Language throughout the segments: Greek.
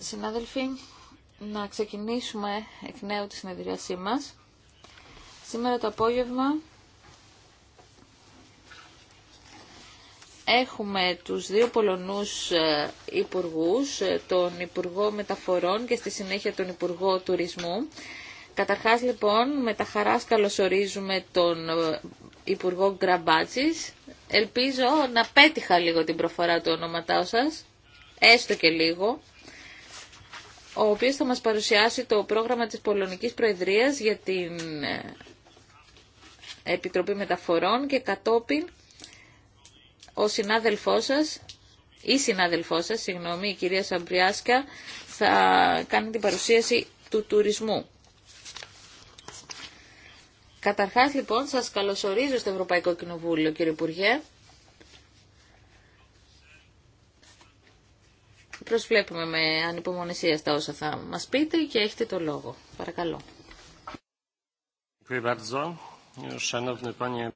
Συνάδελφοι, να ξεκινήσουμε εκ νέου τη συνεδρίασή μας. Σήμερα το απόγευμα έχουμε τους δύο Πολωνούς ε, υπουργούς, ε, τον Υπουργό Μεταφορών και στη συνέχεια τον Υπουργό Τουρισμού. Καταρχάς λοιπόν με τα χαράς καλωσορίζουμε τον ε, Υπουργό Γκραμπάτσης Ελπίζω να πέτυχα λίγο την προφορά του ονόματά σας, έστω και λίγο, ο οποίος θα μας παρουσιάσει το πρόγραμμα της Πολωνικής Προεδρίας για την ε, Επιτροπή Μεταφορών και κατόπιν ο συνάδελφός σας, η συνάδελφός σας, συγγνώμη, η κυρία Σαμπριάσκα, θα κάνει την παρουσίαση του τουρισμού. Καταρχάς λοιπόν σας καλωσορίζω στο Ευρωπαϊκό Κοινοβούλιο κύριε Υπουργέ. Προσβλέπουμε με ανυπομονησία στα όσα θα μας πείτε και έχετε το λόγο. Παρακαλώ.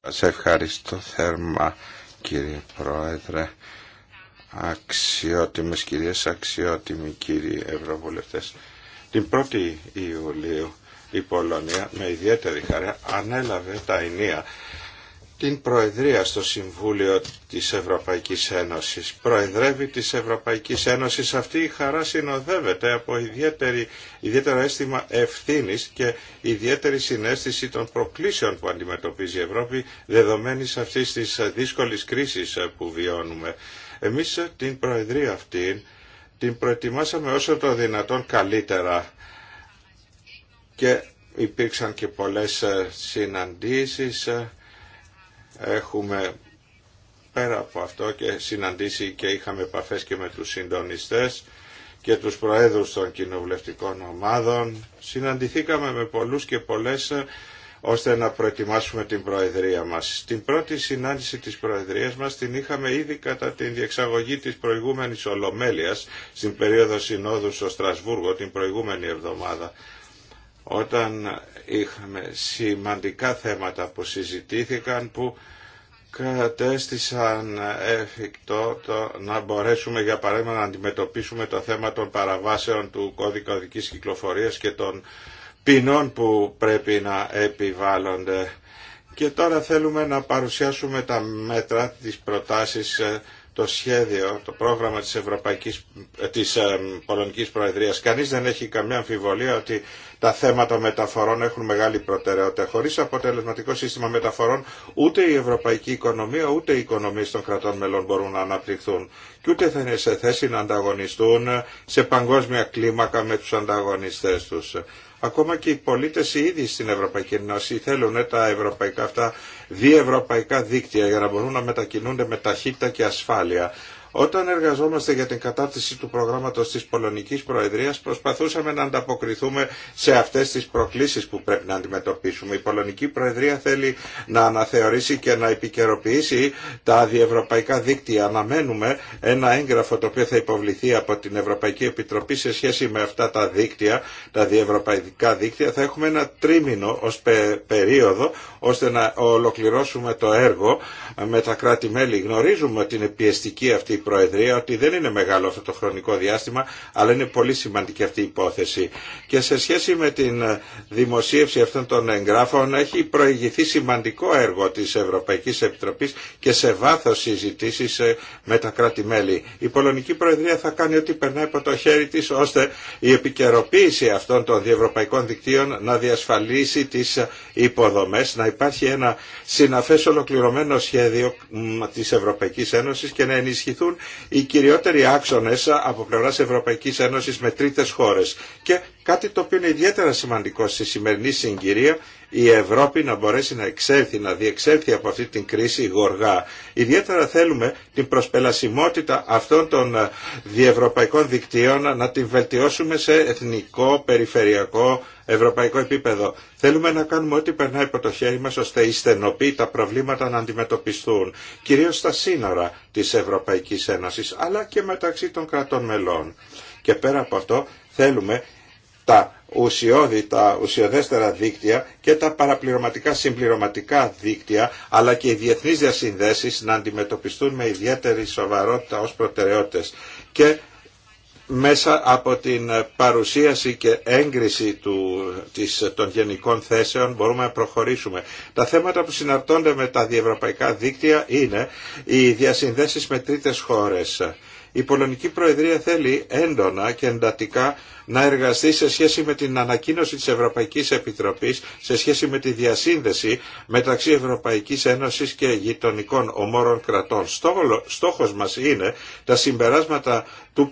Σας ευχαριστώ θερμά κύριε Πρόεδρε. Αξιότιμες κυρίες, αξιότιμοι κύριοι Ευρωβουλευτές. Την 1η Ιουλίου η Πολωνία με ιδιαίτερη χαρά ανέλαβε τα ενία την Προεδρία στο Συμβούλιο της Ευρωπαϊκής Ένωσης. Προεδρεύει της Ευρωπαϊκής Ένωσης. Αυτή η χαρά συνοδεύεται από ιδιαίτερη, ιδιαίτερο αίσθημα ευθύνης και ιδιαίτερη συνέστηση των προκλήσεων που αντιμετωπίζει η Ευρώπη δεδομένης αυτής της δύσκολης κρίσης που βιώνουμε. Εμείς την Προεδρία αυτή την προετοιμάσαμε όσο το δυνατόν καλύτερα και υπήρξαν και πολλές ε, συναντήσεις. Ε, έχουμε πέρα από αυτό και συναντήσει και είχαμε επαφές και με τους συντονιστές και τους προέδρους των κοινοβουλευτικών ομάδων. Συναντηθήκαμε με πολλούς και πολλές ε, ώστε να προετοιμάσουμε την Προεδρία μας. Την πρώτη συνάντηση της Προεδρίας μας την είχαμε ήδη κατά την διεξαγωγή της προηγούμενης Ολομέλειας στην περίοδο συνόδου στο Στρασβούργο την προηγούμενη εβδομάδα όταν είχαμε σημαντικά θέματα που συζητήθηκαν που κατέστησαν εφικτό το να μπορέσουμε για παράδειγμα να αντιμετωπίσουμε το θέμα των παραβάσεων του κώδικα οδικής κυκλοφορίας και των ποινών που πρέπει να επιβάλλονται. Και τώρα θέλουμε να παρουσιάσουμε τα μέτρα, της προτάσεις ε, το σχέδιο, το πρόγραμμα της, Ευρωπαϊκής, της ε, Πολωνικής Προεδρίας. Κανείς δεν έχει καμιά αμφιβολία ότι τα θέματα μεταφορών έχουν μεγάλη προτεραιότητα. Χωρίς αποτελεσματικό σύστημα μεταφορών ούτε η ευρωπαϊκή οικονομία ούτε οι οικονομίες των κρατών μελών μπορούν να αναπτυχθούν και ούτε θα είναι σε θέση να ανταγωνιστούν σε παγκόσμια κλίμακα με τους ανταγωνιστές τους. Ακόμα και οι πολίτες ήδη στην Ευρωπαϊκή Ένωση θέλουν τα ευρωπαϊκά αυτά διευρωπαϊκά δίκτυα για να μπορούν να μετακινούνται με ταχύτητα και ασφάλεια. Όταν εργαζόμαστε για την κατάρτιση του προγράμματος της Πολωνικής Προεδρίας προσπαθούσαμε να ανταποκριθούμε σε αυτές τις προκλήσεις που πρέπει να αντιμετωπίσουμε. Η Πολωνική Προεδρία θέλει να αναθεωρήσει και να επικαιροποιήσει τα διευρωπαϊκά δίκτυα. Αναμένουμε ένα έγγραφο το οποίο θα υποβληθεί από την Ευρωπαϊκή Επιτροπή σε σχέση με αυτά τα δίκτυα, τα διευρωπαϊκά δίκτυα. Θα έχουμε ένα τρίμηνο ως περίοδο ώστε να ολοκληρώσουμε το έργο με τα κράτη-μέλη. Γνωρίζουμε την αυτή Προεδρία ότι δεν είναι μεγάλο αυτό το χρονικό διάστημα, αλλά είναι πολύ σημαντική αυτή η υπόθεση. Και σε σχέση με την ε, δημοσίευση αυτών των εγγράφων έχει προηγηθεί σημαντικό έργο της Ευρωπαϊκής Επιτροπής και σε βάθος συζητήσει ε, με τα κράτη-μέλη. Η Πολωνική Προεδρία θα κάνει ό,τι περνάει από το χέρι της ώστε η επικαιροποίηση αυτών των διευρωπαϊκών δικτύων να διασφαλίσει τις ε, υποδομές, να υπάρχει ένα συναφές ολοκληρωμένο σχέδιο της Ευρωπαϊκής Ένωσης και να ενισχυθούν οι κυριότεροι άξονες από πλευράς Ευρωπαϊκής Ένωσης με τρίτες χώρες και Κάτι το οποίο είναι ιδιαίτερα σημαντικό στη σημερινή συγκυρία η Ευρώπη να μπορέσει να εξέλθει, να διεξέλθει από αυτή την κρίση γοργά. Ιδιαίτερα θέλουμε την προσπελασιμότητα αυτών των ε, διευρωπαϊκών δικτύων να την βελτιώσουμε σε εθνικό, περιφερειακό, ευρωπαϊκό επίπεδο. Θέλουμε να κάνουμε ό,τι περνάει από το χέρι μας ώστε οι τα προβλήματα να αντιμετωπιστούν, κυρίως στα σύνορα της Ευρωπαϊκής Ένωση, αλλά και μεταξύ των κρατών μελών. Και πέρα από αυτό θέλουμε τα ουσιώδη, τα ουσιοδέστερα δίκτυα και τα παραπληρωματικά συμπληρωματικά δίκτυα αλλά και οι διεθνείς διασυνδέσεις να αντιμετωπιστούν με ιδιαίτερη σοβαρότητα ως προτεραιότητες και μέσα από την παρουσίαση και έγκριση του, των γενικών θέσεων μπορούμε να προχωρήσουμε. Τα θέματα που συναρτώνται με τα διευρωπαϊκά δίκτυα είναι οι διασυνδέσεις με τρίτες χώρες η Πολωνική Προεδρία θέλει έντονα και εντατικά να εργαστεί σε σχέση με την ανακοίνωση της Ευρωπαϊκής Επιτροπής σε σχέση με τη διασύνδεση μεταξύ Ευρωπαϊκής Ένωσης και γειτονικών ομόρων κρατών. Στόχος μας είναι τα συμπεράσματα του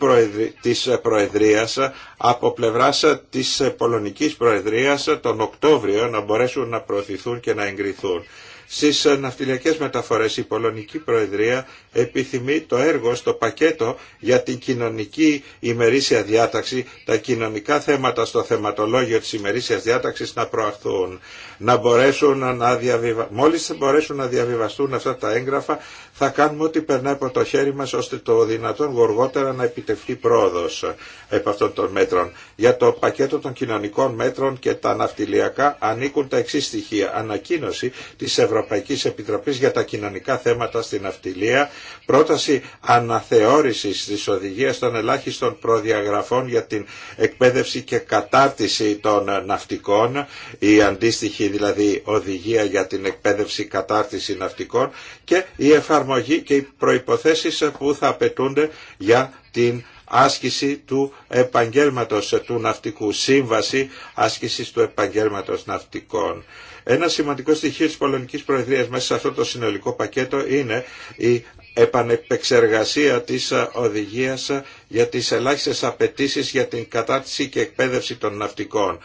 της Προεδρίας από πλευράς της Πολωνικής Προεδρίας τον Οκτώβριο να μπορέσουν να προωθηθούν και να εγκριθούν. Στις ναυτιλιακές μεταφορές η Πολωνική Προεδρία επιθυμεί το έργο στο πακέτο για την κοινωνική ημερήσια διάταξη, τα κοινωνικά θέματα στο θεματολόγιο της ημερήσιας διάταξης να προαχθούν, να μπορέσουν να διαβιβα... μόλις μπορέσουν να διαβιβαστούν αυτά τα έγγραφα θα κάνουμε ό,τι περνάει από το χέρι μας ώστε το δυνατόν γοργότερα να επιτευχθεί πρόοδος επ' αυτών των μέτρων. Για το πακέτο των κοινωνικών μέτρων και τα ναυτιλιακά ανήκουν τα εξή στοιχεία. Ανακοίνωση της Ευρωπαϊκής Επιτροπής για τα κοινωνικά θέματα στην ναυτιλία, πρόταση αναθεώρησης της οδηγίας των ελάχιστων προδιαγραφών για την εκπαίδευση και κατάρτιση των ναυτικών, η αντίστοιχη δηλαδή οδηγία για την εκπαίδευση κατάρτιση ναυτικών και η εφαρμογή και οι προϋποθέσεις που θα απαιτούνται για την άσκηση του επαγγέλματος του ναυτικού, σύμβαση άσκησης του επαγγέλματος ναυτικών. Ένα σημαντικό στοιχείο της Πολωνικής Προεδρίας μέσα σε αυτό το συνολικό πακέτο είναι η επανεπεξεργασία της ε, οδηγίας ε, για τις ελάχιστες απαιτήσει για την κατάρτιση και εκπαίδευση των ναυτικών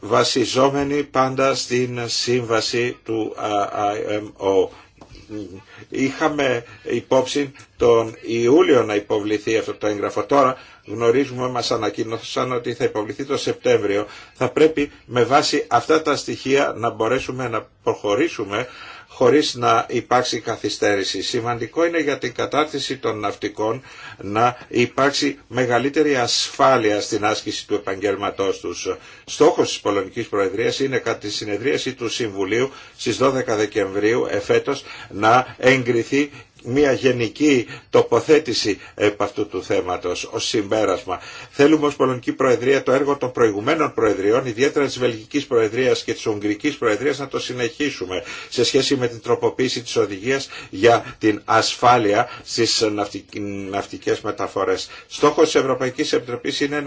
βασιζόμενη πάντα στην σύμβαση του IMO. Ε, Είχαμε υπόψη τον Ιούλιο να υποβληθεί αυτό το έγγραφο. Τώρα γνωρίζουμε, μας ανακοίνωσαν ότι θα υποβληθεί το Σεπτέμβριο. Θα πρέπει με βάση αυτά τα στοιχεία να μπορέσουμε να προχωρήσουμε χωρίς να υπάρξει καθυστέρηση. Σημαντικό είναι για την κατάρτιση των ναυτικών να υπάρξει μεγαλύτερη ασφάλεια στην άσκηση του επαγγελματός τους. Στόχος της Πολωνικής Προεδρίας είναι κατά τη συνεδρίαση του Συμβουλίου στις 12 Δεκεμβρίου εφέτος να εγκριθεί μια γενική τοποθέτηση επ' αυτού του θέματος ως συμπέρασμα. Θέλουμε ως Πολωνική Προεδρία το έργο των προηγουμένων Προεδριών, ιδιαίτερα της Βελγικής Προεδρίας και της Ουγγρικής Προεδρίας, να το συνεχίσουμε σε σχέση με την τροποποίηση της οδηγίας για την ασφάλεια στις ναυτικές μεταφορές. Στόχος της Ευρωπαϊκής Επιτροπής είναι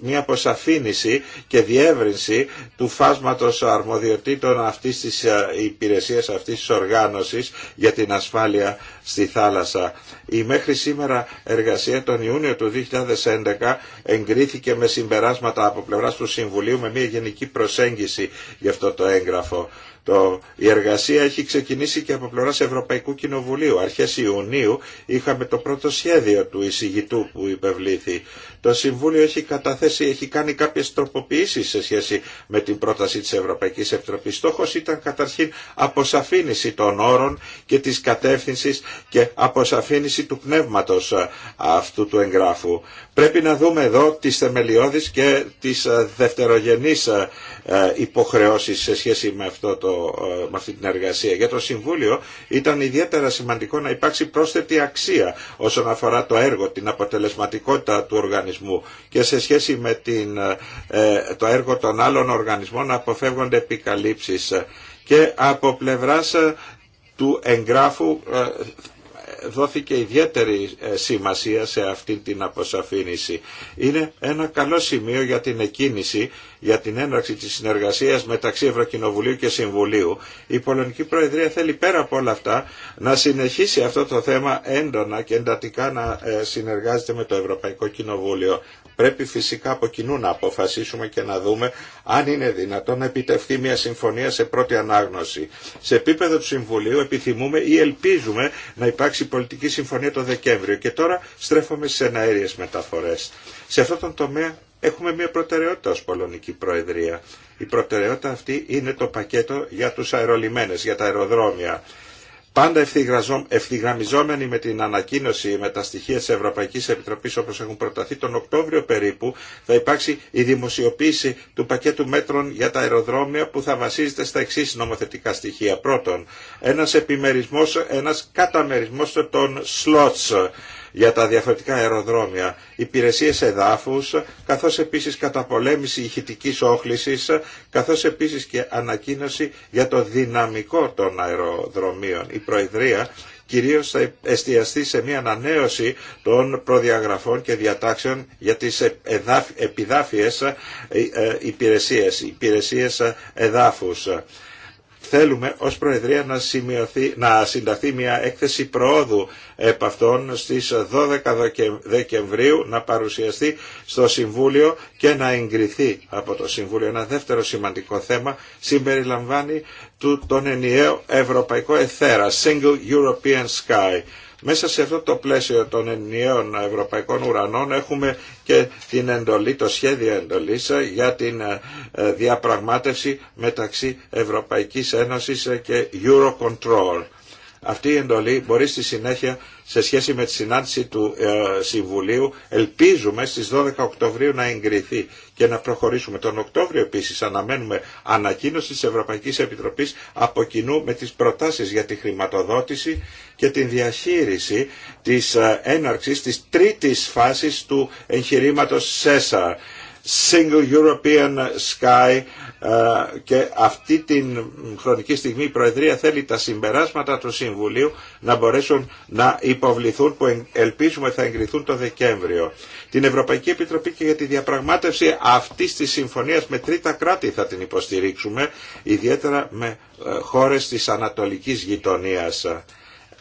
μια αποσαφήνιση και διεύρυνση του φάσματος αρμοδιοτήτων αυτής της ε, υπηρεσίας, αυτής της οργάνωσης για την ασφάλεια στη θάλασσα. Η μέχρι σήμερα εργασία τον Ιούνιο του 2011 εγκρίθηκε με συμπεράσματα από πλευράς του Συμβουλίου με μια γενική προσέγγιση για αυτό το έγγραφο. Το, η εργασία έχει ξεκινήσει και από πλευρά Ευρωπαϊκού Κοινοβουλίου. αρχές Ιουνίου είχαμε το πρώτο σχέδιο του εισηγητού που υπευλήθη. Το Συμβούλιο έχει καταθέσει, έχει κάνει κάποιε τροποποιήσει σε σχέση με την πρόταση τη Ευρωπαϊκή Επιτροπής. Στόχο ήταν καταρχήν αποσαφήνιση των όρων και τη κατεύθυνση και αποσαφήνιση του πνεύματο αυτού του εγγράφου. Πρέπει να δούμε εδώ τι θεμελιώδει και τι δευτερογενεί υποχρεώσει σε σχέση με, αυτό το, με αυτή την εργασία. Για το Συμβούλιο ήταν ιδιαίτερα σημαντικό να υπάρξει πρόσθετη αξία όσον αφορά το έργο, την αποτελεσματικότητα του οργανισμού και σε σχέση με την, ε, το έργο των άλλων οργανισμών αποφεύγονται επικαλύψεις και από πλευράς ε, του εγγράφου ε, δόθηκε ιδιαίτερη ε, σημασία σε αυτή την αποσαφήνιση. Είναι ένα καλό σημείο για την εκκίνηση, για την έναρξη της συνεργασίας μεταξύ Ευρωκοινοβουλίου και Συμβουλίου. Η Πολωνική Προεδρία θέλει πέρα από όλα αυτά να συνεχίσει αυτό το θέμα έντονα και εντατικά να ε, συνεργάζεται με το Ευρωπαϊκό Κοινοβούλιο. Πρέπει φυσικά από κοινού να αποφασίσουμε και να δούμε αν είναι δυνατόν να επιτευχθεί μια συμφωνία σε πρώτη ανάγνωση. Σε επίπεδο του Συμβουλίου επιθυμούμε ή ελπίζουμε να υπάρξει πολιτική συμφωνία το Δεκέμβριο. Και τώρα στρέφομαι στι εναέριε μεταφορέ. Σε αυτόν τον τομέα έχουμε μια προτεραιότητα ως Πολωνική Προεδρία. Η προτεραιότητα αυτή είναι το πακέτο για τους αερολιμένες, για τα αεροδρόμια πάντα ευθυγραμμιζόμενοι με την ανακοίνωση, με τα στοιχεία της Ευρωπαϊκής Επιτροπής όπως έχουν προταθεί, τον Οκτώβριο περίπου θα υπάρξει η δημοσιοποίηση του πακέτου μέτρων για τα αεροδρόμια που θα βασίζεται στα εξή νομοθετικά στοιχεία. Πρώτον, ένας επιμερισμός, ένας καταμερισμός των slots για τα διαφορετικά αεροδρόμια, υπηρεσίες εδάφους, καθώς επίσης καταπολέμηση ηχητική όχλησης, καθώς επίσης και ανακοίνωση για το δυναμικό των αεροδρομίων. Η Προεδρία κυρίως θα εστιαστεί σε μια ανανέωση των προδιαγραφών και διατάξεων για τις επιδάφιες ε, ε, υπηρεσίες, υπηρεσίες ε, εδάφους θέλουμε ως Προεδρία να, σημειωθεί, να μια έκθεση προόδου επ' αυτών στις 12 Δεκεμβρίου να παρουσιαστεί στο Συμβούλιο και να εγκριθεί από το Συμβούλιο. Ένα δεύτερο σημαντικό θέμα συμπεριλαμβάνει του, τον ενιαίο ευρωπαϊκό εθέρα, Single European Sky μέσα σε αυτό το πλαίσιο των ενιαίων ευρωπαϊκών ουρανών έχουμε και την εντολή, το σχέδιο εντολής για την ε, ε, διαπραγμάτευση μεταξύ Ευρωπαϊκής Ένωσης και Eurocontrol. Αυτή η εντολή μπορεί στη συνέχεια σε σχέση με τη συνάντηση του ε, Συμβουλίου ελπίζουμε στις 12 Οκτωβρίου να εγκριθεί και να προχωρήσουμε. Τον Οκτώβριο επίσης αναμένουμε ανακοίνωση της Ευρωπαϊκής Επιτροπής από κοινού με τις προτάσεις για τη χρηματοδότηση και την διαχείριση της ε, έναρξης της τρίτης φάσης του εγχειρήματος ΣΕΣΑΡ. Single European Sky ε, και αυτή την χρονική στιγμή η Προεδρία θέλει τα συμπεράσματα του Συμβουλίου να μπορέσουν να υποβληθούν που ελπίζουμε θα εγκριθούν το Δεκέμβριο. Την Ευρωπαϊκή Επιτροπή και για τη διαπραγμάτευση αυτή της συμφωνίας με τρίτα κράτη θα την υποστηρίξουμε, ιδιαίτερα με ε, χώρες της Ανατολικής Γειτονίας.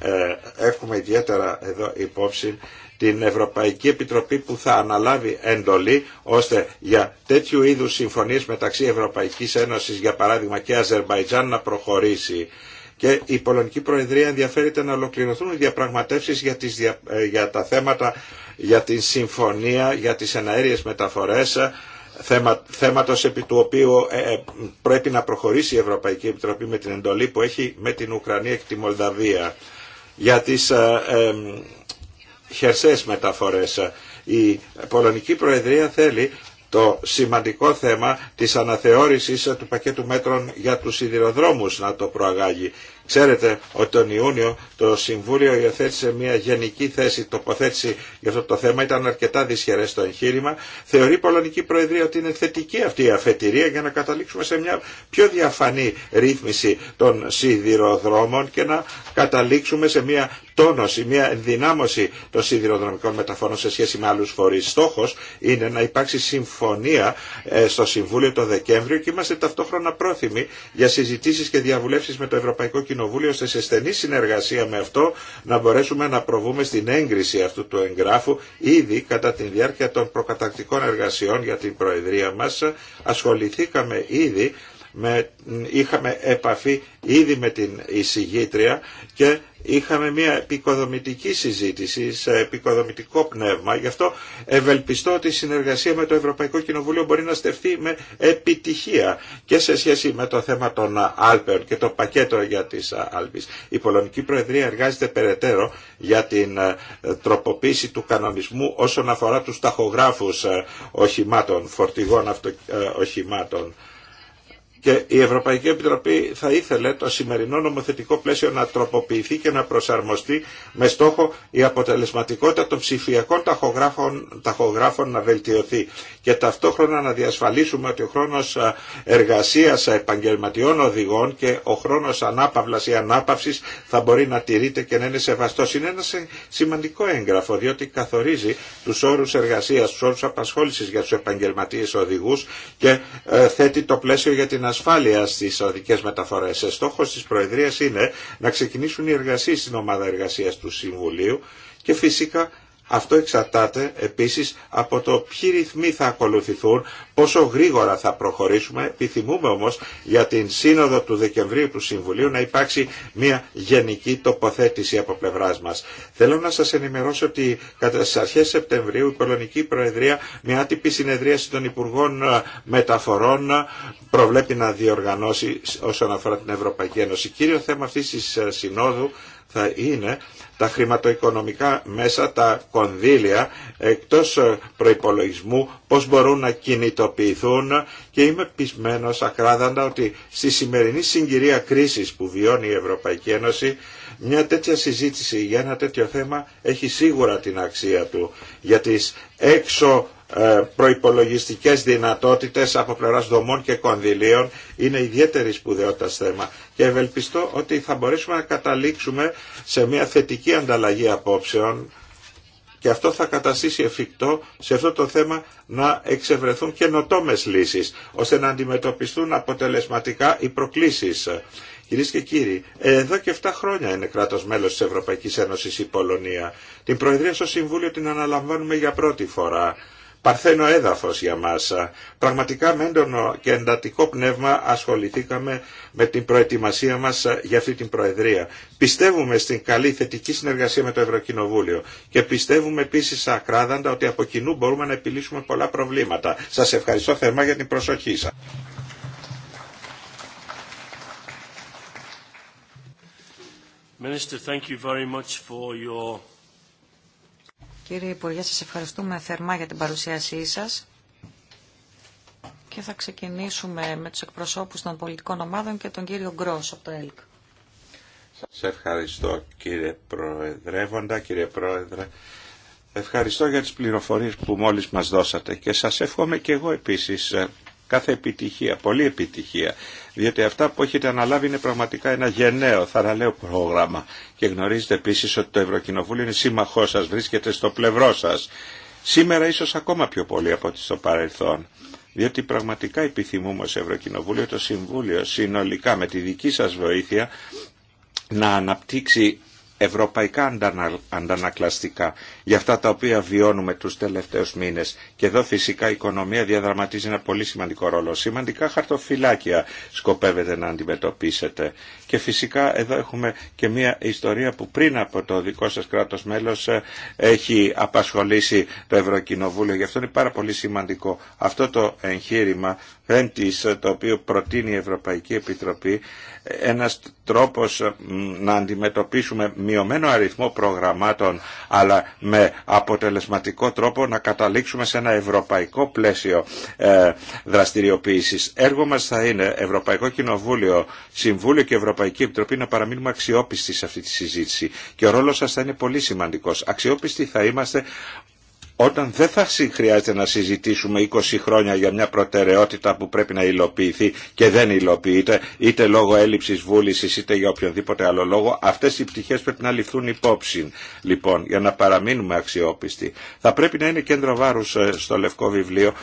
Ε, έχουμε ιδιαίτερα εδώ υπόψη την Ευρωπαϊκή Επιτροπή που θα αναλάβει εντολή ώστε για τέτοιου είδους συμφωνίες μεταξύ Ευρωπαϊκής Ένωσης για παράδειγμα και Αζερβαϊτζάν να προχωρήσει. Και η Πολωνική Προεδρία ενδιαφέρεται να ολοκληρωθούν οι διαπραγματεύσεις για, τις, ε, για τα θέματα για την συμφωνία, για τις εναέριες μεταφορές, ε, θέμα, θέματος επί του οποίου ε, πρέπει να προχωρήσει η Ευρωπαϊκή Επιτροπή με την εντολή που έχει με την Ουκρανία και τη Μολδαβία. Για τις χερσές μεταφορές. Η Πολωνική Προεδρία θέλει το σημαντικό θέμα της αναθεώρησης του πακέτου μέτρων για τους σιδηροδρόμους να το προαγάγει Ξέρετε ότι τον Ιούνιο το Συμβούλιο υιοθέτησε μια γενική θέση, τοποθέτηση για αυτό το θέμα, ήταν αρκετά δυσχερέ το εγχείρημα. Θεωρεί η Πολωνική Προεδρία ότι είναι θετική αυτή η αφετηρία για να καταλήξουμε σε μια πιο διαφανή ρύθμιση των σιδηροδρόμων και να καταλήξουμε σε μια τόνωση, μια ενδυνάμωση των σιδηροδρομικών μεταφορών σε σχέση με άλλους φορείς. Στόχος είναι να υπάρξει συμφωνία ε, στο Συμβούλιο το Δεκέμβριο και είμαστε ταυτόχρονα πρόθυμοι για συζητήσεις και διαβουλεύσεις με το Ευρωπαϊκό Κοινοβούλιο σε στενή συνεργασία με αυτό να μπορέσουμε να προβούμε στην έγκριση αυτού του εγγράφου ήδη κατά τη διάρκεια των προκατακτικών εργασιών για την Προεδρία μας ασχοληθήκαμε ήδη με, είχαμε επαφή ήδη με την εισηγήτρια και είχαμε μια επικοδομητική συζήτηση σε επικοδομητικό πνεύμα. Γι' αυτό ευελπιστώ ότι η συνεργασία με το Ευρωπαϊκό Κοινοβούλιο μπορεί να στεφθεί με επιτυχία και σε σχέση με το θέμα των Άλπαιων και το πακέτο για τις Άλπεις. Η Πολωνική Προεδρία εργάζεται περαιτέρω για την ε, τροποποίηση του κανονισμού όσον αφορά τους ταχογράφους ε, οχημάτων, φορτηγών ε, οχημάτων. Και η Ευρωπαϊκή Επιτροπή θα ήθελε το σημερινό νομοθετικό πλαίσιο να τροποποιηθεί και να προσαρμοστεί με στόχο η αποτελεσματικότητα των ψηφιακών ταχογράφων, ταχογράφων να βελτιωθεί και ταυτόχρονα να διασφαλίσουμε ότι ο χρόνος εργασίας επαγγελματιών οδηγών και ο χρόνος ανάπαυλας ή ανάπαυσης θα μπορεί να τηρείται και να είναι σεβαστός. Είναι ένα σημαντικό έγγραφο διότι καθορίζει τους όρους εργασίας, τους όρους απασχόλησης για τους επαγγελματίες οδηγούς και ε, θέτει το πλαίσιο για την ασφάλεια στις οδικές μεταφορές. Ε, στόχος της Προεδρίας είναι να ξεκινήσουν οι εργασίε στην ομάδα εργασία του Συμβουλίου και φυσικά αυτό εξαρτάται επίσης από το ποιοι ρυθμοί θα ακολουθηθούν, πόσο γρήγορα θα προχωρήσουμε. Επιθυμούμε όμως για την σύνοδο του Δεκεμβρίου του Συμβουλίου να υπάρξει μια γενική τοποθέτηση από πλευράς μας. Θέλω να σας ενημερώσω ότι κατά τις αρχές Σεπτεμβρίου η Πολωνική Προεδρία μια άτυπη συνεδρίαση των Υπουργών ε, Μεταφορών ε, προβλέπει να διοργανώσει όσον αφορά την Ευρωπαϊκή Ένωση. Κύριο θέμα αυτής της ε, συνόδου θα είναι τα χρηματοοικονομικά μέσα, τα κονδύλια εκτός ε, προϋπολογισμού, πώς μπορούν να κινητοποιηθούν και είμαι πεισμένος ακράδαντα ότι στη σημερινή συγκυρία κρίσης που βιώνει η Ευρωπαϊκή Ένωση μια τέτοια συζήτηση για ένα τέτοιο θέμα έχει σίγουρα την αξία του για τις έξω ε, προϋπολογιστικές δυνατότητες από πλευράς δομών και κονδυλίων είναι ιδιαίτερη σπουδαιότητα θέμα και ευελπιστώ ότι θα μπορέσουμε να καταλήξουμε σε μια θετική ανταλλαγή απόψεων και αυτό θα καταστήσει εφικτό σε αυτό το θέμα να εξευρεθούν καινοτόμε λύσεις ώστε να αντιμετωπιστούν αποτελεσματικά οι προκλήσεις. Κυρίε και κύριοι, εδώ και 7 χρόνια είναι κράτο μέλο τη Ευρωπαϊκή Ένωση η Πολωνία. Την Προεδρία στο Συμβούλιο την αναλαμβάνουμε για πρώτη φορά παρθένο έδαφος για μας. Πραγματικά με έντονο και εντατικό πνεύμα ασχοληθήκαμε με την προετοιμασία μας για αυτή την Προεδρία. Πιστεύουμε στην καλή θετική συνεργασία με το Ευρωκοινοβούλιο και πιστεύουμε επίσης ακράδαντα ότι από κοινού μπορούμε να επιλύσουμε πολλά προβλήματα. Σας ευχαριστώ θερμά για την προσοχή σας. Minister, thank you very much for your... Κύριε Υπουργέ, σας ευχαριστούμε θερμά για την παρουσίασή σας και θα ξεκινήσουμε με τους εκπροσώπους των πολιτικών ομάδων και τον κύριο Γκρός από το ΕΛΚ. Σας ευχαριστώ κύριε Προεδρεύοντα, κύριε Πρόεδρε. Ευχαριστώ για τις πληροφορίες που μόλις μας δώσατε και σας εύχομαι και εγώ επίσης ε, κάθε επιτυχία, πολλή επιτυχία διότι αυτά που έχετε αναλάβει είναι πραγματικά ένα γενναίο, θαραλέο πρόγραμμα και γνωρίζετε επίσης ότι το Ευρωκοινοβούλιο είναι σύμμαχό σα, βρίσκεται στο πλευρό σας. Σήμερα ίσως ακόμα πιο πολύ από ό,τι στο παρελθόν. Διότι πραγματικά επιθυμούμε ως Ευρωκοινοβούλιο το Συμβούλιο συνολικά με τη δική σας βοήθεια να αναπτύξει ευρωπαϊκά αντανακλαστικά για αυτά τα οποία βιώνουμε τους τελευταίους μήνες. Και εδώ φυσικά η οικονομία διαδραματίζει ένα πολύ σημαντικό ρόλο. Σημαντικά χαρτοφυλάκια σκοπεύετε να αντιμετωπίσετε. Και φυσικά εδώ έχουμε και μια ιστορία που πριν από το δικό σας κράτος μέλος ε, έχει απασχολήσει το Ευρωκοινοβούλιο. Γι' αυτό είναι πάρα πολύ σημαντικό αυτό το εγχείρημα πέμπτης το οποίο προτείνει η Ευρωπαϊκή Επιτροπή ένας τρόπος να αντιμετωπίσουμε μειωμένο αριθμό προγραμμάτων αλλά με αποτελεσματικό τρόπο να καταλήξουμε σε ένα ευρωπαϊκό πλαίσιο ε, δραστηριοποίησης. Έργο μας θα είναι Ευρωπαϊκό Κοινοβούλιο, Συμβούλιο και Ευρωπαϊκή Επιτροπή να παραμείνουμε αξιόπιστοι σε αυτή τη συζήτηση και ο ρόλος σας θα είναι πολύ σημαντικός. Αξιόπιστοι θα είμαστε όταν δεν θα χρειάζεται να συζητήσουμε 20 χρόνια για μια προτεραιότητα που πρέπει να υλοποιηθεί και δεν υλοποιείται, είτε λόγω έλλειψης βούλησης είτε για οποιονδήποτε άλλο λόγο, αυτές οι πτυχές πρέπει να ληφθούν υπόψη. Λοιπόν, για να παραμείνουμε αξιόπιστοι, θα πρέπει να είναι κέντρο βάρους ε, στο Λευκό Βιβλίο,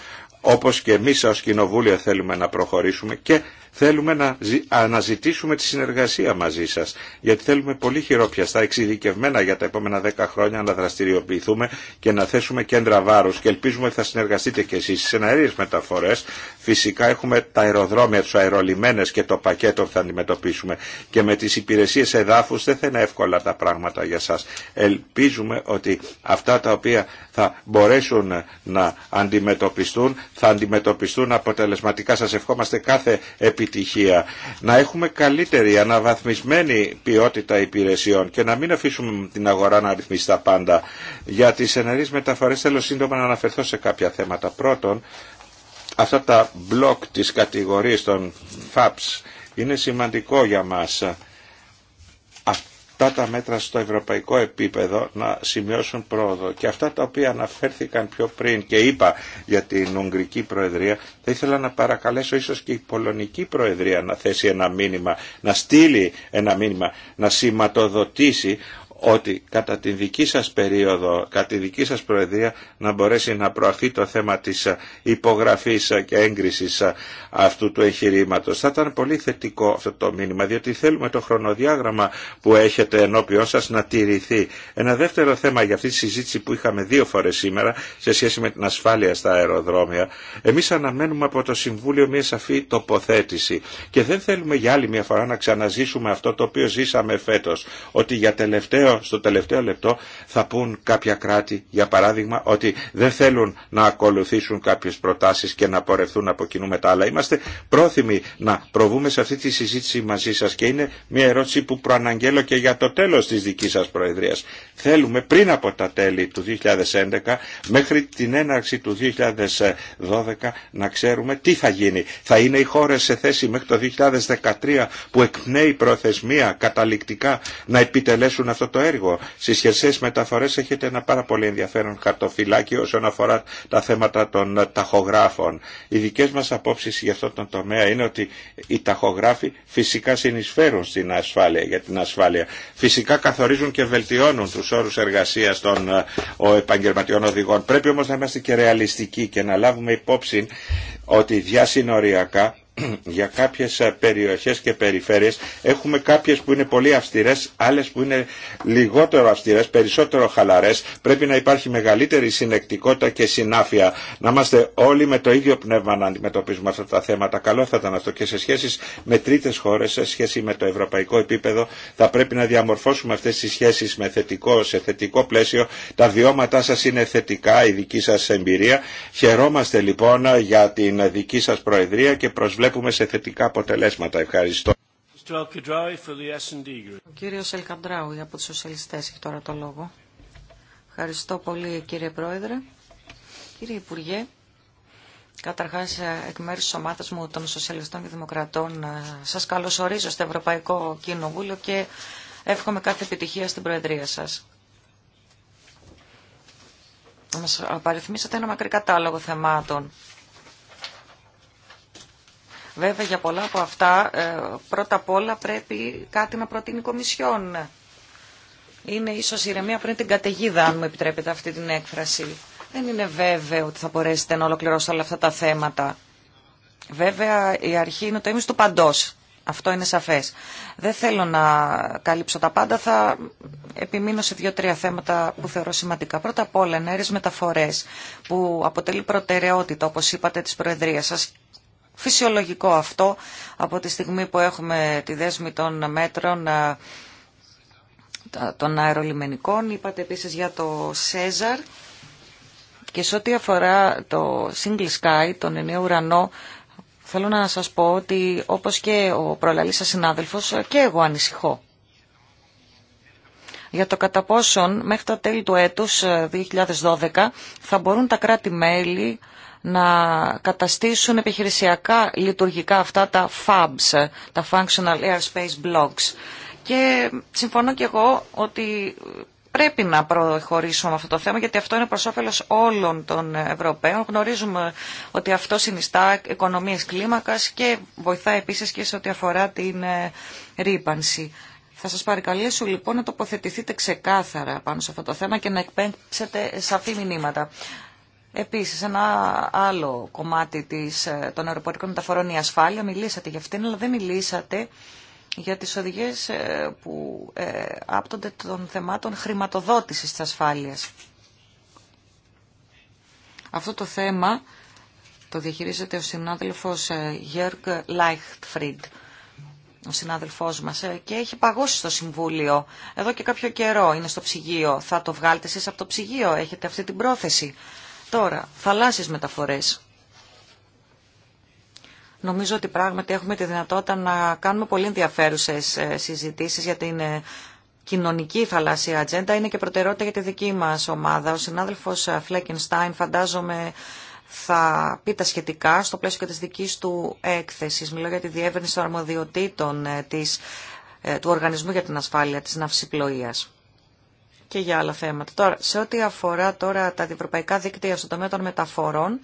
όπως και εμείς ως Κοινοβούλιο θέλουμε να προχωρήσουμε και Θέλουμε να αναζητήσουμε τη συνεργασία μαζί σας, γιατί θέλουμε πολύ χειρόπιαστα, εξειδικευμένα για τα επόμενα δέκα χρόνια να δραστηριοποιηθούμε και να θέσουμε κέντρα βάρους και ελπίζουμε ότι θα συνεργαστείτε και εσείς Σε εναερίε μεταφορές. Φυσικά έχουμε τα αεροδρόμια, τους αερολιμένες και το πακέτο που θα αντιμετωπίσουμε και με τις υπηρεσίες εδάφους δεν θα είναι εύκολα τα πράγματα για σας. Ελπίζουμε ότι αυτά τα οποία θα μπορέσουν να αντιμετωπιστούν θα αντιμετωπιστούν αποτελεσματικά. Σας ευχόμαστε κάθε επιτυχία επιτυχία. Να έχουμε καλύτερη, αναβαθμισμένη ποιότητα υπηρεσιών και να μην αφήσουμε την αγορά να ρυθμίσει τα πάντα. Για τις ενεργείς μεταφορές θέλω σύντομα να αναφερθώ σε κάποια θέματα. Πρώτον, αυτά τα μπλοκ της κατηγορίας των FAPS είναι σημαντικό για μας τα τα μέτρα στο ευρωπαϊκό επίπεδο να σημειώσουν πρόοδο. Και αυτά τα οποία αναφέρθηκαν πιο πριν και είπα για την Ουγγρική Προεδρία, θα ήθελα να παρακαλέσω ίσως και η Πολωνική Προεδρία να θέσει ένα μήνυμα, να στείλει ένα μήνυμα, να σηματοδοτήσει ότι κατά την δική σας περίοδο, κατά τη δική σας προεδρία να μπορέσει να προαχθεί το θέμα της υπογραφής και έγκρισης αυτού του εγχειρήματο. Θα ήταν πολύ θετικό αυτό το μήνυμα, διότι θέλουμε το χρονοδιάγραμμα που έχετε ενώπιόν σας να τηρηθεί. Ένα δεύτερο θέμα για αυτή τη συζήτηση που είχαμε δύο φορές σήμερα σε σχέση με την ασφάλεια στα αεροδρόμια. Εμείς αναμένουμε από το Συμβούλιο μια σαφή τοποθέτηση και δεν θέλουμε για άλλη μια φορά να ξαναζήσουμε αυτό το οποίο ζήσαμε φέτος, ότι για τελευταία στο τελευταίο λεπτό θα πούν κάποια κράτη, για παράδειγμα, ότι δεν θέλουν να ακολουθήσουν κάποιες προτάσεις και να πορευθούν από κοινού μετά. Αλλά είμαστε πρόθυμοι να προβούμε σε αυτή τη συζήτηση μαζί σας και είναι μια ερώτηση που προαναγγέλλω και για το τέλος της δικής σας Προεδρίας. Θέλουμε πριν από τα τέλη του 2011 μέχρι την έναρξη του 2012 να ξέρουμε τι θα γίνει. Θα είναι οι χώρες σε θέση μέχρι το 2013 που εκπνέει προθεσμία καταληκτικά να επιτελέσουν αυτό το έργο. Στις μεταφορές έχετε ένα πάρα πολύ ενδιαφέρον χαρτοφυλάκι όσον αφορά τα θέματα των ταχογράφων. Οι δικέ μας απόψει για αυτόν τον τομέα είναι ότι οι ταχογράφοι φυσικά συνεισφέρουν στην ασφάλεια, για την ασφάλεια. Φυσικά καθορίζουν και βελτιώνουν τους όρους εργασίας των ε, ο επαγγελματιών οδηγών. Πρέπει όμω να είμαστε και ρεαλιστικοί και να λάβουμε υπόψη ότι διασυνοριακά για κάποιες ε, περιοχές και περιφέρειες έχουμε κάποιες που είναι πολύ αυστηρές, άλλες που είναι λιγότερο αυστηρές, περισσότερο χαλαρές. Πρέπει να υπάρχει μεγαλύτερη συνεκτικότητα και συνάφεια. Να είμαστε όλοι με το ίδιο πνεύμα να αντιμετωπίζουμε αυτά τα θέματα. Καλό θα ήταν αυτό και σε σχέση με τρίτες χώρες, σε σχέση με το ευρωπαϊκό επίπεδο θα πρέπει να διαμορφώσουμε αυτές τις σχέσεις με θετικό, σε θετικό πλαίσιο. Τα βιώματά σας είναι θετικά, η δική σας εμπειρία. Χαιρόμαστε λοιπόν για την δική σας προεδρία και προσβλέπουμε Βλέπουμε σε θετικά αποτελέσματα. Ευχαριστώ. Ο κύριος Ελκαντράου από τους Σοσιαλιστές έχει τώρα το λόγο. Ευχαριστώ πολύ κύριε Πρόεδρε. Κύριε Υπουργέ, καταρχάς εκ μέρου τη ομάδας μου των Σοσιαλιστών και Δημοκρατών ε, σας καλωσορίζω στο Ευρωπαϊκό Κοινοβούλιο και εύχομαι κάθε επιτυχία στην Προεδρία σας. Μας απαριθμίσατε ένα μακρύ κατάλογο θεμάτων Βέβαια για πολλά από αυτά ε, πρώτα απ' όλα πρέπει κάτι να προτείνει η Κομισιόν. Είναι ίσως ηρεμία πριν την καταιγίδα, αν μου επιτρέπετε αυτή την έκφραση. Δεν είναι βέβαιο ότι θα μπορέσετε να ολοκληρώσετε όλα αυτά τα θέματα. Βέβαια η αρχή είναι το ίμιση του παντός. Αυτό είναι σαφές. Δεν θέλω να καλύψω τα πάντα, θα επιμείνω σε δύο-τρία θέματα που θεωρώ σημαντικά. Πρώτα απ' όλα, ενέργειες μεταφορές, που αποτελεί προτεραιότητα, όπως είπατε, της Προεδρίας σας Φυσιολογικό αυτό από τη στιγμή που έχουμε τη δέσμη των μέτρων των αερολιμενικών. Είπατε επίσης για το Σέζαρ και σε ό,τι αφορά το Single Sky, τον ενίο, ουρανό, θέλω να σας πω ότι όπως και ο προλαλής σας συνάδελφος και εγώ ανησυχώ για το κατά πόσον μέχρι το τέλη του έτους 2012 ε, θα μπορούν τα κράτη-μέλη να καταστήσουν επιχειρησιακά λειτουργικά αυτά τα FABs, τα Functional Airspace Blocks. Και συμφωνώ και εγώ ότι πρέπει να προχωρήσουμε αυτό το θέμα γιατί αυτό είναι προς όφελος όλων των Ευρωπαίων. Γνωρίζουμε ότι αυτό συνιστά οικονομίες κλίμακας και βοηθά επίσης και σε ό,τι αφορά την ε, ρήπανση. Θα σας παρακαλέσω λοιπόν να τοποθετηθείτε ξεκάθαρα πάνω σε αυτό το θέμα και να εκπέμψετε σαφή μηνύματα. Επίσης, ένα άλλο κομμάτι της, ε, των αεροπορικών μεταφορών, η ασφάλεια, μιλήσατε για αυτήν, αλλά δεν μιλήσατε για τις οδηγίες ε, που ε, άπτονται των θεμάτων χρηματοδότησης της ασφάλειας. Αυτό το θέμα το διαχειρίζεται ο συνάδελφος Γιώργ Λάιχτφριντ, ο συνάδελφός μας, και έχει παγώσει στο Συμβούλιο εδώ και κάποιο καιρό, είναι στο ψυγείο. Θα το βγάλετε εσείς από το ψυγείο, έχετε αυτή την πρόθεση. Τώρα, θαλάσσιες μεταφορές. Νομίζω ότι πράγματι έχουμε τη δυνατότητα να κάνουμε πολύ ενδιαφέρουσες ε, συζητήσεις για την ε, κοινωνική θαλάσσια ατζέντα. Είναι και προτεραιότητα για τη δική μας ομάδα. Ο συνάδελφος ε, Φλέκενστάιν φαντάζομαι θα πει τα σχετικά στο πλαίσιο και της δικής του έκθεσης. Μιλώ για τη διεύρυνση των αρμοδιοτήτων της, του Οργανισμού για την Ασφάλεια της Ναυσιπλοείας και για άλλα θέματα. Τώρα, σε ό,τι αφορά τώρα τα διευρωπαϊκά δίκτυα στον τομέα των μεταφορών,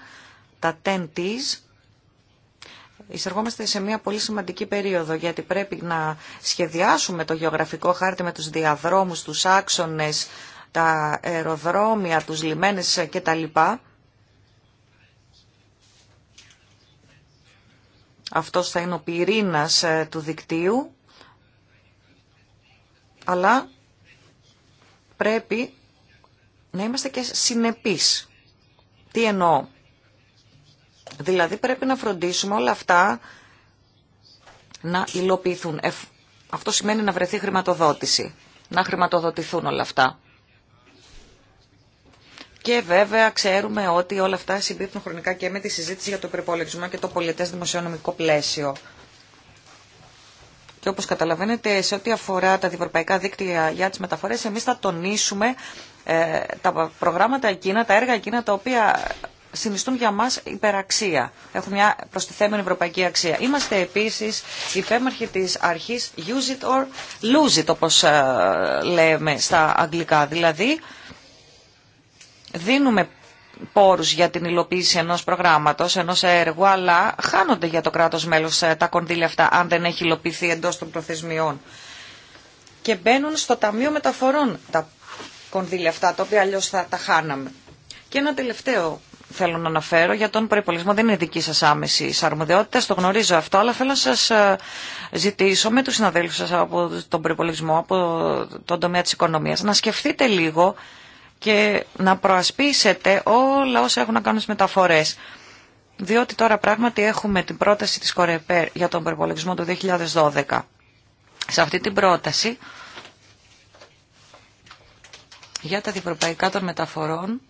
τα TEN-Ts, εισερχόμαστε σε μια πολύ σημαντική περίοδο γιατί πρέπει να σχεδιάσουμε το γεωγραφικό χάρτη με τους διαδρόμους, τους άξονες, τα αεροδρόμια, τους λιμένες κτλ. Αυτός θα είναι ο πυρήνας ε, του δικτύου, αλλά πρέπει να είμαστε και συνεπείς. Τι εννοώ. Δηλαδή πρέπει να φροντίσουμε όλα αυτά να υλοποιηθούν. Αυτό σημαίνει να βρεθεί χρηματοδότηση. Να χρηματοδοτηθούν όλα αυτά. Και βέβαια ξέρουμε ότι όλα αυτά συμπίπτουν χρονικά και με τη συζήτηση για το προπολογισμό και το πολιτές δημοσιονομικό πλαίσιο. Και όπως καταλαβαίνετε, σε ό,τι αφορά τα διευρωπαϊκά δίκτυα για τις μεταφορές, εμείς θα τονίσουμε ε, τα προγράμματα εκείνα, τα έργα εκείνα τα οποία συνιστούν για μας υπεραξία. Έχουν μια προστιθέμενη ευρωπαϊκή αξία. Είμαστε επίσης υπέμαρχοι της αρχής use it or lose it, όπως ε, λέμε στα αγγλικά. Δηλαδή, δίνουμε πόρους για την υλοποίηση ενό προγράμματο, ενό έργου, αλλά χάνονται για το κράτο μέλο ε, τα κονδύλια αυτά αν δεν έχει υλοποιηθεί εντό των προθεσμιών. Και μπαίνουν στο Ταμείο Μεταφορών τα κονδύλια αυτά, τα οποία αλλιώ θα τα χάναμε. Και ένα τελευταίο θέλω να αναφέρω για τον προπολογισμό. Δεν είναι δική σα άμεση αρμοδιότητα, το γνωρίζω αυτό, αλλά θέλω να σα ε, ζητήσω με του συναδέλφου σα από τον προπολογισμό, από τον τομέα τη οικονομία, να σκεφτείτε λίγο και να προασπίσετε όλα όσα έχουν να κάνουν στις μεταφορές. Διότι τώρα πράγματι έχουμε την πρόταση της Κορεπέρ για τον προπολογισμό του 2012. Σε αυτή την πρόταση για τα διευρωπαϊκά των μεταφορών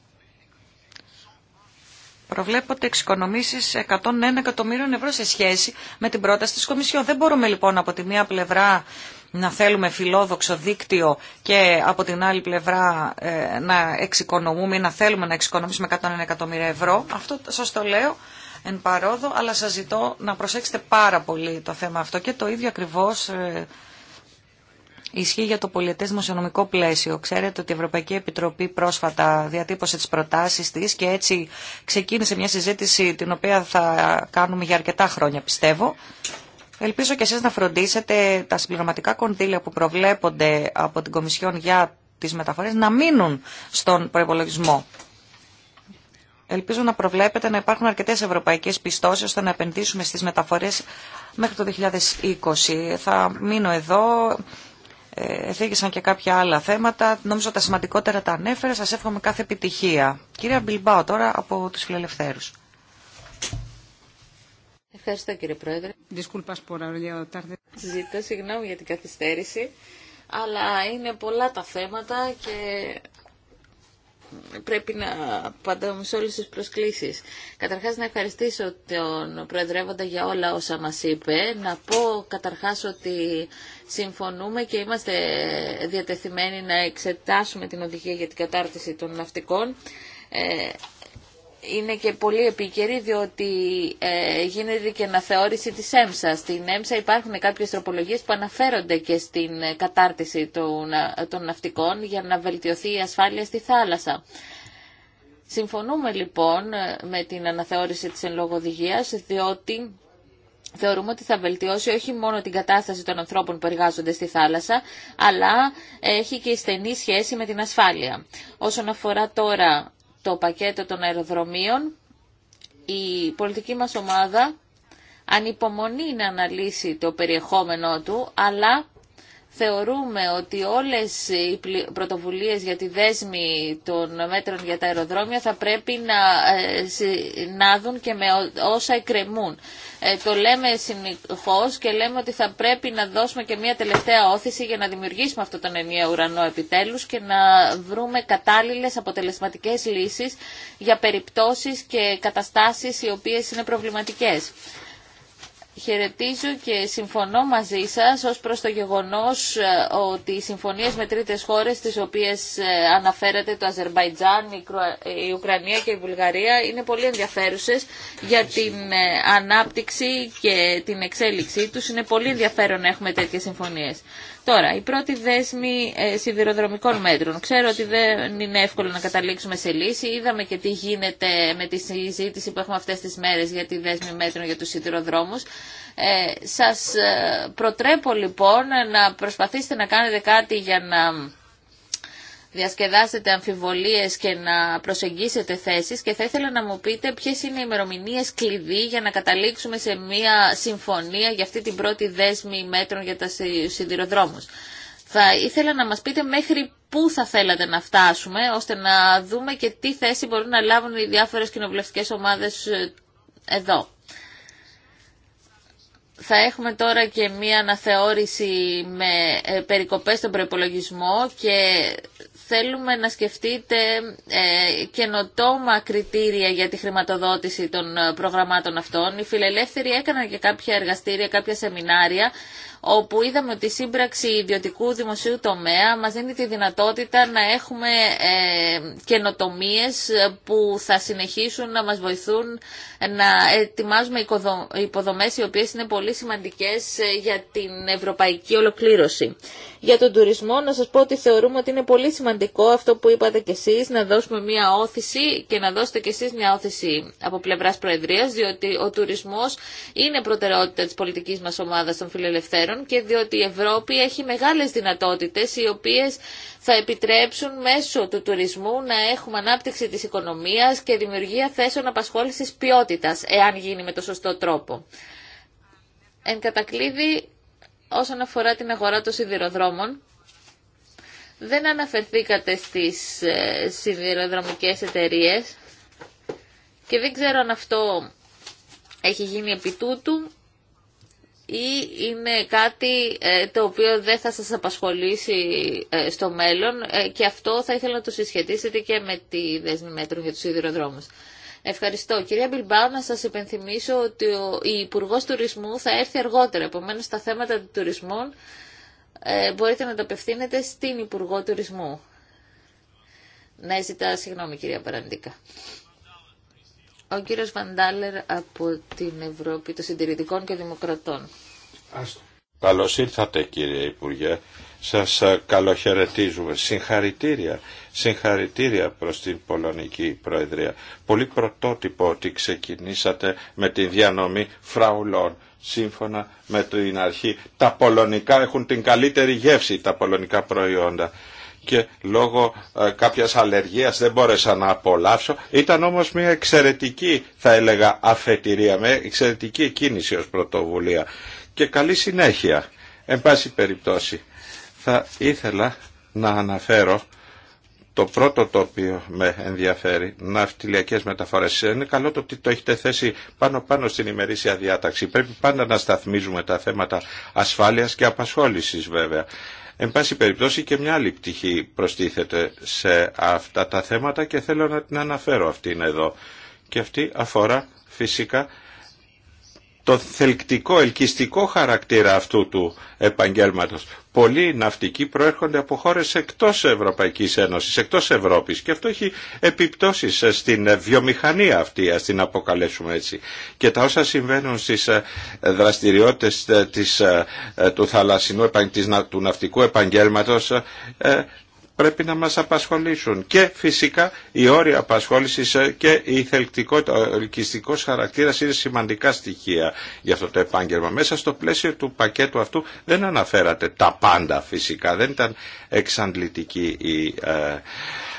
προβλέπονται εξοικονομήσεις 101 εκατομμύριων ευρώ σε σχέση με την πρόταση της Κομισιόν. Δεν μπορούμε λοιπόν από τη μία πλευρά να θέλουμε φιλόδοξο δίκτυο και από την άλλη πλευρά ε, να εξοικονομούμε ή να θέλουμε να εξοικονομήσουμε 101 εκατομμύρια ευρώ. Αυτό σας το λέω εν παρόδο, αλλά σας ζητώ να προσέξετε πάρα πολύ το θέμα αυτό και το ίδιο ακριβώς ε, ισχύει για το πολιτέ δημοσιονομικό πλαίσιο. Ξέρετε ότι η Ευρωπαϊκή Επιτροπή πρόσφατα διατύπωσε τι προτάσει τη και έτσι ξεκίνησε μια συζήτηση την οποία θα κάνουμε για αρκετά χρόνια πιστεύω. Ελπίζω και εσεί να φροντίσετε τα συμπληρωματικά κονδύλια που προβλέπονται από την Κομισιόν για τι μεταφορέ να μείνουν στον προπολογισμό. Ελπίζω να προβλέπετε να υπάρχουν αρκετέ ευρωπαϊκέ πιστώσει ώστε να επενδύσουμε στι μεταφορέ μέχρι το 2020. Θα μείνω εδώ. Εθίγησαν και κάποια άλλα θέματα. Νομίζω τα σημαντικότερα τα ανέφερα. Σας εύχομαι κάθε επιτυχία. Κυρία Μπιλμπάου τώρα από τους φιλελευθέρους. Ευχαριστώ κύριε Πρόεδρε. Ζητώ συγγνώμη για την καθυστέρηση, αλλά είναι πολλά τα θέματα και πρέπει να απαντάμε σε όλες τις προσκλήσεις. Καταρχάς να ευχαριστήσω τον Προεδρεύοντα για όλα όσα μας είπε. Να πω καταρχάς ότι συμφωνούμε και είμαστε διατεθειμένοι να εξετάσουμε την οδηγία για την κατάρτιση των ναυτικών. Ε, είναι και πολύ επίκαιρη διότι ε, γίνεται και αναθεώρηση της ΕΜΣΑ. Στην ΕΜΣΑ υπάρχουν κάποιες τροπολογίες που αναφέρονται και στην ε, κατάρτιση των, ε, των ναυτικών για να βελτιωθεί η ασφάλεια στη θάλασσα. Συμφωνούμε λοιπόν με την αναθεώρηση της εν λόγω οδηγίας, διότι θεωρούμε ότι θα βελτιώσει όχι μόνο την κατάσταση των ανθρώπων που εργάζονται στη θάλασσα, αλλά έχει και στενή σχέση με την ασφάλεια. Όσον αφορά τώρα το πακέτο των αεροδρομίων, η πολιτική μας ομάδα ανυπομονεί να αναλύσει το περιεχόμενό του, αλλά θεωρούμε ότι όλες οι πρωτοβουλίες για τη δέσμη των μέτρων για τα αεροδρόμια θα πρέπει να ε, συνάδουν και με όσα εκκρεμούν. Ε, το λέμε συνεχώ και λέμε ότι θα πρέπει να δώσουμε και μια τελευταία όθηση για να δημιουργήσουμε αυτό τον ενιαίο ουρανό επιτέλους και να βρούμε κατάλληλες αποτελεσματικές λύσεις για περιπτώσεις και καταστάσεις οι οποίες είναι προβληματικές. Χαιρετίζω και συμφωνώ μαζί σας ως προς το γεγονός ε, ότι οι συμφωνίες με τρίτες χώρες τις οποίες ε, αναφέρατε το Αζερβαϊτζάν, ε, η Ουκρανία και η Βουλγαρία είναι πολύ ενδιαφέρουσες για την ανάπτυξη και την εξέλιξή τους. Είναι πολύ ενδιαφέρον να έχουμε τέτοιες συμφωνίες. Τώρα, η πρώτη δέσμη ε, σιδηροδρομικών μέτρων. Ξέρω ότι δεν είναι εύκολο να καταλήξουμε σε λύση. Είδαμε και τι γίνεται με τη συζήτηση που έχουμε αυτές τις μέρες για τη δέσμη μέτρων για τους σιδηροδρόμους. Ε, σας ε, προτρέπω λοιπόν να προσπαθήσετε να κάνετε κάτι για να διασκεδάσετε αμφιβολίες και να προσεγγίσετε θέσεις και θα ήθελα να μου πείτε ποιες είναι οι ημερομηνίε κλειδί για να καταλήξουμε σε μια συμφωνία για αυτή την πρώτη δέσμη μέτρων για τα σιδηροδρόμους. Θα ήθελα να μας πείτε μέχρι πού θα θέλατε να φτάσουμε, ώστε να δούμε και τι θέση μπορούν να λάβουν οι διάφορες κοινοβουλευτικές ομάδες ε, εδώ. Θα έχουμε τώρα και μία αναθεώρηση με ε, περικοπές στον προπολογισμό και θέλουμε να σκεφτείτε ε, καινοτόμα κριτήρια για τη χρηματοδότηση των ε, προγραμμάτων αυτών. Οι φιλελεύθεροι έκαναν και κάποια εργαστήρια, κάποια σεμινάρια όπου είδαμε ότι η σύμπραξη ιδιωτικού δημοσίου τομέα μας δίνει τη δυνατότητα να έχουμε ε, καινοτομίες που θα συνεχίσουν να μας βοηθούν να ετοιμάζουμε υποδομές οι οποίες είναι πολύ σημαντικές ε, για την ευρωπαϊκή ολοκλήρωση. Για τον τουρισμό να σας πω ότι θεωρούμε ότι είναι πολύ σημαντικό αυτό που είπατε κι εσείς να δώσουμε μια όθηση και να δώσετε κι εσείς μια όθηση από πλευράς Προεδρίας διότι ο τουρισμός είναι προτεραιότητα της πολιτικής μας ομάδας των φιλελευθέρων και διότι η Ευρώπη έχει μεγάλες δυνατότητες οι οποίες θα επιτρέψουν μέσω του τουρισμού να έχουμε ανάπτυξη της οικονομίας και δημιουργία θέσεων απασχόλησης ποιότητας, εάν γίνει με το σωστό τρόπο. Εν κατακλείδη, όσον αφορά την αγορά των σιδηροδρόμων, δεν αναφερθήκατε στις ε, σιδηροδρομικές εταιρείες και δεν ξέρω αν αυτό έχει γίνει επί τούτου ή είναι κάτι ε, το οποίο δεν θα σας απασχολήσει ε, στο μέλλον ε, και αυτό θα ήθελα να το συσχετίσετε και με τη δέσμη μέτρων για τους σιδηροδρόμους. Ευχαριστώ. Κυρία Μπιλμπάου, να σας υπενθυμίσω ότι ο Υπουργό Τουρισμού θα έρθει αργότερα. Επομένως, τα θέματα του τουρισμού μπορείτε να τα απευθύνετε στην Υπουργό Τουρισμού. Να ζητά συγγνώμη κυρία Παραντίκα. Ο κύριος Βαντάλερ από την Ευρώπη των Συντηρητικών και Δημοκρατών. Καλώς ήρθατε κύριε Υπουργέ. Σας ε, καλοχαιρετίζουμε. Συγχαρητήρια. Συγχαρητήρια προς την Πολωνική Προεδρία. Πολύ πρωτότυπο ότι ξεκινήσατε με τη διανομή φραουλών. Σύμφωνα με την αρχή, τα πολωνικά έχουν την καλύτερη γεύση, τα πολωνικά προϊόντα και λόγω ε, κάποιας αλλεργίας δεν μπόρεσα να απολαύσω. Ήταν όμως μια εξαιρετική θα έλεγα αφετηρία, με εξαιρετική κίνηση ως πρωτοβουλία και καλή συνέχεια. Εν πάση περιπτώσει θα ήθελα να αναφέρω το πρώτο το οποίο με ενδιαφέρει, ναυτιλιακές μεταφορές Είναι καλό το ότι το έχετε θέσει πάνω-πάνω στην ημερήσια διάταξη. Πρέπει πάντα να σταθμίζουμε τα θέματα ασφάλειας και απασχόλησης βέβαια. Εν πάση περιπτώσει και μια άλλη πτυχή προστίθεται σε αυτά τα θέματα και θέλω να την αναφέρω αυτήν εδώ. Και αυτή αφορά φυσικά το θελκτικό, ελκυστικό χαρακτήρα αυτού του επαγγέλματος. Πολλοί ναυτικοί προέρχονται από χώρες εκτός Ευρωπαϊκής Ένωσης, εκτός Ευρώπης και αυτό έχει επιπτώσεις στην βιομηχανία αυτή, ας την αποκαλέσουμε έτσι. Και τα όσα συμβαίνουν στις ε, δραστηριότητες ε, της, ε, του θαλασσινού, του ναυτικού επαγγέλματος πρέπει να μας απασχολήσουν. Και φυσικά η όρια απασχόλησης και η θελκτικότητα, ο χαρακτήρας είναι σημαντικά στοιχεία για αυτό το επάγγελμα. Μέσα στο πλαίσιο του πακέτου αυτού δεν αναφέρατε τα πάντα φυσικά, δεν ήταν εξαντλητική η ε,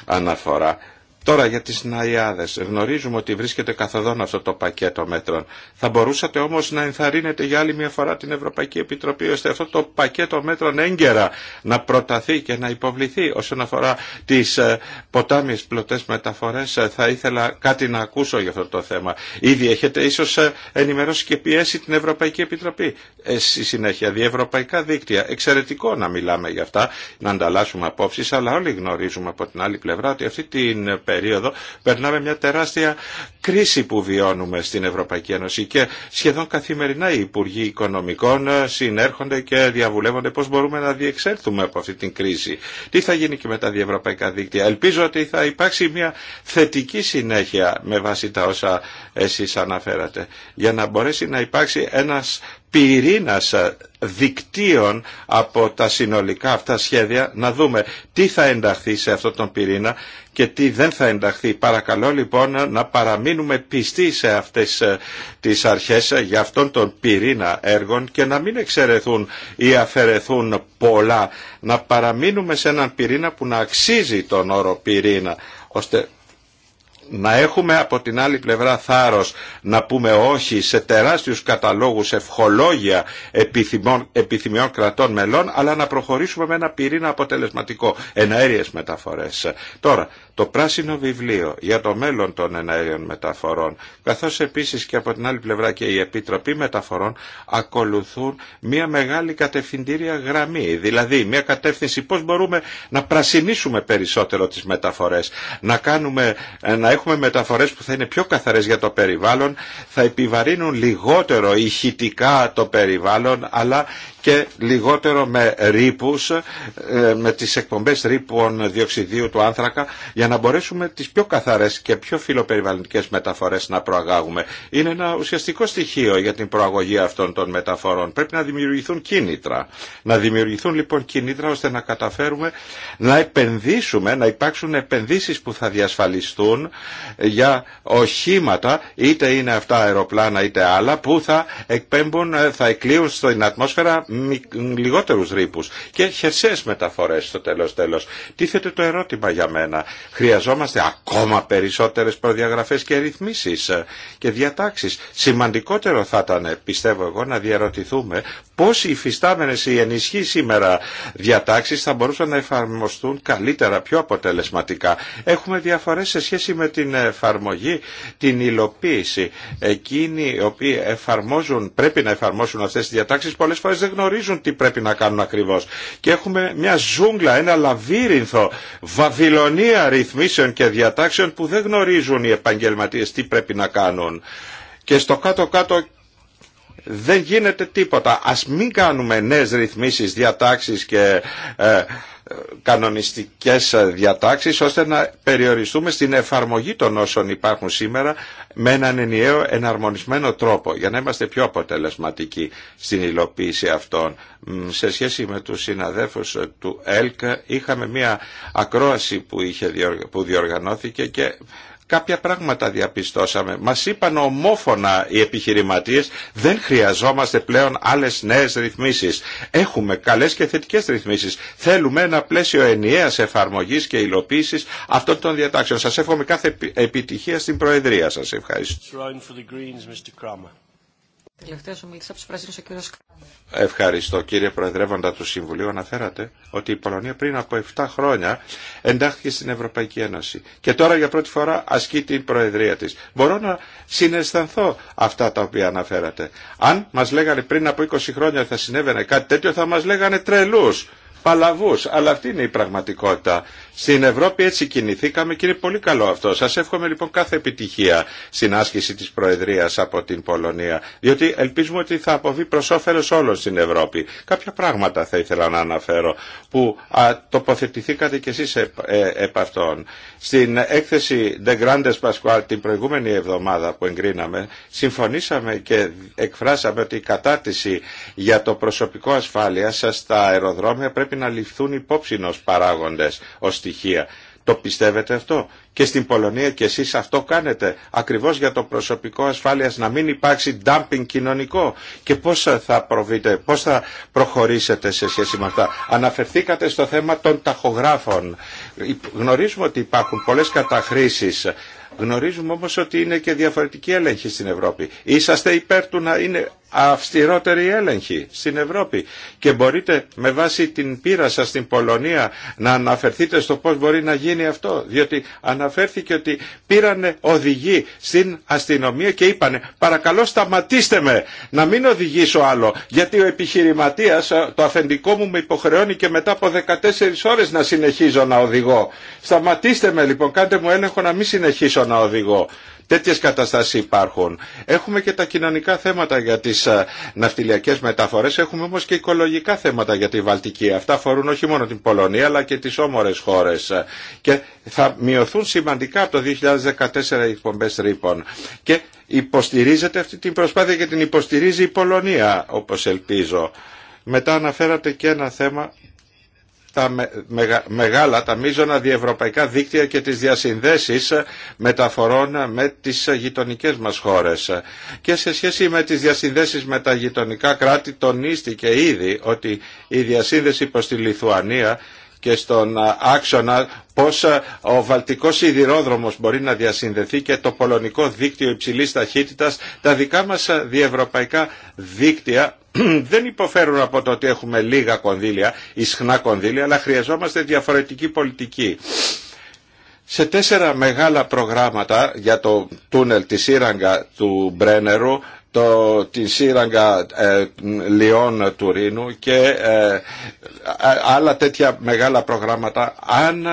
αναφορά. Τώρα για τις ναϊάδες. Γνωρίζουμε ότι βρίσκεται καθοδόν αυτό το πακέτο μέτρων. Θα μπορούσατε όμως να ενθαρρύνετε για άλλη μια φορά την Ευρωπαϊκή Επιτροπή ώστε αυτό το πακέτο μέτρων έγκαιρα να προταθεί και να υποβληθεί όσον αφορά τις ε, ποτάμιες πλωτές μεταφορές. Ε, θα ήθελα κάτι να ακούσω για αυτό το θέμα. Ήδη έχετε ίσως ε, ενημερώσει και πιέσει την Ευρωπαϊκή Επιτροπή. Ε, στη συνέχεια διευρωπαϊκά δίκτυα. Εξαιρετικό να μιλάμε για αυτά, να ανταλλάσσουμε απόψεις, αλλά όλοι γνωρίζουμε από την άλλη πλευρά ότι αυτή την περίοδο περνάμε μια τεράστια κρίση που βιώνουμε στην Ευρωπαϊκή Ένωση και σχεδόν καθημερινά οι Υπουργοί Οικονομικών ε, συνέρχονται και διαβουλεύονται πώς μπορούμε να διεξέλθουμε από αυτή την κρίση. Τι θα γίνει και με τα διευρωπαϊκά δίκτυα. Ελπίζω ότι θα υπάρξει μια θετική συνέχεια με βάση τα όσα εσείς αναφέρατε για να μπορέσει να υπάρξει ένας πυρήνας ε, δικτύων από τα συνολικά αυτά σχέδια να δούμε τι θα ενταχθεί σε αυτόν τον πυρήνα και τι δεν θα ενταχθεί. Παρακαλώ λοιπόν να παραμείνουμε πιστοί σε αυτές ε, τις αρχές ε, για αυτόν τον πυρήνα έργων και να μην εξαιρεθούν ή αφαιρεθούν πολλά. Να παραμείνουμε σε έναν πυρήνα που να αξίζει τον όρο πυρήνα ώστε να έχουμε από την άλλη πλευρά θάρρος να πούμε όχι σε τεράστιους καταλόγους ευχολόγια επιθυμιών, κρατών μελών αλλά να προχωρήσουμε με ένα πυρήνα αποτελεσματικό εναέριες μεταφορές. Τώρα το πράσινο βιβλίο για το μέλλον των εναέριων μεταφορών, καθώς επίσης και από την άλλη πλευρά και η Επιτροπή Μεταφορών ακολουθούν μια μεγάλη κατευθυντήρια γραμμή, δηλαδή μια κατεύθυνση πώς μπορούμε να πρασινίσουμε περισσότερο τις μεταφορές, να, κάνουμε, ε, να έχουμε μεταφορές που θα είναι πιο καθαρές για το περιβάλλον, θα επιβαρύνουν λιγότερο ηχητικά το περιβάλλον, αλλά και λιγότερο με ρήπους, ε, με τις εκπομπές ρήπων διοξιδίου του άνθρακα, για να μπορέσουμε τις πιο καθαρές και πιο φιλοπεριβαλλοντικές μεταφορές να προαγάγουμε. Είναι ένα ουσιαστικό στοιχείο για την προαγωγή αυτών των μεταφορών. Πρέπει να δημιουργηθούν κίνητρα. Να δημιουργηθούν λοιπόν κίνητρα ώστε να καταφέρουμε να επενδύσουμε, να υπάρξουν επενδύσεις που θα διασφαλιστούν για οχήματα, είτε είναι αυτά αεροπλάνα είτε άλλα, που θα εκπέμπουν, θα εκλείουν στην ατμόσφαιρα λιγότερους ρήπους και χερσαίες μεταφορές στο τέλος τέλος. Τίθεται το ερώτημα για μένα. Χρειαζόμαστε ακόμα περισσότερες προδιαγραφές και ρυθμίσεις ε, και διατάξεις. Σημαντικότερο θα ήταν, πιστεύω εγώ, να διαρωτηθούμε πώς οι υφιστάμενες ή ενισχύ σήμερα διατάξεις θα μπορούσαν να εφαρμοστούν καλύτερα, πιο αποτελεσματικά. Έχουμε διαφορές σε σχέση με την εφαρμογή, την υλοποίηση. Εκείνοι οι οποίοι εφαρμόζουν, πρέπει να εφαρμόσουν αυτές τις διατάξεις πολλές φορές δεν γνωρίζουν τι πρέπει να κάνουν ακριβώς. Και έχουμε μια ζούγκλα, ένα λαβύρινθο, βαβυλωνίαρη ρυθμίσεων και διατάξεων που δεν γνωρίζουν οι επαγγελματίες τι πρέπει να κάνουν. Και στο κάτω-κάτω δεν γίνεται τίποτα. Ας μην κάνουμε νέες ρυθμίσεις, διατάξεις και ε, ε κανονιστικές ε, διατάξεις ώστε να περιοριστούμε στην εφαρμογή των όσων υπάρχουν σήμερα με έναν ενιαίο εναρμονισμένο τρόπο για να είμαστε πιο αποτελεσματικοί στην υλοποίηση αυτών. Σε σχέση με τους συναδέλφους του ΕΛΚ είχαμε μια ακρόαση που, είχε, που διοργανώθηκε και κάποια πράγματα διαπιστώσαμε. Μας είπαν ομόφωνα οι επιχειρηματίες δεν χρειαζόμαστε πλέον άλλες νέες ρυθμίσεις. Έχουμε καλές και θετικές ρυθμίσεις. Θέλουμε ένα πλαίσιο ενιαίας εφαρμογής και υλοποίησης αυτών των διατάξεων. Σας εύχομαι κάθε επιτυχία στην Προεδρία. Σας ευχαριστώ. Ευχαριστώ κύριε Προεδρεύοντα του Συμβουλίου. Αναφέρατε ότι η Πολωνία πριν από 7 χρόνια εντάχθηκε στην Ευρωπαϊκή Ένωση και τώρα για πρώτη φορά ασκεί την Προεδρία τη. Μπορώ να συναισθανθώ αυτά τα οποία αναφέρατε. Αν μα λέγανε πριν από 20 χρόνια θα συνέβαινε κάτι τέτοιο, θα μα λέγανε τρελού. Παλαβούς, αλλά αυτή είναι η πραγματικότητα. Στην Ευρώπη έτσι κινηθήκαμε και είναι πολύ καλό αυτό. Σας εύχομαι λοιπόν κάθε επιτυχία στην άσκηση της Προεδρίας από την Πολωνία, διότι ελπίζουμε ότι θα αποβεί προς όφελος όλων στην Ευρώπη. Κάποια πράγματα θα ήθελα να αναφέρω που α, τοποθετηθήκατε κι εσείς επ, ε, αυτών. Στην έκθεση The Grandes Pasquale την προηγούμενη εβδομάδα που εγκρίναμε, συμφωνήσαμε και εκφράσαμε ότι η κατάρτιση για το προσωπικό ασφάλειά σας στα αεροδρόμια πρέπει να ληφθούν υπόψη παράγοντες, το πιστεύετε αυτό. Και στην Πολωνία και εσείς αυτό κάνετε. Ακριβώς για το προσωπικό ασφάλειας να μην υπάρξει dumping κοινωνικό. Και πώς θα προβείτε, πώς θα προχωρήσετε σε σχέση με αυτά. Αναφερθήκατε στο θέμα των ταχογράφων. Γνωρίζουμε ότι υπάρχουν πολλές καταχρήσεις. Γνωρίζουμε όμως ότι είναι και διαφορετική έλεγχη στην Ευρώπη. Είσαστε υπέρ του να είναι αυστηρότερη έλεγχη στην Ευρώπη και μπορείτε με βάση την πείρα σας στην Πολωνία να αναφερθείτε στο πώς μπορεί να γίνει αυτό διότι αναφέρθηκε ότι πήρανε οδηγοί στην αστυνομία και είπανε παρακαλώ σταματήστε με να μην οδηγήσω άλλο γιατί ο επιχειρηματίας ε, το αφεντικό μου με υποχρεώνει και μετά από 14 ώρες να συνεχίζω να οδηγώ σταματήστε με λοιπόν κάντε μου έλεγχο να μην συνεχίσω να οδηγώ Τέτοιες καταστάσεις υπάρχουν. Έχουμε και τα κοινωνικά θέματα για τις ε, ναυτιλιακές μεταφορές. Έχουμε όμως και οικολογικά θέματα για τη Βαλτική. Αυτά αφορούν όχι μόνο την Πολωνία αλλά και τις όμορες χώρες. Και θα μειωθούν σημαντικά από το 2014 οι εκπομπές ρήπων. Και υποστηρίζεται αυτή την προσπάθεια και την υποστηρίζει η Πολωνία όπως ελπίζω. Μετά αναφέρατε και ένα θέμα τα μεγάλα, τα μείζωνα διευρωπαϊκά δίκτυα και τις διασυνδέσεις ε, μεταφορών ε, με τις ε, γειτονικέ μας χώρες. Και σε σχέση με τις διασυνδέσεις με τα γειτονικά κράτη τονίστηκε ήδη ότι η διασύνδεση προς τη Λιθουανία και στον άξονα πώς ο βαλτικός σιδηρόδρομος μπορεί να διασυνδεθεί και το πολωνικό δίκτυο υψηλής ταχύτητας, τα δικά μας διευρωπαϊκά δίκτυα δεν υποφέρουν από το ότι έχουμε λίγα κονδύλια, ισχνά κονδύλια, αλλά χρειαζόμαστε διαφορετική πολιτική. Σε τέσσερα μεγάλα προγράμματα για το τούνελ της Ήραγκα του Μπρένερου το, την σύραγγα ε, Λιών Τουρίνου και ε, άλλα τέτοια μεγάλα προγράμματα αν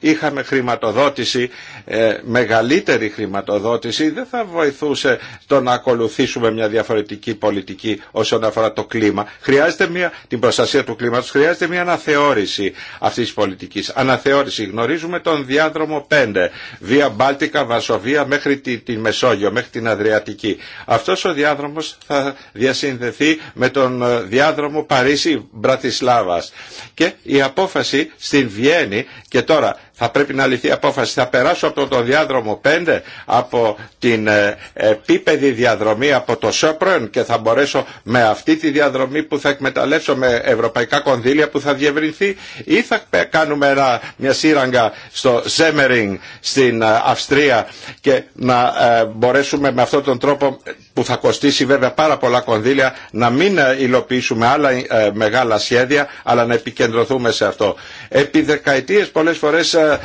είχαμε χρηματοδότηση, ε, μεγαλύτερη χρηματοδότηση, δεν θα βοηθούσε το να ακολουθήσουμε μια διαφορετική πολιτική όσον αφορά το κλίμα. Χρειάζεται μια, την προστασία του κλίματος, χρειάζεται μια αναθεώρηση αυτής της πολιτικής. Αναθεώρηση. Γνωρίζουμε τον διάδρομο 5, Βία Μπάλτικα, Βασοβία μέχρι τη, Μεσόγειο, μέχρι την Αδριατική. Αυτός ο διάδρομος θα διασυνδεθεί με τον ε, διάδρομο Παρίσι-Μπρατισλάβας. Και η απόφαση στην Βιέννη και το Τώρα θα πρέπει να λυθεί η απόφαση. Θα περάσω από το διάδρομο 5, από την ε, επίπεδη διαδρομή από το Σόπρον και θα μπορέσω με αυτή τη διαδρομή που θα εκμεταλλεύσω με ευρωπαϊκά κονδύλια που θα διευρυνθεί ή θα κάνουμε μια σύραγγα στο Σέμερινγκ στην ε, Αυστρία και να ε, μπορέσουμε με αυτόν τον τρόπο που θα κοστίσει βέβαια πάρα πολλά κονδύλια να μην ε, υλοποιήσουμε άλλα ε, μεγάλα σχέδια αλλά να επικεντρωθούμε σε αυτό. Επί δεκαετίες πολλές φορές ε,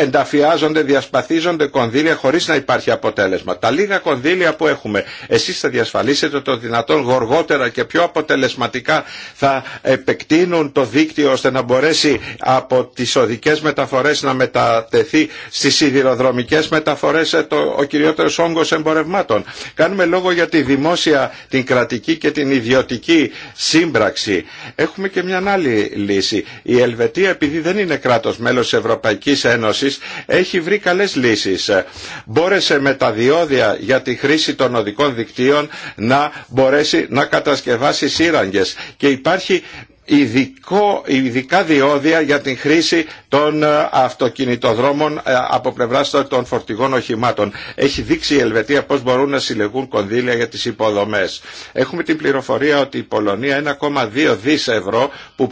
ενταφιάζονται, διασπαθίζονται κονδύλια χωρίς να υπάρχει αποτέλεσμα. Τα λίγα κονδύλια που έχουμε εσείς θα διασφαλίσετε το δυνατόν γοργότερα και πιο αποτελεσματικά θα επεκτείνουν το δίκτυο ώστε να μπορέσει από τις οδικές μεταφορές να μετατεθεί στις σιδηροδρομικές μεταφορές το, ο κυριότερος όγκος εμπορευμάτων. Κάνουμε λόγο για τη δημόσια, την κρατική και την ιδιωτική σύμπραξη. Έχουμε και μια άλλη λύση. Η Ελβετία επειδή δεν είναι κράτος μέλος της Ευρωπαϊκής Ένωσης έχει βρει καλές λύσεις. Μπόρεσε με τα διόδια για τη χρήση των οδικών δικτύων να μπορέσει να κατασκευάσει σύραγγες και υπάρχει ειδικό, ειδικά διόδια για την χρήση των ε, αυτοκινητοδρόμων ε, από πλευρά των φορτηγών οχημάτων. Έχει δείξει η Ελβετία πώ μπορούν να συλλεγούν κονδύλια για τι υποδομέ. Έχουμε την πληροφορία ότι η Πολωνία 1,2 δι ευρώ που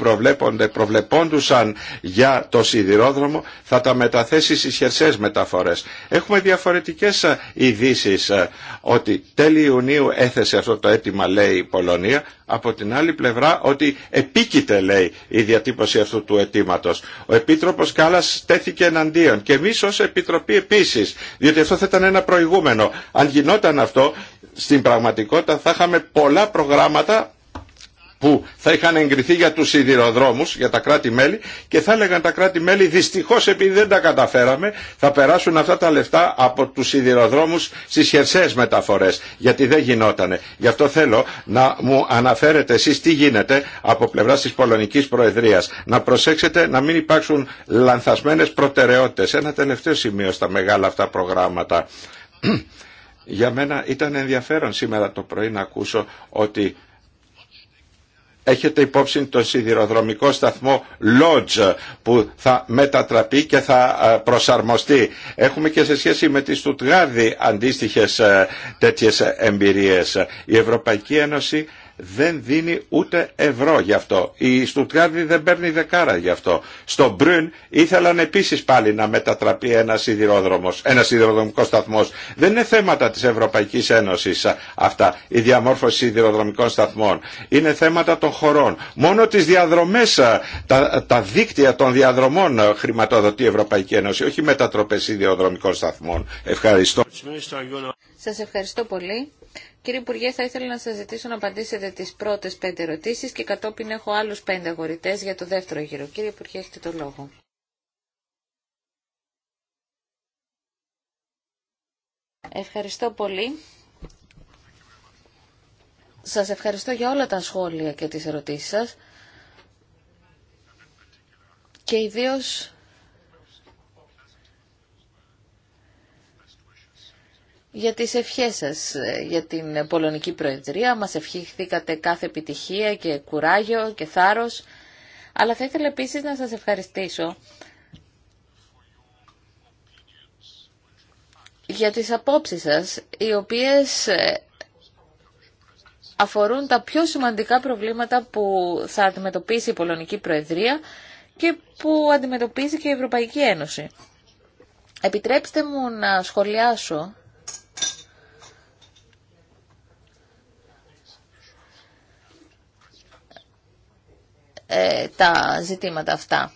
προβλεπόντουσαν για το σιδηρόδρομο θα τα μεταθέσει στι χερσαίες μεταφορέ. Έχουμε διαφορετικέ ε, ειδήσει ότι τέλη Ιουνίου έθεσε αυτό το αίτημα λέει η Πολωνία από την άλλη πλευρά ότι επίκειται λέει η διατύπωση αυτού του αιτήματο. Ο Επίτροπος Κάλλας τέθηκε εναντίον και εμεί ως Επιτροπή επίση, διότι αυτό θα ήταν ένα προηγούμενο. Αν γινόταν αυτό, στην πραγματικότητα θα είχαμε πολλά προγράμματα που θα είχαν εγκριθεί για τους σιδηροδρόμους, για τα κράτη-μέλη και θα έλεγαν τα κράτη-μέλη δυστυχώς επειδή δεν τα καταφέραμε θα περάσουν αυτά τα λεφτά από τους σιδηροδρόμους στις χερσαίες μεταφορές γιατί δεν γινότανε. Γι' αυτό θέλω να μου αναφέρετε εσείς τι γίνεται από πλευράς της Πολωνικής Προεδρίας. Να προσέξετε να μην υπάρξουν λανθασμένες προτεραιότητες. Ένα τελευταίο σημείο στα μεγάλα αυτά προγράμματα. Για μένα ήταν ενδιαφέρον σήμερα το πρωί να ακούσω ότι έχετε υπόψη το σιδηροδρομικό σταθμό Lodge που θα μετατραπεί και θα ε, προσαρμοστεί. Έχουμε και σε σχέση με τη Στουτγάρδη αντίστοιχες ε, τέτοιες εμπειρίες. Η Ευρωπαϊκή Ένωση δεν δίνει ούτε ευρώ γι' αυτό. Η Στουτκάρδη δεν παίρνει δεκάρα γι' αυτό. Στο Μπρουν ήθελαν επίση πάλι να μετατραπεί ένα σιδηρόδρομο, ένα σιδηροδρομικό σταθμό. Δεν είναι θέματα τη Ευρωπαϊκή Ένωση αυτά, η διαμόρφωση σιδηροδρομικών σταθμών. Είναι θέματα των χωρών. Μόνο τι διαδρομέ, τα, τα δίκτυα των διαδρομών χρηματοδοτεί η Ευρωπαϊκή Ένωση, όχι μετατροπέ σιδηροδρομικών σταθμών. Ευχαριστώ. Σα ευχαριστώ πολύ. Κύριε Υπουργέ, θα ήθελα να σας ζητήσω να απαντήσετε τις πρώτες πέντε ερωτήσεις και κατόπιν έχω άλλους πέντε αγορητές για το δεύτερο γύρο. Κύριε Υπουργέ, έχετε το λόγο. Ευχαριστώ πολύ. Σας ευχαριστώ για όλα τα σχόλια και τις ερωτήσεις σας και ιδίως για τις ευχές σας ε, για την Πολωνική Προεδρία. Μας ευχήθηκατε κάθε επιτυχία και κουράγιο και θάρρος. Αλλά θα ήθελα επίσης να σας ευχαριστήσω για τις απόψεις σας, οι οποίες ε, αφορούν τα πιο σημαντικά προβλήματα που θα αντιμετωπίσει η Πολωνική Προεδρία και που αντιμετωπίζει και η Ευρωπαϊκή Ένωση. Επιτρέψτε μου να σχολιάσω Ε, τα ζητήματα αυτά.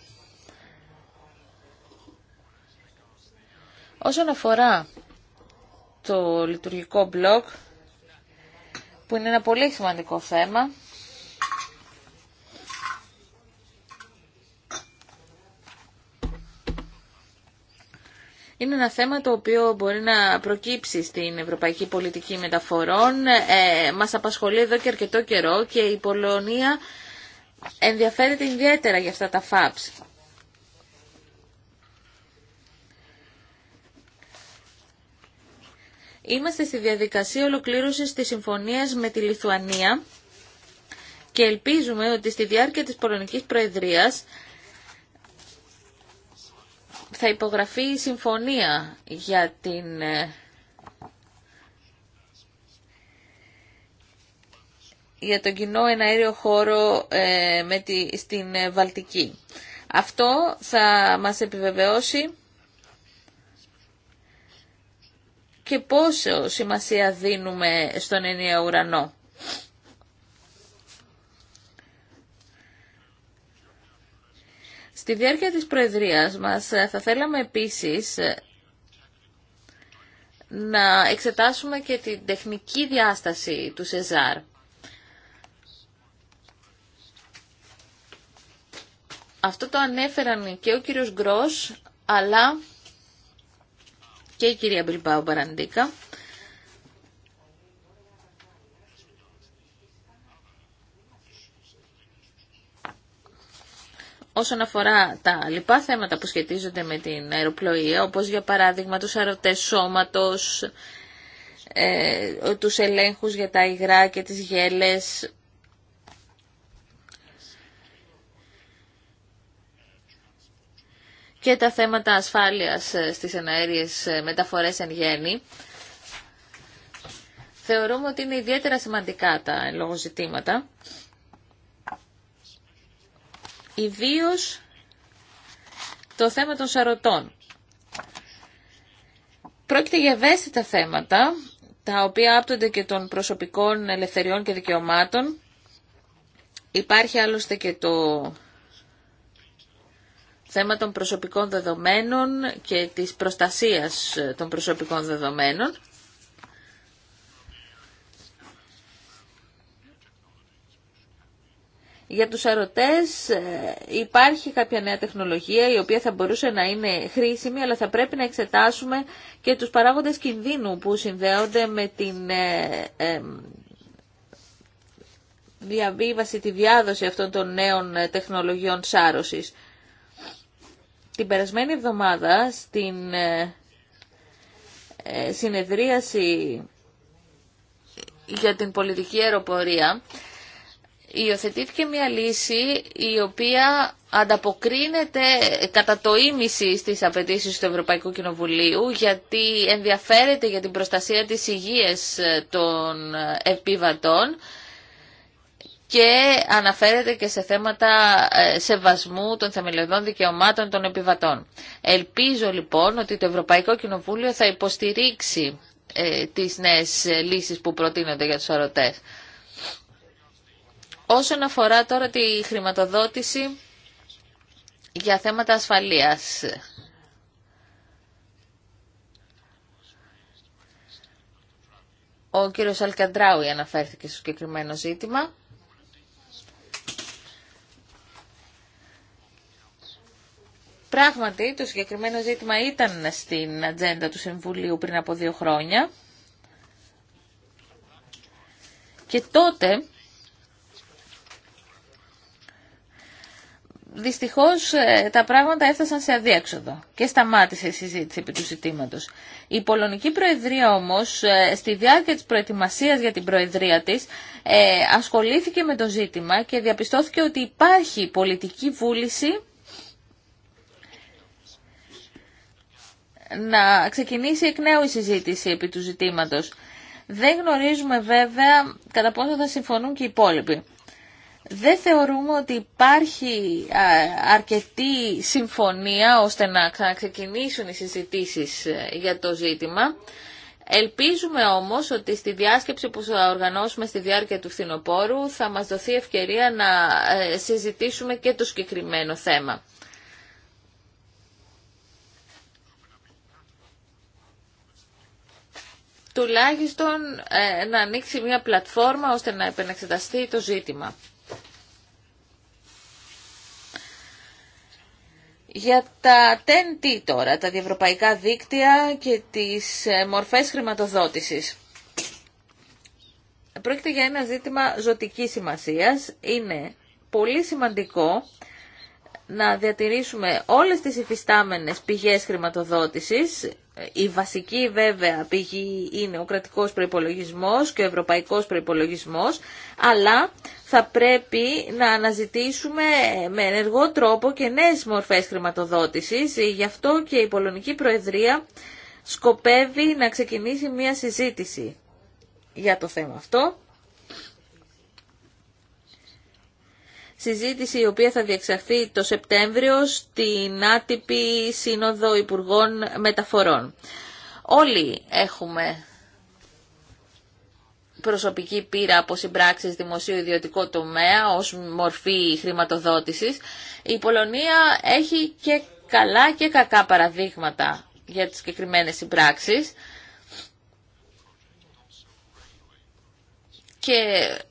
Όσον αφορά το λειτουργικό μπλοκ, που είναι ένα πολύ σημαντικό θέμα, Είναι ένα θέμα το οποίο μπορεί να προκύψει στην ευρωπαϊκή πολιτική μεταφορών. Ε, μας απασχολεί εδώ και αρκετό καιρό και η Πολωνία ενδιαφέρεται ιδιαίτερα για αυτά τα FABs. Είμαστε στη διαδικασία ολοκλήρωσης της συμφωνίας με τη Λιθουανία και ελπίζουμε ότι στη διάρκεια της Πολωνικής Προεδρίας θα υπογραφεί η συμφωνία για την ε, για τον κοινό εναέριο χώρο ε, με στην ε, Βαλτική. Αυτό θα μας επιβεβαιώσει και πόσο σημασία δίνουμε στον ενιαίο ουρανό. Στη διάρκεια της Προεδρίας μας ε, θα θέλαμε επίσης να εξετάσουμε και την τεχνική διάσταση του ΣΕΖΑΡ. Αυτό το ανέφεραν και ο κύριος Γκρός, αλλά και η κυρία Μπιλμπάου Μπαραντίκα. όσον αφορά τα λοιπά θέματα που σχετίζονται με την αεροπλοεία, όπως για παράδειγμα τους αρωτές σώματος, ε, τους ελέγχους για τα υγρά και τις γέλες, και τα θέματα ασφάλειας ε, στις εναέριες ε, μεταφορές εν γέννη. Θεωρούμε ότι είναι ιδιαίτερα σημαντικά τα λόγω ζητήματα. Ιδίως το θέμα των σαρωτών. Πρόκειται για ευαίσθητα θέματα, τα οποία άπτονται και των προσωπικών ελευθεριών και δικαιωμάτων. Υπάρχει άλλωστε και το θέμα των προσωπικών δεδομένων και της προστασίας ε, των προσωπικών δεδομένων. Για τους αρωτές ε, υπάρχει κάποια νέα τεχνολογία η οποία θα μπορούσε να είναι χρήσιμη αλλά θα πρέπει να εξετάσουμε και τους παράγοντες κινδύνου που συνδέονται με την ε, διαβίβαση, τη διάδοση αυτών των νέων τεχνολογιών σάρωσης την περασμένη εβδομάδα στην ε, ε, συνεδρίαση για την πολιτική αεροπορία υιοθετήθηκε μια λύση η οποία ανταποκρίνεται κατά το ίμιση στις απαιτήσει του Ευρωπαϊκού Κοινοβουλίου γιατί ενδιαφέρεται για την προστασία της υγείας των επιβατών και αναφέρεται και σε θέματα ε, σεβασμού των θεμελιωδών δικαιωμάτων των επιβατών. Ελπίζω λοιπόν ότι το Ευρωπαϊκό Κοινοβούλιο θα υποστηρίξει ε, τις νέες ε, λύσεις που προτείνονται για τους αρωτές. Όσον αφορά τώρα τη χρηματοδότηση για θέματα ασφαλείας. Ο κύριος Αλκαντράουι αναφέρθηκε στο συγκεκριμένο ζήτημα. Πράγματι, το συγκεκριμένο ζήτημα ήταν στην ατζέντα του Συμβουλίου πριν από δύο χρόνια. Και τότε, δυστυχώς, ε, τα πράγματα έφτασαν σε αδίέξοδο και σταμάτησε η συζήτηση επί του ζητήματος. Η Πολωνική Προεδρία όμως, ε, στη διάρκεια της προετοιμασίας για την Προεδρία της, ε, ασχολήθηκε με το ζήτημα και διαπιστώθηκε ότι υπάρχει πολιτική βούληση να ξεκινήσει εκ νέου η συζήτηση επί του ζητήματος. Δεν γνωρίζουμε βέβαια κατά πόσο θα συμφωνούν και οι υπόλοιποι. Δεν θεωρούμε ότι υπάρχει αρκετή συμφωνία ώστε να ξεκινήσουν οι συζητήσεις ε, για το ζήτημα. Ελπίζουμε όμως ότι στη διάσκεψη που θα οργανώσουμε στη διάρκεια του φθινοπόρου θα μας δοθεί ευκαιρία να ε, συζητήσουμε και το συγκεκριμένο θέμα. τουλάχιστον ε, να ανοίξει μια πλατφόρμα ώστε να επενεξεταστεί το ζήτημα. Για τα TNT τώρα, τα διευρωπαϊκά δίκτυα και τις ε, μορφές χρηματοδότησης. Πρόκειται για ένα ζήτημα ζωτικής σημασίας. Είναι πολύ σημαντικό να διατηρήσουμε όλες τις υφιστάμενες πηγές χρηματοδότησης ε, η βασική βέβαια πηγή είναι ο κρατικός προϋπολογισμός και ο ευρωπαϊκός προϋπολογισμός, αλλά θα πρέπει να αναζητήσουμε με ενεργό τρόπο και νέες μορφές χρηματοδότησης. Ε, γι' αυτό και η Πολωνική Προεδρία σκοπεύει να ξεκινήσει μια συζήτηση για το θέμα αυτό. συζήτηση η οποία θα διεξαχθεί το Σεπτέμβριο στην άτυπη Σύνοδο Υπουργών Μεταφορών. Όλοι έχουμε προσωπική πείρα από συμπράξει δημοσίου ιδιωτικό τομέα ως μορφή χρηματοδότησης. Η Πολωνία έχει και καλά και κακά παραδείγματα για τις συγκεκριμένε συμπράξεις. και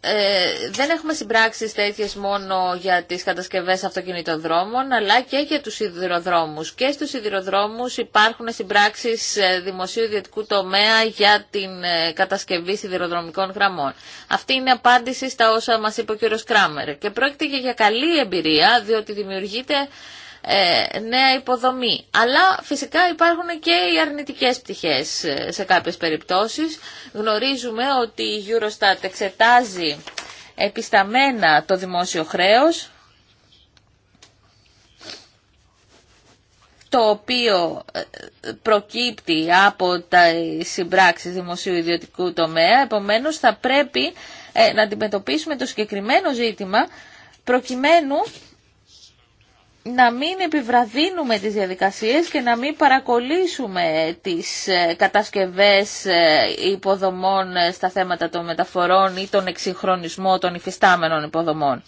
ε, δεν έχουμε συμπράξεις τέτοιες μόνο για τις κατασκευές αυτοκινητοδρόμων αλλά και για τους σιδηροδρόμους. Και στους σιδηροδρόμους υπάρχουν συμπράξεις ε, δημοσίου ιδιωτικού τομέα για την ε, κατασκευή σιδηροδρομικών γραμμών. Αυτή είναι απάντηση στα όσα μας είπε ο κ. Κράμερ. Και πρόκειται και για καλή εμπειρία διότι δημιουργείται ε, νέα υποδομή. Αλλά φυσικά υπάρχουν και οι αρνητικές πτυχές ε, σε κάποιες περιπτώσεις. Γνωρίζουμε ότι η Eurostat εξετάζει επισταμένα το δημόσιο χρέος, το οποίο ε, προκύπτει από τα συμπράξει δημοσίου ιδιωτικού τομέα. Επομένως θα πρέπει να αντιμετωπίσουμε το συγκεκριμένο ζήτημα προκειμένου να μην επιβραδύνουμε τις διαδικασίες και να μην παρακολύσουμε τις ε, κατασκευές ε, υποδομών ε, στα θέματα των μεταφορών ή τον εξυγχρονισμό των υφιστάμενων υποδομών.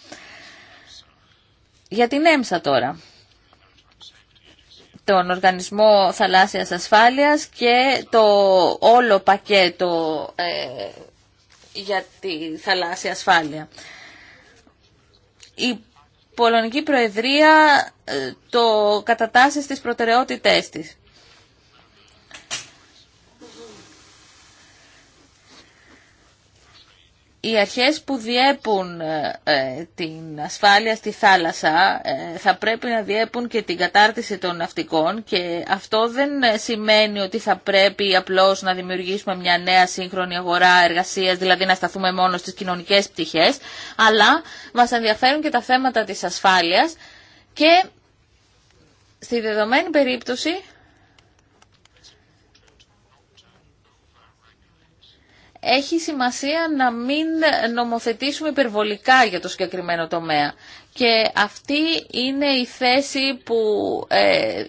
Για την ΕΜΣΑ τώρα, τον Οργανισμό Θαλάσσιας Ασφάλειας και το όλο πακέτο για τη θαλάσσια ασφάλεια. Πολωνική Προεδρία ε, το κατατάσσει στις προτεραιότητές της. οι αρχές που διέπουν ε, ε, την ασφάλεια στη θάλασσα ε, θα πρέπει να διέπουν και την κατάρτιση των ναυτικών και αυτό δεν σημαίνει ότι θα πρέπει απλώς να δημιουργήσουμε μια νέα σύγχρονη αγορά εργασίας, δηλαδή να σταθούμε μόνο στις κοινωνικές πτυχές, αλλά μας ενδιαφέρουν και τα θέματα της ασφάλειας και στη δεδομένη περίπτωση έχει σημασία να μην νομοθετήσουμε υπερβολικά για το συγκεκριμένο τομέα. Και αυτή είναι η θέση που ε,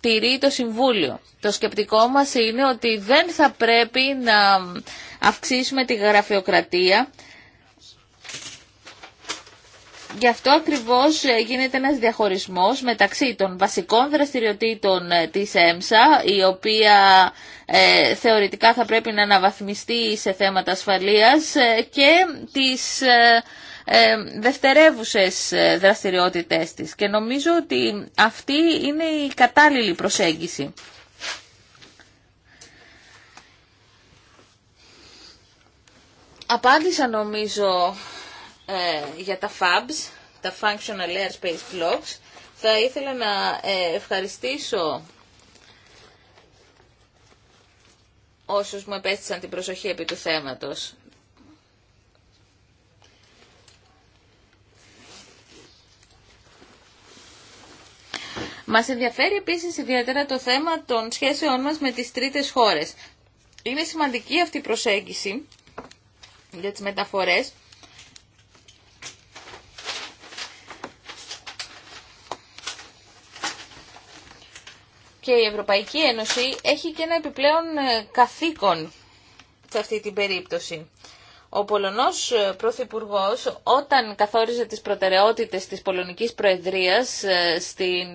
τηρεί το Συμβούλιο. Το σκεπτικό μας είναι ότι δεν θα πρέπει να αυξήσουμε τη γραφειοκρατία Γι' αυτό ακριβώς ε, γίνεται ένας διαχωρισμός μεταξύ των βασικών δραστηριοτήτων ε, της ΕΜΣΑ, η οποία ε, θεωρητικά θα πρέπει να αναβαθμιστεί σε θέματα ασφαλείας και τις ε, δευτερεύουσες δραστηριότητές της. Και νομίζω ότι αυτή είναι η κατάλληλη προσέγγιση. Απάντησα νομίζω ε, για τα FABs, τα Functional Space Blocks. Θα ήθελα να ε, ευχαριστήσω όσους μου επέστησαν την προσοχή επί του θέματος. Μας ενδιαφέρει επίσης ιδιαίτερα το θέμα των σχέσεών μας με τις τρίτες χώρες. Είναι σημαντική αυτή η προσέγγιση για τις μεταφορές και η Ευρωπαϊκή Ένωση έχει και ένα επιπλέον ε, καθήκον σε αυτή την περίπτωση. Ο Πολωνός ε, Πρωθυπουργό, όταν καθόριζε τις προτεραιότητες της Πολωνικής Προεδρίας ε, στην,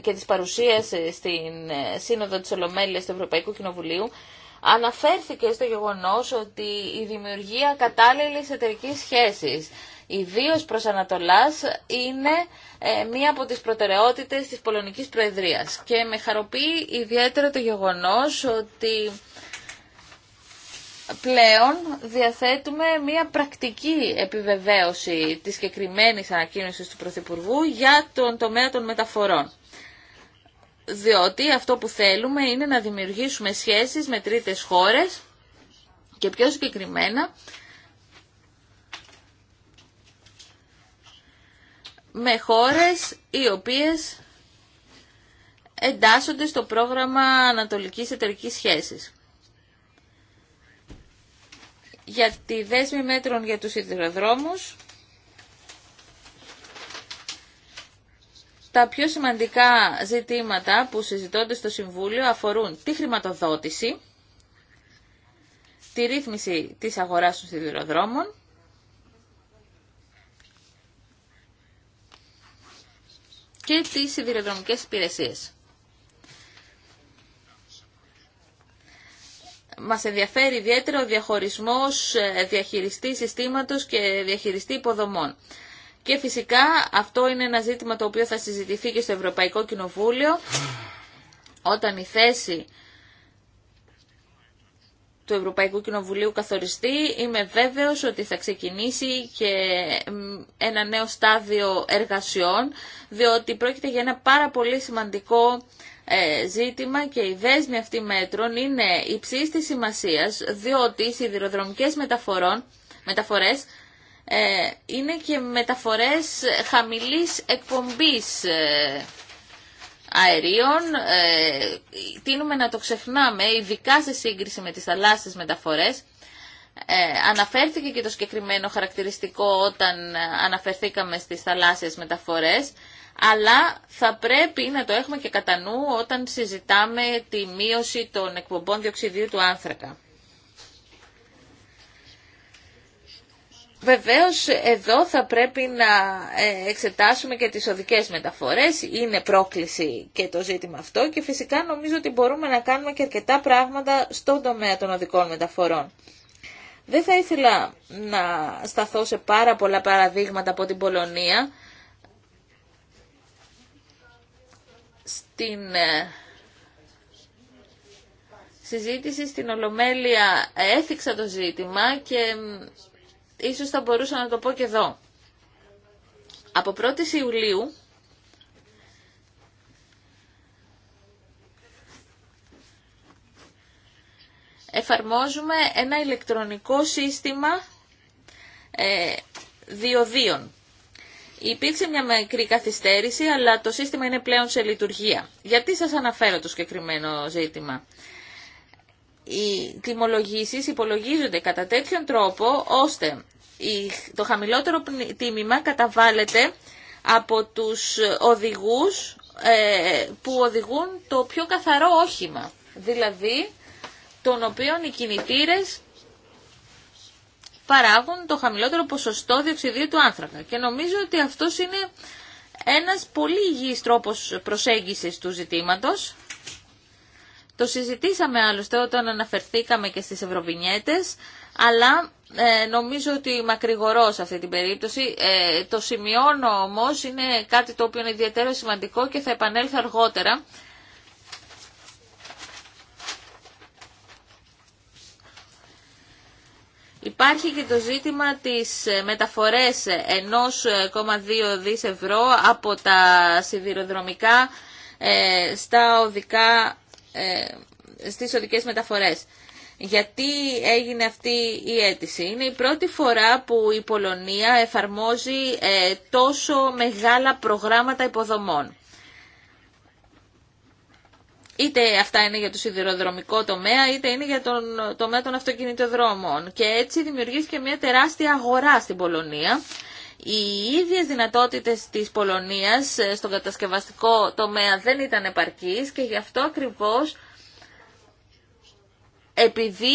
και της παρουσίας στην Σύνοδο της Ολομέλειας του Ευρωπαϊκού Κοινοβουλίου, αναφέρθηκε στο γεγονός ότι η δημιουργία κατάλληλης εταιρικής σχέσης, ιδίως προς Ανατολάς, είναι ε, μία από τις προτεραιότητες της Πολωνικής Προεδρίας. Και με χαροποιεί ιδιαίτερα το γεγονός ότι πλέον διαθέτουμε μια πρακτική επιβεβαίωση της συγκεκριμένη ανακοίνωση του Πρωθυπουργού για τον τομέα των μεταφορών. Διότι αυτό που θέλουμε είναι να δημιουργήσουμε σχέσεις με τρίτες χώρες και πιο συγκεκριμένα με χώρες οι οποίες εντάσσονται στο πρόγραμμα Ανατολικής Εταιρικής Σχέσης. Για τη δέσμη μέτρων για τους σιδηροδρόμους, τα πιο σημαντικά ζητήματα που συζητώνται στο Συμβούλιο αφορούν τη χρηματοδότηση, τη ρύθμιση της αγοράς των σιδηροδρόμων, και τις σιδηροδρομικές υπηρεσίες. Μας ενδιαφέρει ιδιαίτερα ο διαχωρισμός ε, διαχειριστή συστήματος και διαχειριστή υποδομών. Και φυσικά αυτό είναι ένα ζήτημα το οποίο θα συζητηθεί και στο Ευρωπαϊκό Κοινοβούλιο όταν η θέση του Ευρωπαϊκού Κοινοβουλίου καθοριστεί. Είμαι βέβαιος ότι θα ξεκινήσει και ένα νέο στάδιο εργασιών, διότι πρόκειται για ένα πάρα πολύ σημαντικό ε, ζήτημα και η δέσμη αυτή μέτρων είναι υψής τη σημασίας, διότι οι σιδηροδρομικές μεταφορών, μεταφορές ε, είναι και μεταφορές χαμηλής εκπομπής ε, αερίων. Ε, τίνουμε να το ξεχνάμε, ειδικά σε σύγκριση με τις θαλάσσιες μεταφορές. Ε, αναφέρθηκε και το συγκεκριμένο χαρακτηριστικό όταν ε, αναφερθήκαμε στις θαλάσσιες μεταφορές, αλλά θα πρέπει να το έχουμε και κατά νου όταν συζητάμε τη μείωση των εκπομπών διοξιδίου του άνθρακα. Βεβαίως εδώ θα πρέπει να ε, εξετάσουμε και τις οδικές μεταφορές, είναι πρόκληση και το ζήτημα αυτό και φυσικά νομίζω ότι μπορούμε να κάνουμε και αρκετά πράγματα στον τομέα των οδικών μεταφορών. Δεν θα ήθελα να σταθώ σε πάρα πολλά παραδείγματα από την Πολωνία. Στην ε, συζήτηση στην Ολομέλεια έθιξα το ζήτημα και ίσως θα μπορούσα να το πω και εδώ. Από 1η Ιουλίου εφαρμόζουμε ένα ηλεκτρονικό σύστημα ε, διοδίων. Υπήρξε μια μικρή καθυστέρηση, αλλά το σύστημα είναι πλέον σε λειτουργία. Γιατί σας αναφέρω το συγκεκριμένο ζήτημα οι τιμολογήσεις υπολογίζονται κατά τέτοιον τρόπο ώστε το χαμηλότερο τίμημα καταβάλλεται από τους οδηγούς ε, που οδηγούν το πιο καθαρό όχημα, δηλαδή τον οποίων οι κινητήρες παράγουν το χαμηλότερο ποσοστό διοξιδίου του άνθρακα. Και νομίζω ότι αυτός είναι ένας πολύ υγιής τρόπος προσέγγισης του ζητήματος το συζητήσαμε άλλωστε όταν αναφερθήκαμε και στις ευρωβινιέτες, αλλά ε, νομίζω ότι μακρηγορώ σε αυτή την περίπτωση. Ε, το σημειώνω όμως, είναι κάτι το οποίο είναι ιδιαίτερα σημαντικό και θα επανέλθω αργότερα. Υπάρχει και το ζήτημα της ε, μεταφορές 1,2 δις ευρώ από τα σιδηροδρομικά στα οδικά ε, στις οδικές μεταφορές. Γιατί έγινε αυτή η αίτηση. Είναι η πρώτη φορά που η Πολωνία εφαρμόζει ε, τόσο μεγάλα προγράμματα υποδομών. Είτε αυτά είναι για το σιδηροδρομικό τομέα, είτε είναι για τον τομέα των αυτοκινητοδρόμων. Και έτσι δημιουργήθηκε μια τεράστια αγορά στην Πολωνία οι ίδιες δυνατότητες της Πολωνίας ε, στον κατασκευαστικό τομέα δεν ήταν επαρκής και γι' αυτό ακριβώς επειδή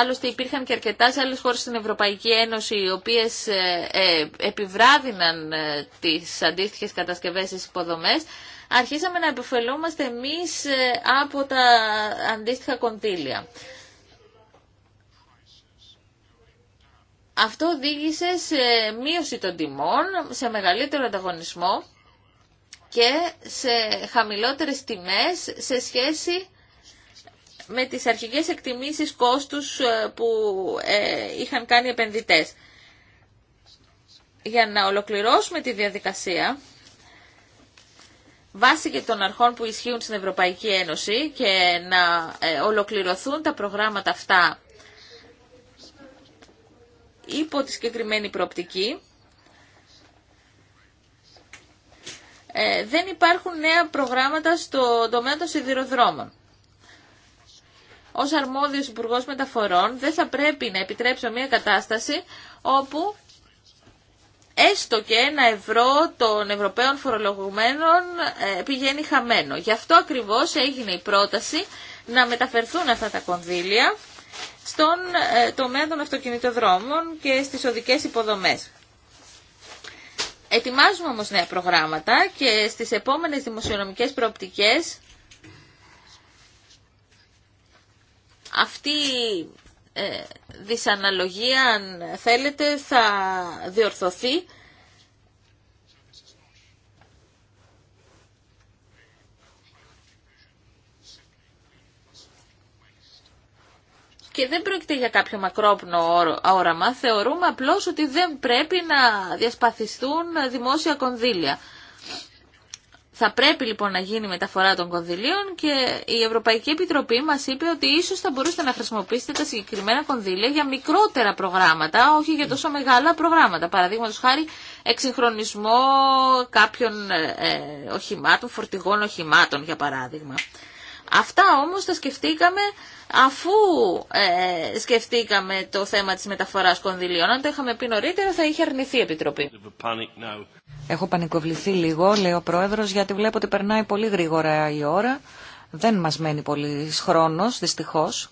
άλλωστε υπήρχαν και αρκετά σε άλλες χώρες στην Ευρωπαϊκή Ένωση οι οποίες ε, ε, επιβράδυναν τις αντίστοιχες κατασκευές στις υποδομές, αρχίσαμε να επιφελούμαστε εμείς από τα αντίστοιχα κοντήλια. Αυτό οδήγησε σε μείωση των τιμών, σε μεγαλύτερο ανταγωνισμό και σε χαμηλότερες τιμές σε σχέση με τις αρχικές εκτιμήσεις κόστους ε, που ε, είχαν κάνει οι επενδυτές. Για να ολοκληρώσουμε τη διαδικασία, βάσει και των αρχών που ισχύουν στην Ευρωπαϊκή Ένωση και να ε, ολοκληρωθούν τα προγράμματα αυτά υπό τη συγκεκριμένη προοπτική. Ε, δεν υπάρχουν νέα προγράμματα στο τομέα των σιδηροδρόμων. Ω αρμόδιο υπουργό Μεταφορών δεν θα πρέπει να επιτρέψω μια κατάσταση όπου έστω και ένα ευρώ των Ευρωπαίων φορολογουμένων ε, πηγαίνει χαμένο. Γι' αυτό ακριβώς έγινε η πρόταση να μεταφερθούν αυτά τα κονδύλια στον ε, τομέα των αυτοκινητοδρόμων και στις οδικές υποδομές. Ετοιμάζουμε όμως νέα προγράμματα και στις επόμενες δημοσιονομικές προοπτικές αυτή ε, δυσαναλογία, αν θέλετε, θα διορθωθεί και δεν πρόκειται για κάποιο μακρόπνο όραμα. Θεωρούμε απλώς ότι δεν πρέπει να διασπαθιστούν δημόσια κονδύλια. Θα πρέπει λοιπόν να γίνει μεταφορά των κονδυλίων και η Ευρωπαϊκή Επιτροπή μας είπε ότι ίσως θα μπορούσατε να χρησιμοποιήσετε τα συγκεκριμένα κονδύλια για μικρότερα προγράμματα, όχι για τόσο μεγάλα προγράμματα. Παραδείγματο χάρη εξυγχρονισμό κάποιων ε, ε φορτηγών οχημάτων για παράδειγμα. Αυτά όμως τα σκεφτήκαμε αφού ε, σκεφτήκαμε το θέμα της μεταφοράς κονδυλίων. Αν το είχαμε πει νωρίτερα θα είχε αρνηθεί η Επιτροπή. Έχω πανικοβληθεί λίγο, λέει ο Πρόεδρος, γιατί βλέπω ότι περνάει πολύ γρήγορα η ώρα. Δεν μας μένει πολύ χρόνος, δυστυχώς.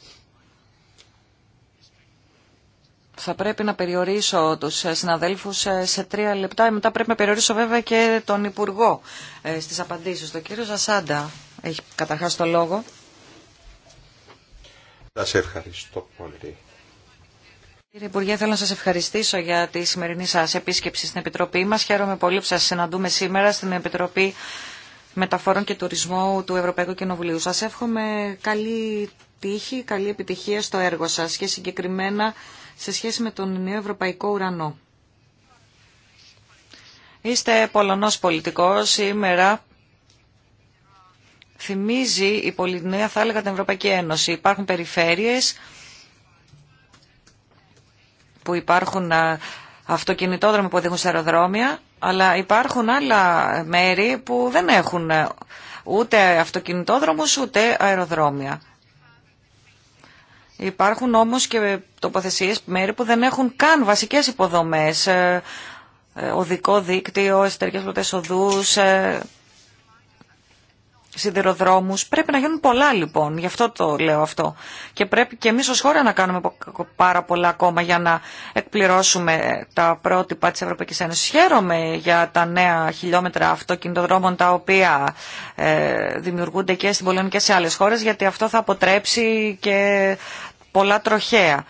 Θα πρέπει να περιορίσω τους ε, συναδέλφους ε, σε τρία λεπτά. Μετά πρέπει να περιορίσω βέβαια και τον Υπουργό ε, στις απαντήσεις. του κύριο Ζασάντα έχει καταρχάς το λόγο. Θα ευχαριστώ πολύ. Κύριε Υπουργέ, θέλω να σας ευχαριστήσω για τη σημερινή σας επίσκεψη στην Επιτροπή μας. Χαίρομαι πολύ που σας συναντούμε σήμερα στην Επιτροπή Μεταφορών και Τουρισμού του Ευρωπαϊκού Κοινοβουλίου. Σας εύχομαι καλή τύχη, καλή επιτυχία στο έργο σας και συγκεκριμένα σε σχέση με τον νέο Ευρωπαϊκό Ουρανό. Είστε Πολωνός πολιτικός. Σήμερα θυμίζει η Πολυνέα, θα έλεγα, την Ευρωπαϊκή Ένωση. Υπάρχουν περιφέρειες που υπάρχουν αυτοκινητόδρομοι που οδηγούν σε αεροδρόμια, αλλά υπάρχουν άλλα μέρη που δεν έχουν ε, ούτε αυτοκινητόδρομους ούτε αεροδρόμια. Υπάρχουν όμως και τοποθεσίες μέρη που δεν έχουν καν βασικές υποδομές, ε, ε, οδικό δίκτυο, εσωτερικές πλωτές οδούς, σιδηροδρόμους. Πρέπει να γίνουν πολλά λοιπόν, γι' αυτό το λέω αυτό. Και πρέπει και εμείς ως χώρα να κάνουμε πάρα πολλά ακόμα για να εκπληρώσουμε τα πρότυπα της Ευρωπαϊκής Ένωσης. Χαίρομαι για τα νέα χιλιόμετρα αυτοκινητοδρόμων τα οποία ε, δημιουργούνται και στην Πολωνία και σε άλλες χώρες γιατί αυτό θα αποτρέψει και πολλά τροχέα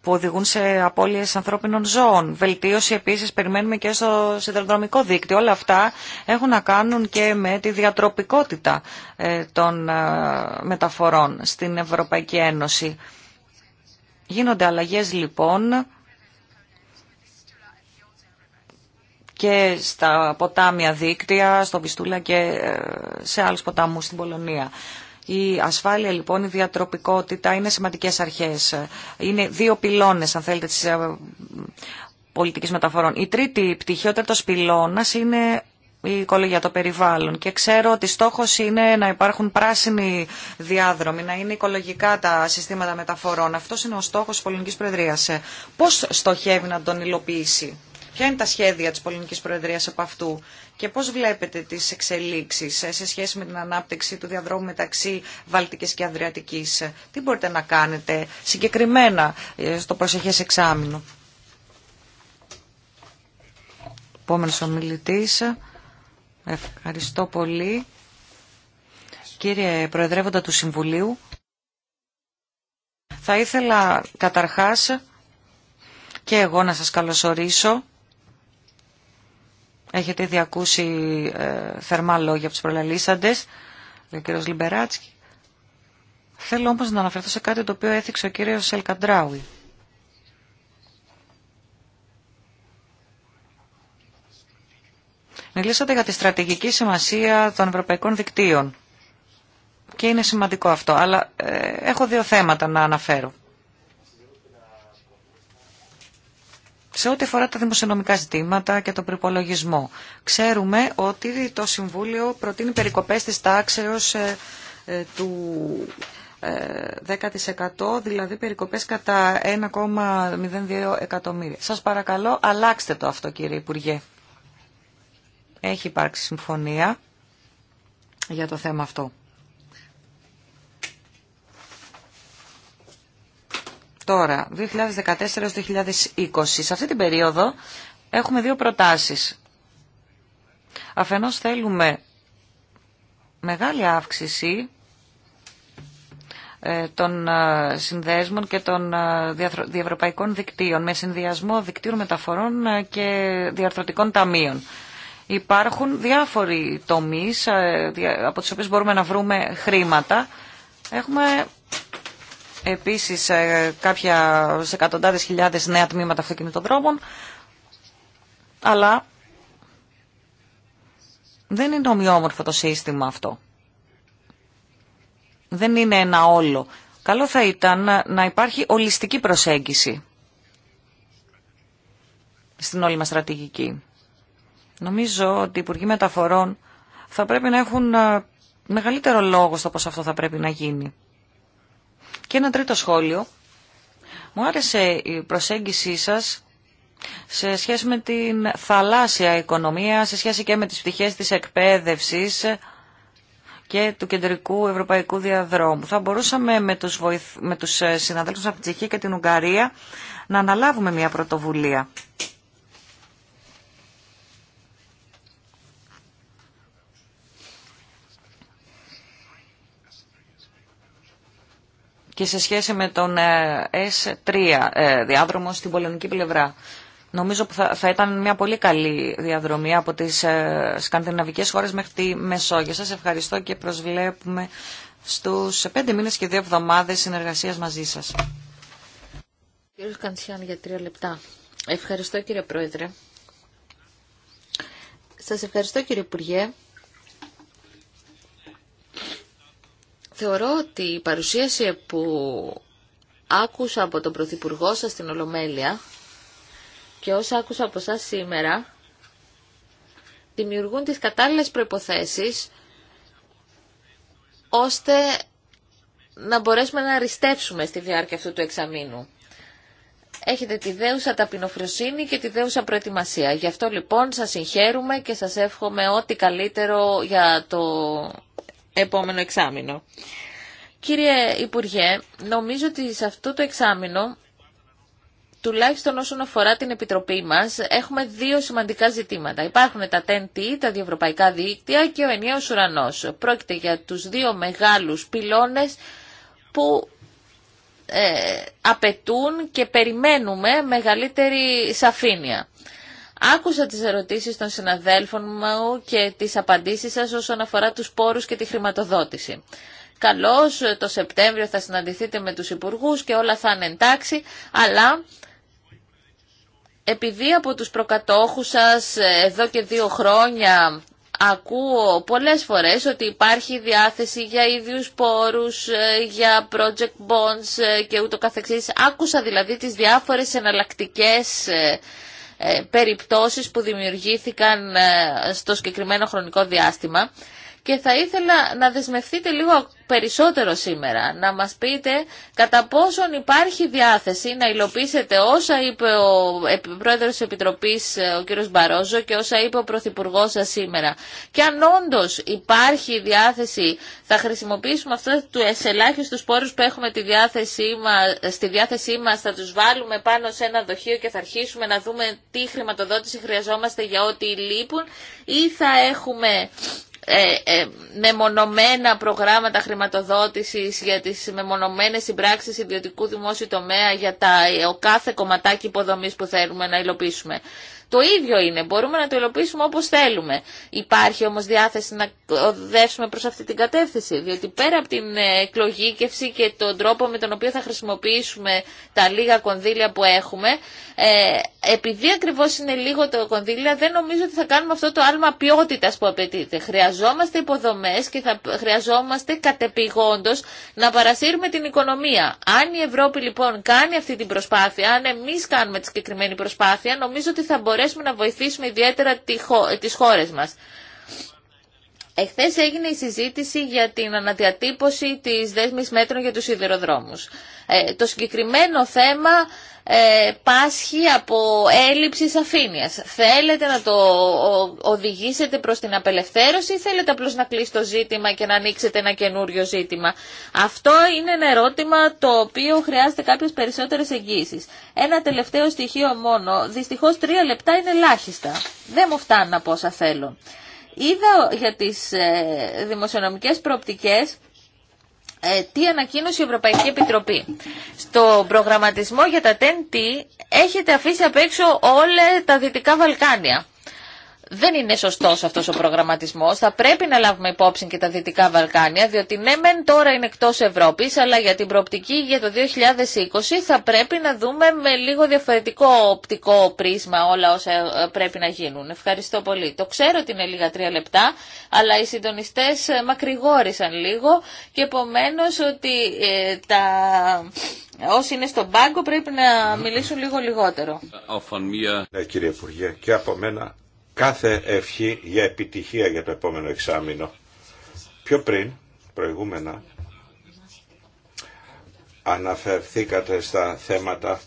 που οδηγούν σε απώλειες ανθρώπινων ζώων. Βελτίωση επίσης περιμένουμε και στο σιδηροδρομικό δίκτυο. Όλα αυτά έχουν να κάνουν και με τη διατροπικότητα ε, των ε, μεταφορών στην Ευρωπαϊκή Ένωση. Γίνονται αλλαγές λοιπόν και στα ποτάμια δίκτυα, στο Βιστούλα και ε, σε άλλους ποταμούς στην Πολωνία. Η ασφάλεια λοιπόν, η διατροπικότητα είναι σημαντικές αρχές. Είναι δύο πυλώνες, αν θέλετε, της ε, πολιτικής μεταφορών. Η τρίτη πτυχή, ο πυλώνας, είναι η οικολογία, το περιβάλλον. Και ξέρω ότι στόχος είναι να υπάρχουν πράσινοι διάδρομοι, να είναι οικολογικά τα συστήματα μεταφορών. Αυτός είναι ο στόχος της Πολωνικής Προεδρίας. Πώς στοχεύει να τον υλοποιήσει. Ποια είναι τα σχέδια της Πολωνικής Προεδρίας από αυτού και πώς βλέπετε τις εξελίξεις σε σχέση με την ανάπτυξη του διαδρόμου μεταξύ Βαλτικής και Ανδριατικής. Τι μπορείτε να κάνετε συγκεκριμένα ε, στο προσεχές εξάμεινο. Επόμενος ομιλητής. Ευχαριστώ πολύ. Κύριε Προεδρεύοντα του Συμβουλίου, θα ήθελα καταρχάς και εγώ να σας καλωσορίσω Έχετε ήδη ακούσει ε, θερμά λόγια από τους προλαλήσαντες, ο κύριος Λιμπεράτσκι. Θέλω όμως να αναφερθώ σε κάτι το οποίο έθιξε ο κύριος Σελκαντράουι. Μιλήσατε για τη στρατηγική σημασία των ευρωπαϊκών δικτύων. Και είναι σημαντικό αυτό. Αλλά ε, έχω δύο θέματα να αναφέρω. Σε ό,τι αφορά τα δημοσιονομικά ζητήματα και τον προπολογισμό, ξέρουμε ότι το Συμβούλιο προτείνει περικοπές της τάξεως ε, ε, του 10% ε, δηλαδή περικοπές κατά 1,02 εκατομμύρια. Σας παρακαλώ αλλάξτε το αυτό κύριε Υπουργέ. Έχει υπάρξει συμφωνία για το θέμα αυτό. Τώρα, 2014-2020. Σε αυτή την περίοδο έχουμε δύο προτάσεις. Αφενός θέλουμε μεγάλη αύξηση ε, των ε, συνδέσμων και των ε, διευρωπαϊκών δικτύων με συνδυασμό δικτύων μεταφορών και διαρθρωτικών ταμείων. Υπάρχουν διάφοροι τομείς από τους οποίους μπορούμε να βρούμε χρήματα. Έχουμε επίσης ε, κάποια σε εκατοντάδες χιλιάδες νέα τμήματα αυτοκινητοδρόμων, αλλά δεν είναι ομοιόμορφο το σύστημα αυτό. Δεν είναι ένα όλο. Καλό θα ήταν να υπάρχει ολιστική προσέγγιση στην όλη μας στρατηγική. Νομίζω ότι οι Υπουργοί Μεταφορών θα πρέπει να έχουν ε, μεγαλύτερο λόγο στο πώς αυτό θα πρέπει να γίνει. Και ένα τρίτο σχόλιο. Μου άρεσε η προσέγγιση σας σε σχέση με την θαλάσσια οικονομία, σε σχέση και με τις πτυχές της εκπαίδευσης και του κεντρικού ευρωπαϊκού διαδρόμου. Θα μπορούσαμε με τους, βοηθ... τους ε, συναδέλφους από την Τσεχία και την Ουγγαρία να αναλάβουμε μια πρωτοβουλία και σε σχέση με τον ε, S3 ε, διάδρομο στην πολωνική πλευρά. Νομίζω ότι θα ήταν μια πολύ καλή διαδρομή από τις ε, σκανδιναβικές χώρες μέχρι τη Μεσόγειο. Σας ευχαριστώ και προσβλέπουμε στους πέντε μήνες και δύο εβδομάδες συνεργασίας μαζί σας. Κύριος Καντσιάν για τρία λεπτά. Ευχαριστώ κύριε Πρόεδρε. Σας ευχαριστώ κύριε Υπουργέ Θεωρώ ότι η παρουσίαση που άκουσα από τον Πρωθυπουργό σας στην Ολομέλεια και όσα άκουσα από σας σήμερα δημιουργούν τις κατάλληλες προϋποθέσεις ώστε να μπορέσουμε να αριστεύσουμε στη διάρκεια αυτού του εξαμήνου. Έχετε τη δέουσα ταπεινοφροσύνη και τη δέουσα προετοιμασία. Γι' αυτό λοιπόν σας συγχαίρουμε και σας εύχομαι ό,τι καλύτερο για το επόμενο εξάμεινο. Κύριε Υπουργέ, νομίζω ότι σε αυτό το εξάμεινο τουλάχιστον όσον αφορά την Επιτροπή μας, έχουμε δύο σημαντικά ζητήματα. Υπάρχουν τα TNT, τα διευρωπαϊκά δίκτυα και ο ενιαίος ουρανός. Πρόκειται για τους δύο μεγάλους πυλώνες που ε, απαιτούν και περιμένουμε μεγαλύτερη σαφήνεια. Άκουσα τις ερωτήσεις των συναδέλφων μου και τις απαντήσεις σας όσον αφορά τους πόρους και τη χρηματοδότηση. Καλώς το Σεπτέμβριο θα συναντηθείτε με τους υπουργούς και όλα θα είναι εντάξει, αλλά επειδή από τους προκατόχους σας εδώ και δύο χρόνια ακούω πολλές φορές ότι υπάρχει διάθεση για ίδιους πόρους, ε, για project bonds ε, και ούτω καθεξής. Άκουσα δηλαδή τις διάφορες εναλλακτικές ε, ε, περιπτώσεις που δημιουργήθηκαν ε, στο συγκεκριμένο χρονικό διάστημα και θα ήθελα να δεσμευτείτε λίγο περισσότερο σήμερα, να μας πείτε κατά πόσον υπάρχει διάθεση να υλοποιήσετε όσα είπε ο Πρόεδρος της Επιτροπής ε, ο κ. Μπαρόζο και όσα είπε ο Πρωθυπουργό σας σήμερα. Και αν όντω υπάρχει διάθεση, θα χρησιμοποιήσουμε αυτό του ε, ελάχιστου πόρους που έχουμε τη διάθεσή μας, στη διάθεσή μας, θα τους βάλουμε πάνω σε ένα δοχείο και θα αρχίσουμε να δούμε τι χρηματοδότηση χρειαζόμαστε για ό,τι λείπουν ή θα έχουμε ε, ε, μεμονωμένα προγράμματα χρηματοδότησης για τις μεμονωμένες συμπράξεις ιδιωτικού δημόσιου τομέα για τα, ο κάθε κομματάκι υποδομής που θέλουμε να υλοποιήσουμε. Το ίδιο είναι, μπορούμε να το υλοποιήσουμε όπως θέλουμε. Υπάρχει όμως διάθεση να οδεύσουμε προς αυτή την κατεύθυνση, διότι πέρα από την εκλογήκευση και τον τρόπο με τον οποίο θα χρησιμοποιήσουμε τα λίγα κονδύλια που έχουμε, ε, επειδή ακριβώς είναι λίγο τα κονδύλια, δεν νομίζω ότι θα κάνουμε αυτό το άλμα ποιότητας που απαιτείται. Χρειαζόμαστε υποδομές και θα χρειαζόμαστε κατεπηγόντως να παρασύρουμε την οικονομία. Αν η Ευρώπη λοιπόν κάνει αυτή την προσπάθεια, αν εμείς κάνουμε τη συγκεκριμένη προσπάθεια, νομίζω ότι θα μπορέσουμε να βοηθήσουμε ιδιαίτερα τις χώρες μας. Εχθέ έγινε η συζήτηση για την αναδιατύπωση τη δέσμη μέτρων για του σιδηροδρόμους. Ε, το συγκεκριμένο θέμα ε, πάσχει από έλλειψη σαφήνειας. Θέλετε να το οδηγήσετε προ την απελευθέρωση ή θέλετε απλώ να κλείσει το ζήτημα και να ανοίξετε ένα καινούριο ζήτημα. Αυτό είναι ένα ερώτημα το οποίο χρειάζεται κάποιε περισσότερε εγγύσει. Ένα τελευταίο στοιχείο μόνο. Δυστυχώ τρία λεπτά είναι ελάχιστα. Δεν μου φτάνουν από όσα θέλω. Είδα για τις ε, δημοσιονομικές προοπτικές ε, τι ανακοίνωσε η Ευρωπαϊκή Επιτροπή. Στο προγραμματισμό για τα TEN-T έχετε αφήσει απ' έξω όλα τα Δυτικά Βαλκάνια δεν είναι σωστό αυτό ο προγραμματισμό. Θα πρέπει να λάβουμε υπόψη και τα Δυτικά Βαλκάνια, διότι ναι μεν τώρα είναι εκτό Ευρώπη, αλλά για την προοπτική για το 2020 θα πρέπει να δούμε με λίγο διαφορετικό οπτικό πρίσμα όλα όσα ε, πρέπει να γίνουν. Ευχαριστώ πολύ. Το ξέρω ότι είναι λίγα τρία λεπτά, αλλά οι συντονιστέ ε, μακρηγόρησαν λίγο και επομένω ότι ε, τα... Όσοι είναι στον πάγκο πρέπει να μιλήσουν λίγο λιγότερο. Ναι κύριε Υπουργέ και από μένα κάθε ευχή για επιτυχία για το επόμενο εξάμεινο. Πιο πριν, προηγούμενα, αναφερθήκατε στα θέματα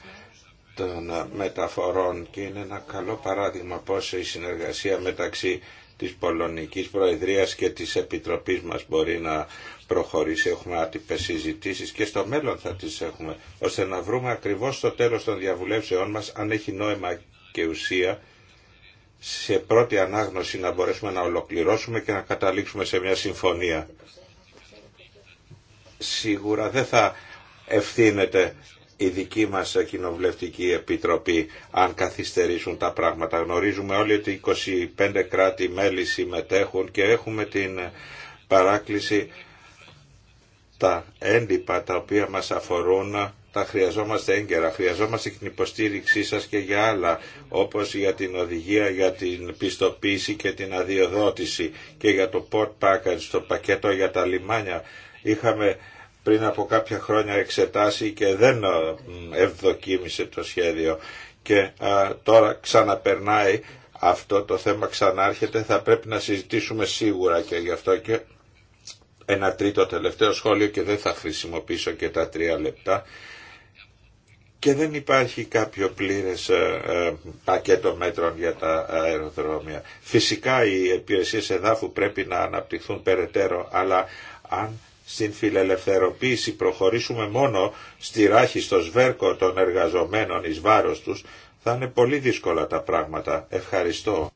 των μεταφορών και είναι ένα καλό παράδειγμα πώς η συνεργασία μεταξύ της Πολωνικής Προεδρίας και της Επιτροπής μας μπορεί να προχωρήσει. Έχουμε άτυπες συζητήσει και στο μέλλον θα τις έχουμε, ώστε να βρούμε ακριβώς στο τέλος των διαβουλεύσεών μας αν έχει νόημα και ουσία σε πρώτη ανάγνωση να μπορέσουμε να ολοκληρώσουμε και να καταλήξουμε σε μια συμφωνία. Σίγουρα δεν θα ευθύνεται η δική μας κοινοβουλευτική επιτροπή αν καθυστερήσουν τα πράγματα. Γνωρίζουμε όλοι ότι 25 κράτη-μέλη συμμετέχουν και έχουμε την παράκληση τα έντυπα τα οποία μας αφορούν τα χρειαζόμαστε έγκαιρα. Χρειαζόμαστε την υποστήριξή σας και για άλλα, όπως για την οδηγία για την πιστοποίηση και την αδειοδότηση και για το port package, το πακέτο για τα λιμάνια. Είχαμε πριν από κάποια χρόνια εξετάσει και δεν ε, ευδοκίμησε το σχέδιο και τώρα ξαναπερνάει αυτό το θέμα ξανάρχεται θα πρέπει να συζητήσουμε σίγουρα και γι' αυτό και ένα τρίτο τελευταίο σχόλιο και δεν θα χρησιμοποιήσω και τα τρία λεπτά και δεν υπάρχει κάποιο πλήρες ε, ε, πακέτο μέτρων για τα αεροδρόμια. Φυσικά οι υπηρεσίε εδάφου πρέπει να αναπτυχθούν περαιτέρω, αλλά αν στην φιλελευθεροποίηση προχωρήσουμε μόνο στη ράχη στο σβέρκο των εργαζομένων εις βάρος τους, θα είναι πολύ δύσκολα τα πράγματα. Ευχαριστώ.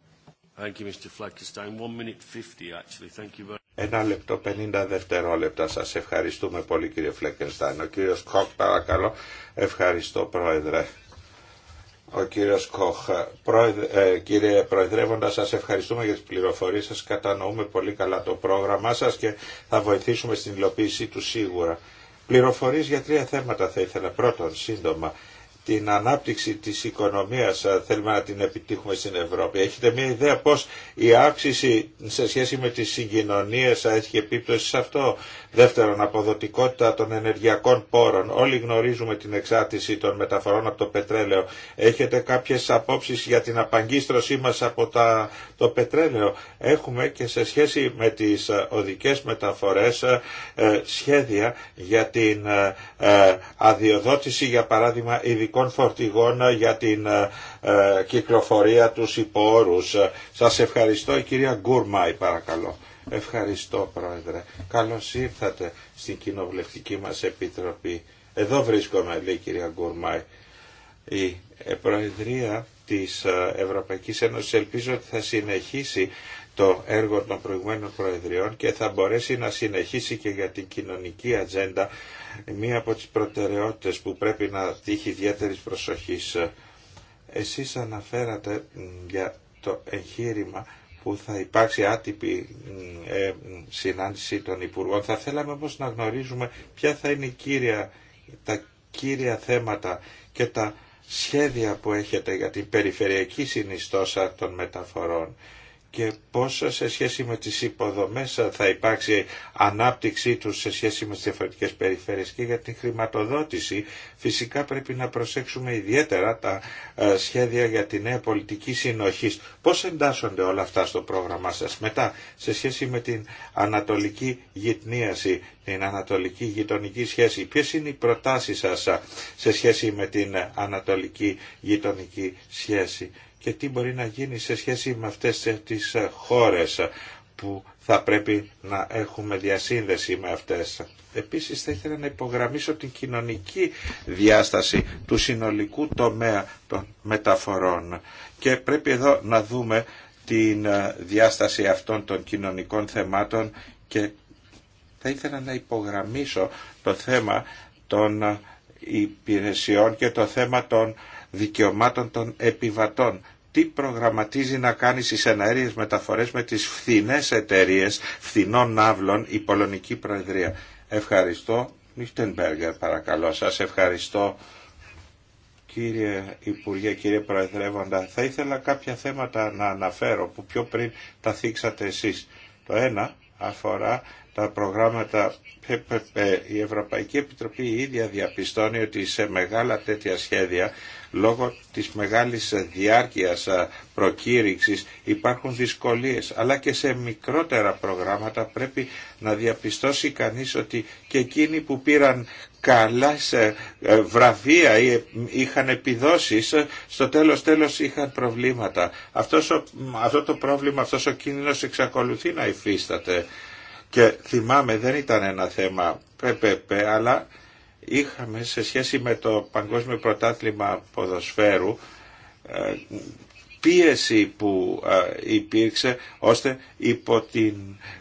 Ένα λεπτό 50 δευτερόλεπτα. Σας ευχαριστούμε πολύ κύριε Φλέκενστάιν. Ο κύριος Κόχ παρακαλώ. Ευχαριστώ πρόεδρε. Ο κύριος Κόχ. Πρόεδρε, ε, κύριε Προεδρεύοντα, σας ευχαριστούμε για τις πληροφορίες σας. Κατανοούμε πολύ καλά το πρόγραμμά σας και θα βοηθήσουμε στην υλοποίησή του σίγουρα. Πληροφορίες για τρία θέματα θα ήθελα. Πρώτον, σύντομα, την ανάπτυξη της οικονομίας ε, θέλουμε να την επιτύχουμε στην Ευρώπη. Έχετε μια ιδέα πώς η αύξηση σε σχέση με τις συγκοινωνίες έχει επίπτωση σε αυτό. Δεύτερον, αποδοτικότητα των ενεργειακών πόρων. Όλοι γνωρίζουμε την εξάρτηση των μεταφορών από το πετρέλαιο. Έχετε κάποιες απόψεις για την απαγκίστρωσή μας από τα, το πετρέλαιο. Έχουμε και σε σχέση με τις ε, οδικές μεταφορές ε, σχέδια για την αδειοδότηση, για παράδειγμα, ειδικών ηλεκτρικών φορτηγών για την ε, ε, κυκλοφορία τους υπόρους. Σας ευχαριστώ η κυρία Γκούρμαϊ παρακαλώ. Ευχαριστώ πρόεδρε. Καλώς ήρθατε στην κοινοβουλευτική μας επιτροπή. Εδώ βρίσκομαι λέει η κυρία Γκούρμαϊ. Η ε, Προεδρία της Ευρωπαϊκής Ένωσης ελπίζω ότι θα συνεχίσει το έργο των προηγουμένων προεδριών και θα μπορέσει να συνεχίσει και για την κοινωνική ατζέντα μία από τις προτεραιότητες που πρέπει να τύχει ιδιαίτερης προσοχής. Εσείς αναφέρατε για το εγχείρημα που θα υπάρξει άτυπη ε, συνάντηση των Υπουργών. Θα θέλαμε όμως να γνωρίζουμε ποια θα είναι η κύρια, τα κύρια θέματα και τα σχέδια που έχετε για την περιφερειακή συνιστόσα των μεταφορών και πώς σε σχέση με τις υποδομές θα υπάρξει ανάπτυξή τους σε σχέση με τις διαφορετικές περιφέρειες και για την χρηματοδότηση. Φυσικά πρέπει να προσέξουμε ιδιαίτερα τα ε, σχέδια για τη νέα πολιτική συνοχή. Πώς εντάσσονται όλα αυτά στο πρόγραμμά σας μετά σε σχέση με την ανατολική γυτνίαση, την ανατολική γειτονική σχέση. ποιε είναι οι προτάσεις σας σε σχέση με την ανατολική γειτονική σχέση και τι μπορεί να γίνει σε σχέση με αυτές τις χώρες που θα πρέπει να έχουμε διασύνδεση με αυτές. Επίσης θα ήθελα να υπογραμμίσω την κοινωνική διάσταση του συνολικού τομέα των μεταφορών και πρέπει εδώ να δούμε την ε, διάσταση αυτών των κοινωνικών θεμάτων και θα ήθελα να υπογραμμίσω το θέμα των ε, υπηρεσιών και το θέμα των δικαιωμάτων των επιβατών τι προγραμματίζει να κάνει στις εναέριες μεταφορές με τις φθηνές εταιρείε φθηνών ναύλων η Πολωνική Προεδρία. Ευχαριστώ. Νίχτενμπεργκερ παρακαλώ. Σας ευχαριστώ κύριε Υπουργέ, κύριε Προεδρεύοντα. Θα ήθελα κάποια θέματα να αναφέρω που πιο πριν τα θίξατε εσείς. Το ένα αφορά τα προγράμματα Η Ευρωπαϊκή Επιτροπή η ίδια διαπιστώνει ότι σε μεγάλα τέτοια σχέδια λόγω της μεγάλης διάρκειας προκήρυξης υπάρχουν δυσκολίες αλλά και σε μικρότερα προγράμματα πρέπει να διαπιστώσει κανείς ότι και εκείνοι που πήραν καλά σε ε, βραβεία ή ε, είχαν επιδόσεις, ε, στο τέλος τέλος είχαν προβλήματα. Αυτός αυτό το πρόβλημα, αυτός ο κίνδυνος εξακολουθεί να υφίσταται. Και θυμάμαι δεν ήταν ένα θέμα ΠΠΠ, αλλά είχαμε σε σχέση με το Παγκόσμιο Πρωτάθλημα Ποδοσφαίρου ε, πίεση που ε, υπήρξε ώστε υπό την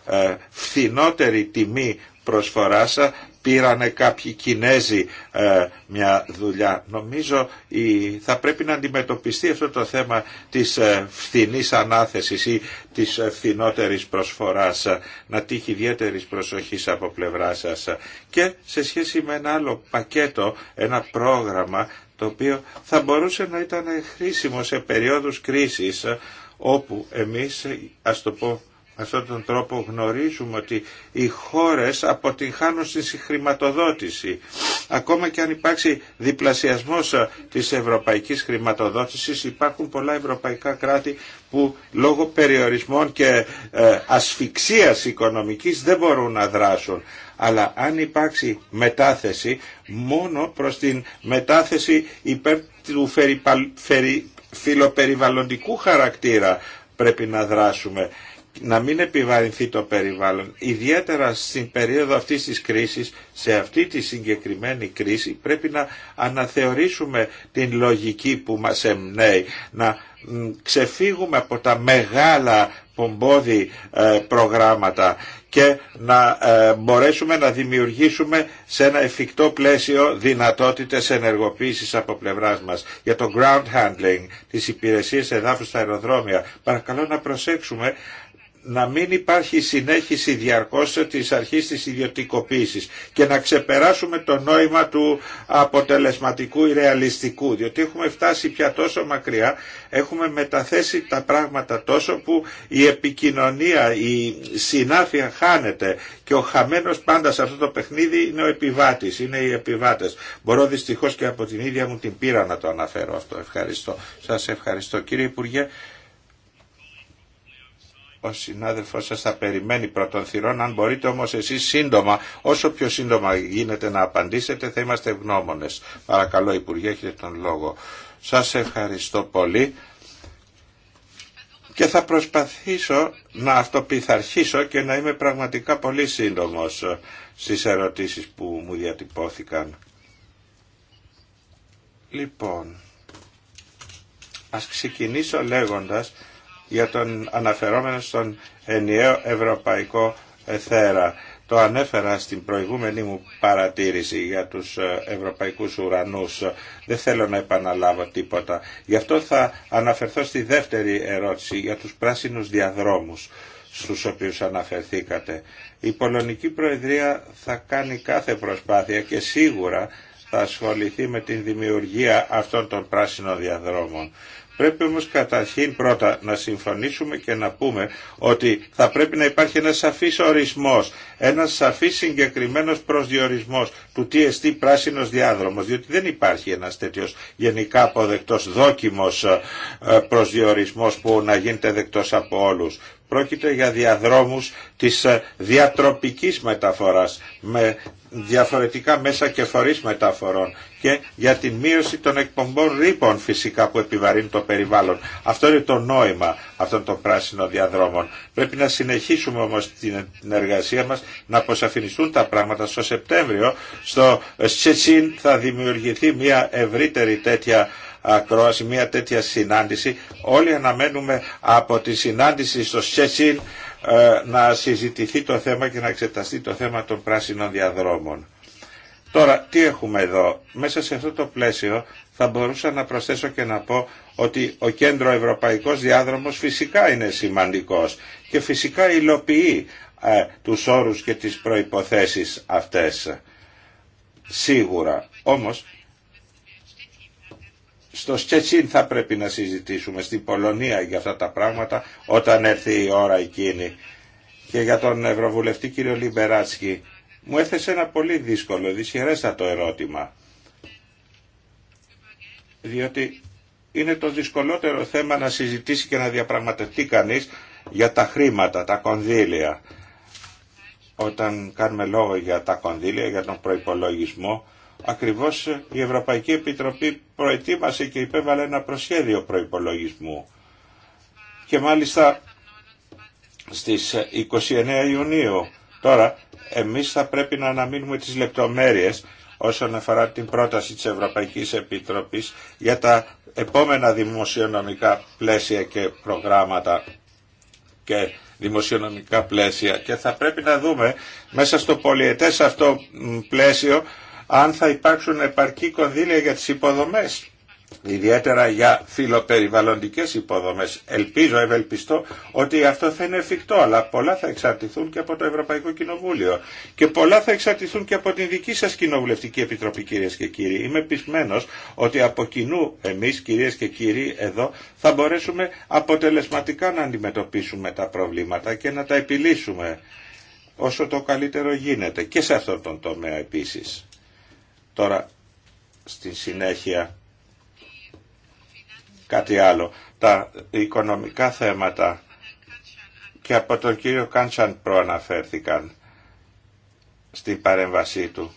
ε, φθηνότερη τιμή προσφοράσα πήρανε κάποιοι Κινέζοι ε, μια δουλειά. Νομίζω θα πρέπει να αντιμετωπιστεί αυτό το θέμα της ε, φθηνής ανάθεσης ή της ε, φθηνότερης προσφοράς ε, να τύχει ιδιαίτερη προσοχή από πλευρά σας και σε σχέση με ένα άλλο πακέτο, ένα πρόγραμμα το οποίο θα μπορούσε να ήταν χρήσιμο σε περίοδους κρίσης ε, όπου εμείς, ας το πω με αυτόν τον τρόπο γνωρίζουμε ότι οι χώρες αποτυγχάνουν στη χρηματοδότηση. Ακόμα και αν υπάρξει διπλασιασμός ε, της ευρωπαϊκής χρηματοδότησης υπάρχουν πολλά ευρωπαϊκά κράτη που λόγω περιορισμών και ε, ασφυξίας οικονομικής δεν μπορούν να δράσουν. Αλλά αν υπάρξει μετάθεση μόνο προς την μετάθεση υπέρ του φιλοπεριβαλλοντικού χαρακτήρα πρέπει να δράσουμε να μην επιβαρυνθεί το περιβάλλον. Ιδιαίτερα στην περίοδο αυτής της κρίσης, σε αυτή τη συγκεκριμένη κρίση, πρέπει να αναθεωρήσουμε την λογική που μας εμπνέει, να ξεφύγουμε από τα μεγάλα πομπόδι ε, προγράμματα και να ε, μπορέσουμε να δημιουργήσουμε σε ένα εφικτό πλαίσιο δυνατότητες ενεργοποίησης από πλευράς μας. Για το ground handling, τις υπηρεσίες εδάφους στα αεροδρόμια, παρακαλώ να προσέξουμε να μην υπάρχει συνέχιση διαρκώς της αρχής της ιδιωτικοποίησης και να ξεπεράσουμε το νόημα του αποτελεσματικού ή ρεαλιστικού διότι έχουμε φτάσει πια τόσο μακριά έχουμε μεταθέσει τα πράγματα τόσο που η επικοινωνία η συνάφεια χάνεται και ο χαμένος πάντα σε αυτό το παιχνίδι είναι ο επιβάτης, είναι οι επιβάτες μπορώ δυστυχώς και από την ίδια μου την πείρα να το αναφέρω αυτό, ευχαριστώ σας ευχαριστώ κύριε Υπουργέ ο συνάδελφός σας θα περιμένει πρώτον θυρών. Αν μπορείτε όμως εσείς σύντομα, όσο πιο σύντομα γίνεται να απαντήσετε, θα είμαστε ευγνώμονες. Παρακαλώ Υπουργέ, έχετε τον λόγο. Σας ευχαριστώ πολύ και θα προσπαθήσω να αυτοπιθαρχήσω και να είμαι πραγματικά πολύ σύντομος στις ερωτήσεις που μου διατυπώθηκαν. Λοιπόν, ας ξεκινήσω λέγοντας για τον αναφερόμενο στον ενιαίο ευρωπαϊκό θέρα. Το ανέφερα στην προηγούμενη μου παρατήρηση για τους ε, ευρωπαϊκούς ουρανούς. Δεν θέλω να επαναλάβω τίποτα. Γι' αυτό θα αναφερθώ στη δεύτερη ερώτηση για τους πράσινους διαδρόμους στους οποίους αναφερθήκατε. Η Πολωνική Προεδρία θα κάνει κάθε προσπάθεια και σίγουρα θα ασχοληθεί με την δημιουργία αυτών των πράσινων διαδρόμων. Πρέπει όμως καταρχήν πρώτα να συμφωνήσουμε και να πούμε ότι θα πρέπει να υπάρχει ένας σαφής ορισμός, ένας σαφής συγκεκριμένος προσδιορισμός του TST πράσινος διάδρομος, διότι δεν υπάρχει ένας τέτοιος γενικά αποδεκτός δόκιμος ε, προσδιορισμός που να γίνεται δεκτός από όλους. Πρόκειται για διαδρόμους της ε, διατροπικής μεταφοράς με διαφορετικά μέσα και φορείς μεταφορών και για την μείωση των εκπομπών ρήπων φυσικά που επιβαρύνουν το περιβάλλον. Αυτό είναι το νόημα αυτών των πράσινων διαδρόμων. Πρέπει να συνεχίσουμε όμως την εργασία μας να αποσαφινιστούν τα πράγματα στο Σεπτέμβριο. Στο Σετσίν θα δημιουργηθεί μια ευρύτερη τέτοια ακρόαση, μια τέτοια συνάντηση. Όλοι αναμένουμε από τη συνάντηση στο Σετσίν να συζητηθεί το θέμα και να εξεταστεί το θέμα των πράσινων διαδρόμων. Τώρα, τι έχουμε εδώ. Μέσα σε αυτό το πλαίσιο θα μπορούσα να προσθέσω και να πω ότι ο κέντρο ευρωπαϊκός διάδρομος φυσικά είναι σημαντικός και φυσικά υλοποιεί ε, τους όρους και τις προϋποθέσεις αυτές. Σίγουρα. Όμως, στο Σκετσίν θα πρέπει να συζητήσουμε, στην Πολωνία για αυτά τα πράγματα, όταν έρθει η ώρα εκείνη. Και για τον Ευρωβουλευτή κύριο Λιμπεράτσκι, μου έθεσε ένα πολύ δύσκολο, δυσχερέστατο ερώτημα. Διότι είναι το δυσκολότερο θέμα να συζητήσει και να διαπραγματευτεί κανείς για τα χρήματα, τα κονδύλια. Όταν κάνουμε λόγο για τα κονδύλια, για τον προϋπολογισμό, ακριβώς η Ευρωπαϊκή Επιτροπή προετοίμασε και υπέβαλε ένα προσχέδιο προϋπολογισμού. Και μάλιστα στις 29 Ιουνίου. Τώρα εμείς θα πρέπει να αναμείνουμε τις λεπτομέρειες όσον αφορά την πρόταση της Ευρωπαϊκής Επιτροπής για τα επόμενα δημοσιονομικά πλαίσια και προγράμματα και δημοσιονομικά πλαίσια και θα πρέπει να δούμε μέσα στο πολιετές αυτό πλαίσιο αν θα υπάρξουν επαρκή κονδύλια για τις υποδομές ιδιαίτερα για φιλοπεριβαλλοντικές υποδομές. Ελπίζω, ευελπιστώ ότι αυτό θα είναι εφικτό, αλλά πολλά θα εξαρτηθούν και από το Ευρωπαϊκό Κοινοβούλιο και πολλά θα εξαρτηθούν και από την δική σας Κοινοβουλευτική Επιτροπή, κυρίες και κύριοι. Είμαι πεισμένος ότι από κοινού εμείς, κυρίες και κύριοι, εδώ θα μπορέσουμε αποτελεσματικά να αντιμετωπίσουμε τα προβλήματα και να τα επιλύσουμε όσο το καλύτερο γίνεται και σε αυτόν τον τομέα επίσης. Τώρα, στην συνέχεια κάτι άλλο. Τα οικονομικά θέματα και από τον κύριο Κάντσαν προαναφέρθηκαν στην παρέμβασή του.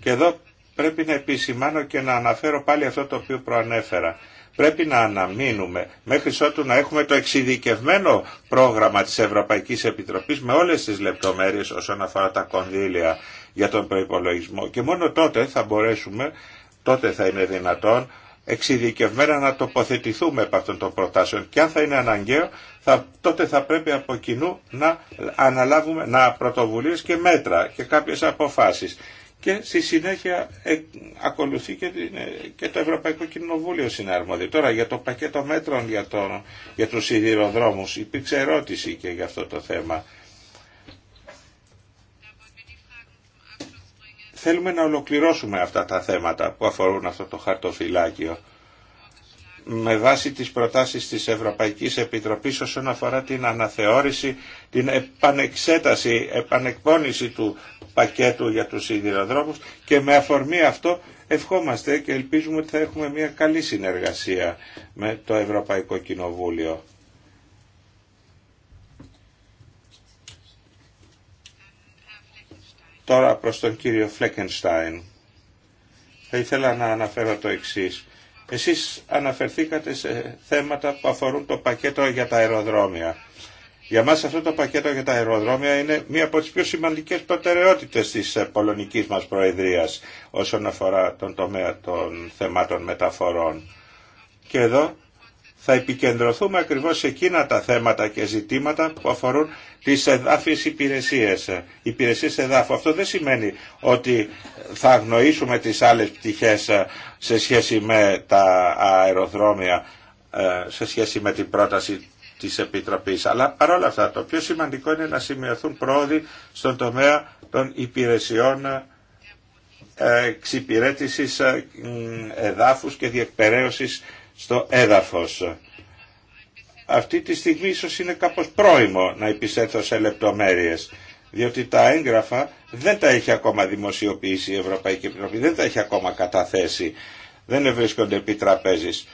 Και εδώ πρέπει να επισημάνω και να αναφέρω πάλι αυτό το οποίο προανέφερα. Πρέπει να αναμείνουμε μέχρι ότου να έχουμε το εξειδικευμένο πρόγραμμα της Ευρωπαϊκής Επιτροπής με όλες τις λεπτομέρειες όσον αφορά τα κονδύλια για τον προϋπολογισμό. Και μόνο τότε θα μπορέσουμε, τότε θα είναι δυνατόν εξειδικευμένα να τοποθετηθούμε από αυτών των προτάσεων και αν θα είναι αναγκαίο θα, τότε θα πρέπει από κοινού να αναλάβουμε να πρωτοβουλίες και μέτρα και κάποιες αποφάσεις. Και στη συνέχεια ε, ακολουθεί ε, και, το Ευρωπαϊκό Κοινοβούλιο συνάρμοδη. Τώρα για το πακέτο μέτρων για, τον, για τους σιδηροδρόμους υπήρξε ερώτηση και για αυτό το θέμα. θέλουμε να ολοκληρώσουμε αυτά τα θέματα που αφορούν αυτό το χαρτοφυλάκιο με βάση τις προτάσεις της Ευρωπαϊκής Επιτροπής όσον αφορά την αναθεώρηση, την επανεξέταση, επανεκπώνηση του πακέτου για τους σιδηροδρόμους και με αφορμή αυτό ευχόμαστε και ελπίζουμε ότι θα έχουμε μια καλή συνεργασία με το Ευρωπαϊκό Κοινοβούλιο Τώρα προς τον κύριο Φλέκενστάιν. Θα ήθελα να αναφέρω το εξής. Εσείς αναφερθήκατε σε θέματα που αφορούν το πακέτο για τα αεροδρόμια. Για μας αυτό το πακέτο για τα αεροδρόμια είναι μία από τις πιο σημαντικές προτεραιότητες της ε, πολωνικής μας προεδρίας όσον αφορά τον τομέα των θεμάτων μεταφορών. Και εδώ θα επικεντρωθούμε ακριβώς σε εκείνα τα θέματα και ζητήματα που αφορούν τις εδάφιες υπηρεσίες, υπηρεσίες εδάφου. Αυτό δεν σημαίνει ότι θα αγνοήσουμε τις άλλες πτυχές ε, σε σχέση με τα αεροδρόμια, ε, σε σχέση με την πρόταση της Επιτροπής. Αλλά παρόλα αυτά το πιο σημαντικό είναι να σημειωθούν πρόοδοι στον τομέα των υπηρεσιών ε, εξυπηρέτησης εδάφους και διεκπαιρέωσης στο έδαφος. Αυτή τη στιγμή ίσως είναι κάπως πρόημο να επισέθω σε λεπτομέρειες, διότι τα έγγραφα δεν τα έχει ακόμα δημοσιοποιήσει η Ευρωπαϊκή Επιτροπή, δεν τα έχει ακόμα καταθέσει, δεν βρίσκονται επί τραπέζης.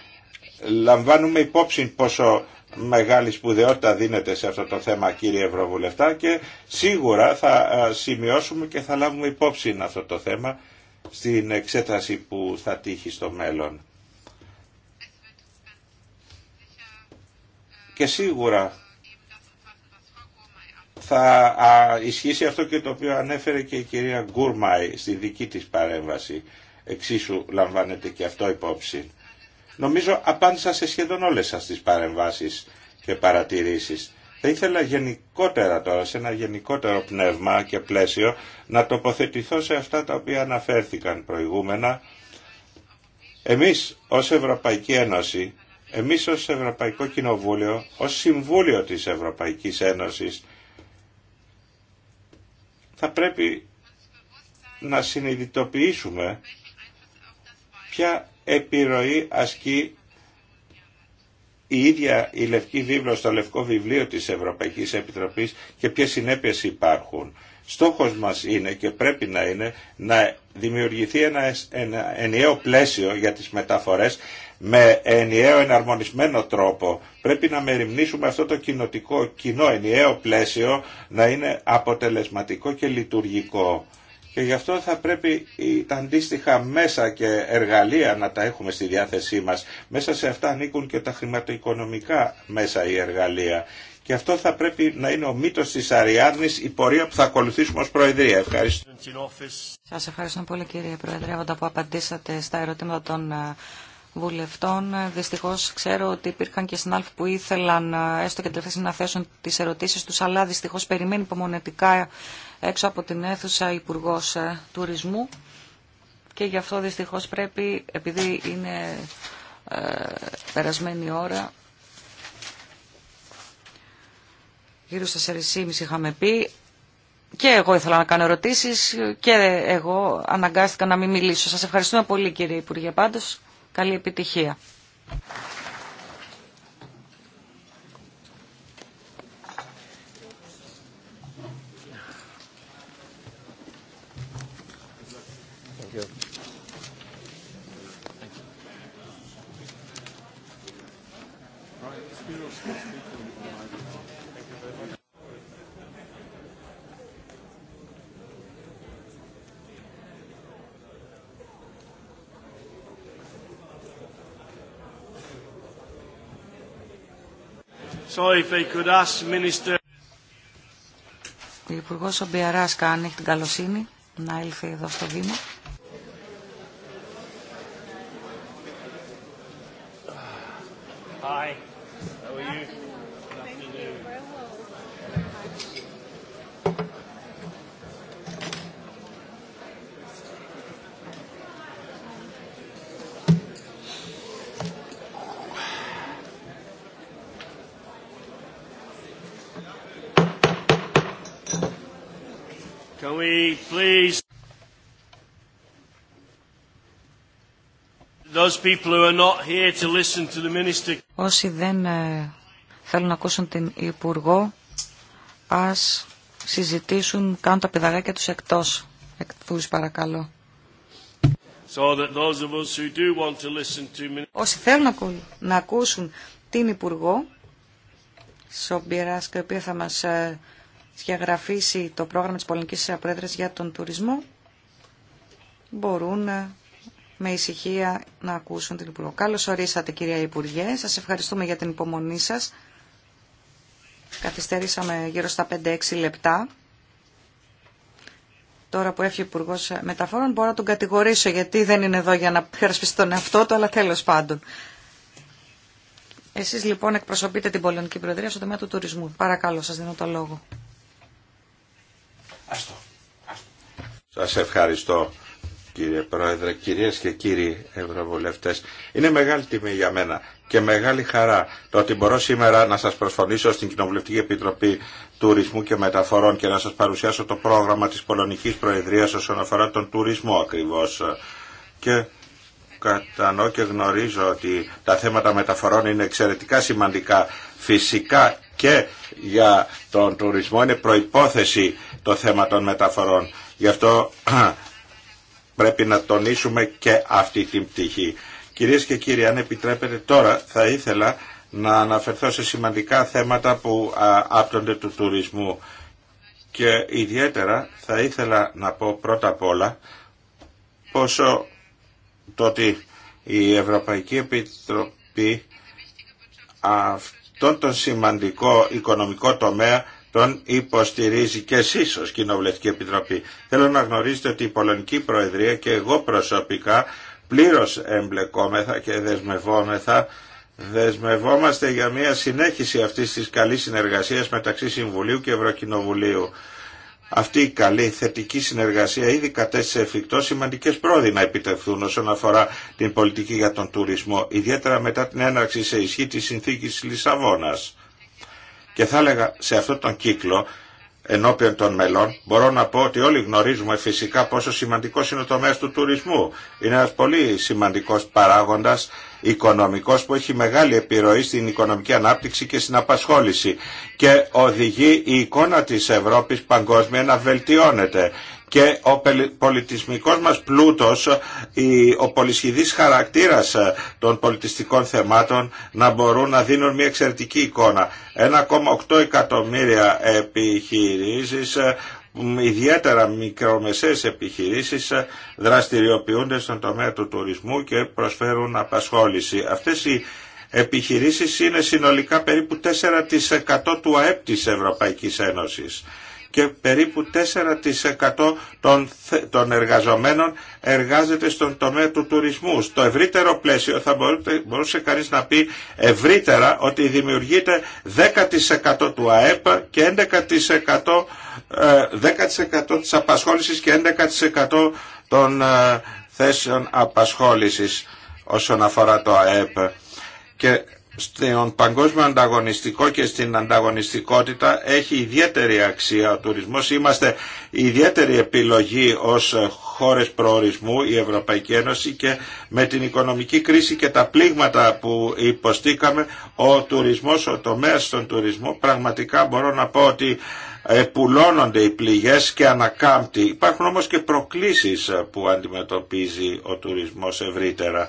Λαμβάνουμε υπόψη πόσο μεγάλη σπουδαιότητα δίνεται σε αυτό το θέμα κύριε Ευρωβουλευτά και σίγουρα θα σημειώσουμε και θα λάβουμε υπόψη αυτό το θέμα στην εξέταση που θα τύχει στο μέλλον. Και σίγουρα θα ισχύσει αυτό και το οποίο ανέφερε και η κυρία Γκούρμαϊ στη δική της παρέμβαση. Εξίσου λαμβάνεται και αυτό υπόψη. Νομίζω απάντησα σε σχεδόν όλες σας τις παρεμβάσεις και παρατηρήσεις. Θα ήθελα γενικότερα τώρα, σε ένα γενικότερο πνεύμα και πλαίσιο, να τοποθετηθώ σε αυτά τα οποία αναφέρθηκαν προηγούμενα. Εμείς ως Ευρωπαϊκή Ένωση εμείς ως Ευρωπαϊκό Κοινοβούλιο, ως Συμβούλιο της Ευρωπαϊκής Ένωσης, θα πρέπει να συνειδητοποιήσουμε ποια επιρροή ασκεί η ίδια η Λευκή Βίβλο στο Λευκό Βιβλίο της Ευρωπαϊκής Επιτροπής και ποιες συνέπειες υπάρχουν. Στόχος μας είναι και πρέπει να είναι να δημιουργηθεί ένα ενιαίο πλαίσιο για τις μεταφορές με ενιαίο εναρμονισμένο τρόπο. Πρέπει να μεριμνήσουμε αυτό το κοινοτικό, κοινό ενιαίο πλαίσιο να είναι αποτελεσματικό και λειτουργικό. Και γι' αυτό θα πρέπει τα αντίστοιχα μέσα και εργαλεία να τα έχουμε στη διάθεσή μας. Μέσα σε αυτά ανήκουν και τα χρηματοοικονομικά μέσα ή εργαλεία. Και αυτό θα πρέπει να είναι ο μύτος της Αριάδνης, η εργαλεια και αυτο θα πρεπει να ειναι ο μυτος της Αριάννης η πορεια που θα ακολουθήσουμε ως Προεδρία. Ευχαριστώ. Σας ευχαριστώ πολύ κύριε Προεδρία που απαντήσατε στα ερωτήματα των ε, βουλευτών. Δυστυχώ ξέρω ότι υπήρχαν και συνάλφοι που ήθελαν έστω και τελευταίες να θέσουν τις ερωτήσεις τους, αλλά δυστυχώ περιμένει υπομονετικά έξω από την αίθουσα υπουργό ε, Τουρισμού και γι' αυτό δυστυχώ πρέπει, επειδή είναι ε, περασμένη ώρα, γύρω στα 4.30 είχαμε πει, και εγώ ήθελα να κάνω ερωτήσεις και εγώ αναγκάστηκα να μην μιλήσω. Σας ευχαριστούμε πολύ κύριε Υπουργέ πάντως. Καλή επιτυχία. Ο υπουργό, αν έχει Ο Υπουργός Ομπιαράς την καλοσύνη να έλθει εδώ στο Δήμο. please. Those people who are not here to listen to the minister. Όσοι δεν ε, θέλουν να ακούσουν την Υπουργό, ας συζητήσουν, κάνουν τα παιδαγάκια τους εκτός. Εκτούς παρακαλώ. So that those of us who do want to listen to... minister... Όσοι θέλουν να ακούσουν την Υπουργό, και η οποία θα μας ε, διαγραφήσει το πρόγραμμα της Πολωνικής πρόεδρες για τον τουρισμό μπορούν ε, με ησυχία να ακούσουν την Υπουργό. Καλώς ορίσατε κυρία Υπουργέ. Σας ευχαριστούμε για την υπομονή σας. Καθυστερήσαμε γύρω στα 5-6 λεπτά. Τώρα που έφυγε ο Υπουργό Μεταφόρων μπορώ να τον κατηγορήσω γιατί δεν είναι εδώ για να περασπιστεί τον εαυτό του, αλλά τέλο πάντων. Εσείς λοιπόν εκπροσωπείτε την Πολωνική Προεδρία στο τομέα του τουρισμού. Παρακαλώ, σας δίνω το λόγο αυτό. Σας ευχαριστώ κύριε Πρόεδρε, κυρίες και κύριοι Ευρωβουλευτές. Είναι μεγάλη τιμή για μένα και μεγάλη χαρά το ότι μπορώ σήμερα να σας προσφωνήσω στην Κοινοβουλευτική Επιτροπή Τουρισμού και Μεταφορών και να σας παρουσιάσω το πρόγραμμα της Πολωνικής Προεδρίας όσον αφορά τον τουρισμό ακριβώς. Και κατανοώ και γνωρίζω ότι τα θέματα μεταφορών είναι εξαιρετικά σημαντικά φυσικά και για τον τουρισμό είναι προϋπόθεση το θέμα των μεταφορών. Γι' αυτό πρέπει να τονίσουμε και αυτή την πτυχή. Κυρίες και κύριοι, αν επιτρέπετε τώρα θα ήθελα να αναφερθώ σε σημαντικά θέματα που άπτονται του τουρισμού. Και ιδιαίτερα θα ήθελα να πω πρώτα απ' όλα πόσο το ότι η Ευρωπαϊκή Επιτροπή αυτή τόν τον σημαντικό οικονομικό τομέα τον σημαντικό οικονομικό τομέα τον υποστηρίζει και εσείς ως Κοινοβουλευτική Επιτροπή. Θέλω να γνωρίζετε ότι η Πολωνική Προεδρία και εγώ προσωπικά πλήρως εμπλεκόμεθα και δεσμευόμεθα Δεσμευόμαστε για μια συνέχιση αυτής της καλής συνεργασίας μεταξύ Συμβουλίου και Ευρωκοινοβουλίου αυτή η καλή θετική συνεργασία ήδη κατέστησε εφικτό σημαντικέ πρόοδοι να επιτευχθούν όσον αφορά την πολιτική για τον τουρισμό, ιδιαίτερα μετά την έναρξη σε ισχύ τη συνθήκη Λισαβόνα. Και θα έλεγα σε αυτόν τον κύκλο ενώπιον των μελών, μπορώ να πω ότι όλοι γνωρίζουμε φυσικά πόσο σημαντικό είναι ο τομέα του τουρισμού. Είναι ένα πολύ σημαντικό παράγοντα οικονομικός που έχει μεγάλη επιρροή στην οικονομική ανάπτυξη και στην απασχόληση και οδηγεί η εικόνα της Ευρώπης παγκόσμια να βελτιώνεται και ο πολιτισμικός μας πλούτος, ο πολυσχηδής χαρακτήρας των πολιτιστικών θεμάτων να μπορούν να δίνουν μια εξαιρετική εικόνα. 1,8 εκατομμύρια επιχειρήσεις ιδιαίτερα μικρομεσαίες επιχειρήσεις ε, δραστηριοποιούνται στον τομέα του τουρισμού και προσφέρουν απασχόληση. Αυτές οι επιχειρήσεις είναι συνολικά περίπου 4% του ΑΕΠ της Ευρωπαϊκής Ένωσης και περίπου 4% των, των εργαζομένων εργάζεται στον τομέα του τουρισμού. Στο ευρύτερο πλαίσιο θα μπορούσε κανείς να πει ευρύτερα ότι δημιουργείται 10% του ΑΕΠ και 11%, 10 ε, της απασχόλησης και 11% των ε, θέσεων απασχόλησης όσον αφορά το ΑΕΠ. Και στον παγκόσμιο ανταγωνιστικό και στην ανταγωνιστικότητα έχει ιδιαίτερη αξία ο τουρισμός. Είμαστε ιδιαίτερη επιλογή ως χώρες προορισμού η Ευρωπαϊκή Ένωση και με την οικονομική κρίση και τα πλήγματα που υποστήκαμε ο τουρισμός, ο τομέας στον τουρισμό πραγματικά μπορώ να πω ότι πουλώνονται οι πληγές και ανακάμπτει. Υπάρχουν όμως και προκλήσεις που αντιμετωπίζει ο τουρισμός ευρύτερα.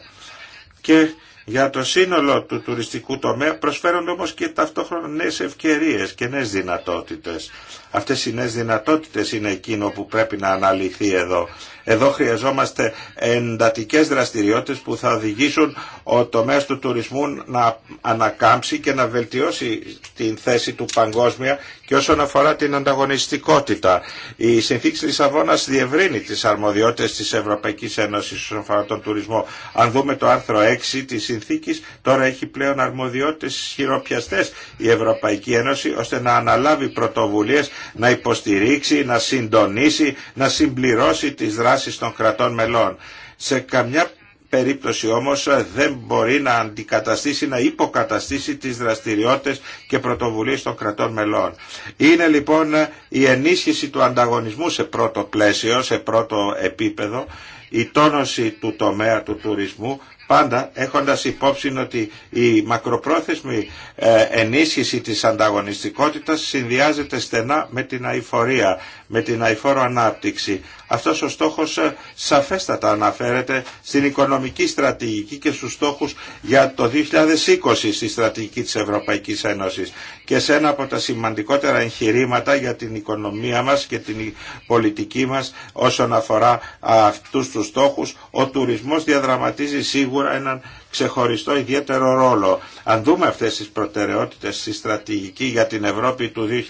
Και για το σύνολο του τουριστικού τομέα προσφέρονται όμως και ταυτόχρονα νέες ευκαιρίες και νέες δυνατότητες. Αυτές οι νέες δυνατότητες είναι εκείνο που πρέπει να αναλυθεί εδώ. Εδώ χρειαζόμαστε εντατικές δραστηριότητες που θα οδηγήσουν ο τομέας του τουρισμού να ανακάμψει και να βελτιώσει την θέση του παγκόσμια και όσον αφορά την ανταγωνιστικότητα. Η συνθήκη Λισαβόνας διευρύνει τις αρμοδιότητες της Ευρωπαϊκής Ένωσης όσον αφορά τον τουρισμό. Αν δούμε το άρθρο 6 της συνθήκης, τώρα έχει πλέον αρμοδιότητες χειροπιαστές η Ευρωπαϊκή Ένωση ώστε να αναλάβει πρωτοβουλίες να υποστηρίξει, να συντονίσει, να συμπληρώσει τις δράσεις των κρατών μελών. Σε καμιά περίπτωση όμως ε, δεν μπορεί να αντικαταστήσει, να υποκαταστήσει τις δραστηριότητες και πρωτοβουλίες των κρατών μελών. Είναι λοιπόν ε, η ενίσχυση του ανταγωνισμού σε πρώτο πλαίσιο, σε πρώτο επίπεδο, η τόνωση του τομέα του τουρισμού Πάντα έχοντας υπόψη ότι η μακροπρόθεσμη ε, ενίσχυση της ανταγωνιστικότητας συνδυάζεται στενά με την αηφορία, με την αηφόρο ανάπτυξη. Αυτός ο στόχος ε, σαφέστατα αναφέρεται στην οικονομική στρατηγική και στους στόχους για το 2020 στη στρατηγική της Ευρωπαϊκής Ένωσης και σε ένα από τα σημαντικότερα εγχειρήματα για την οικονομία μας και την πολιτική μας όσον αφορά αυτούς τους στόχους, ο τουρισμός διαδραματίζει σίγουρα έναν ξεχωριστό ιδιαίτερο ρόλο. Αν δούμε αυτές τις προτεραιότητες στη στρατηγική για την Ευρώπη του 2020,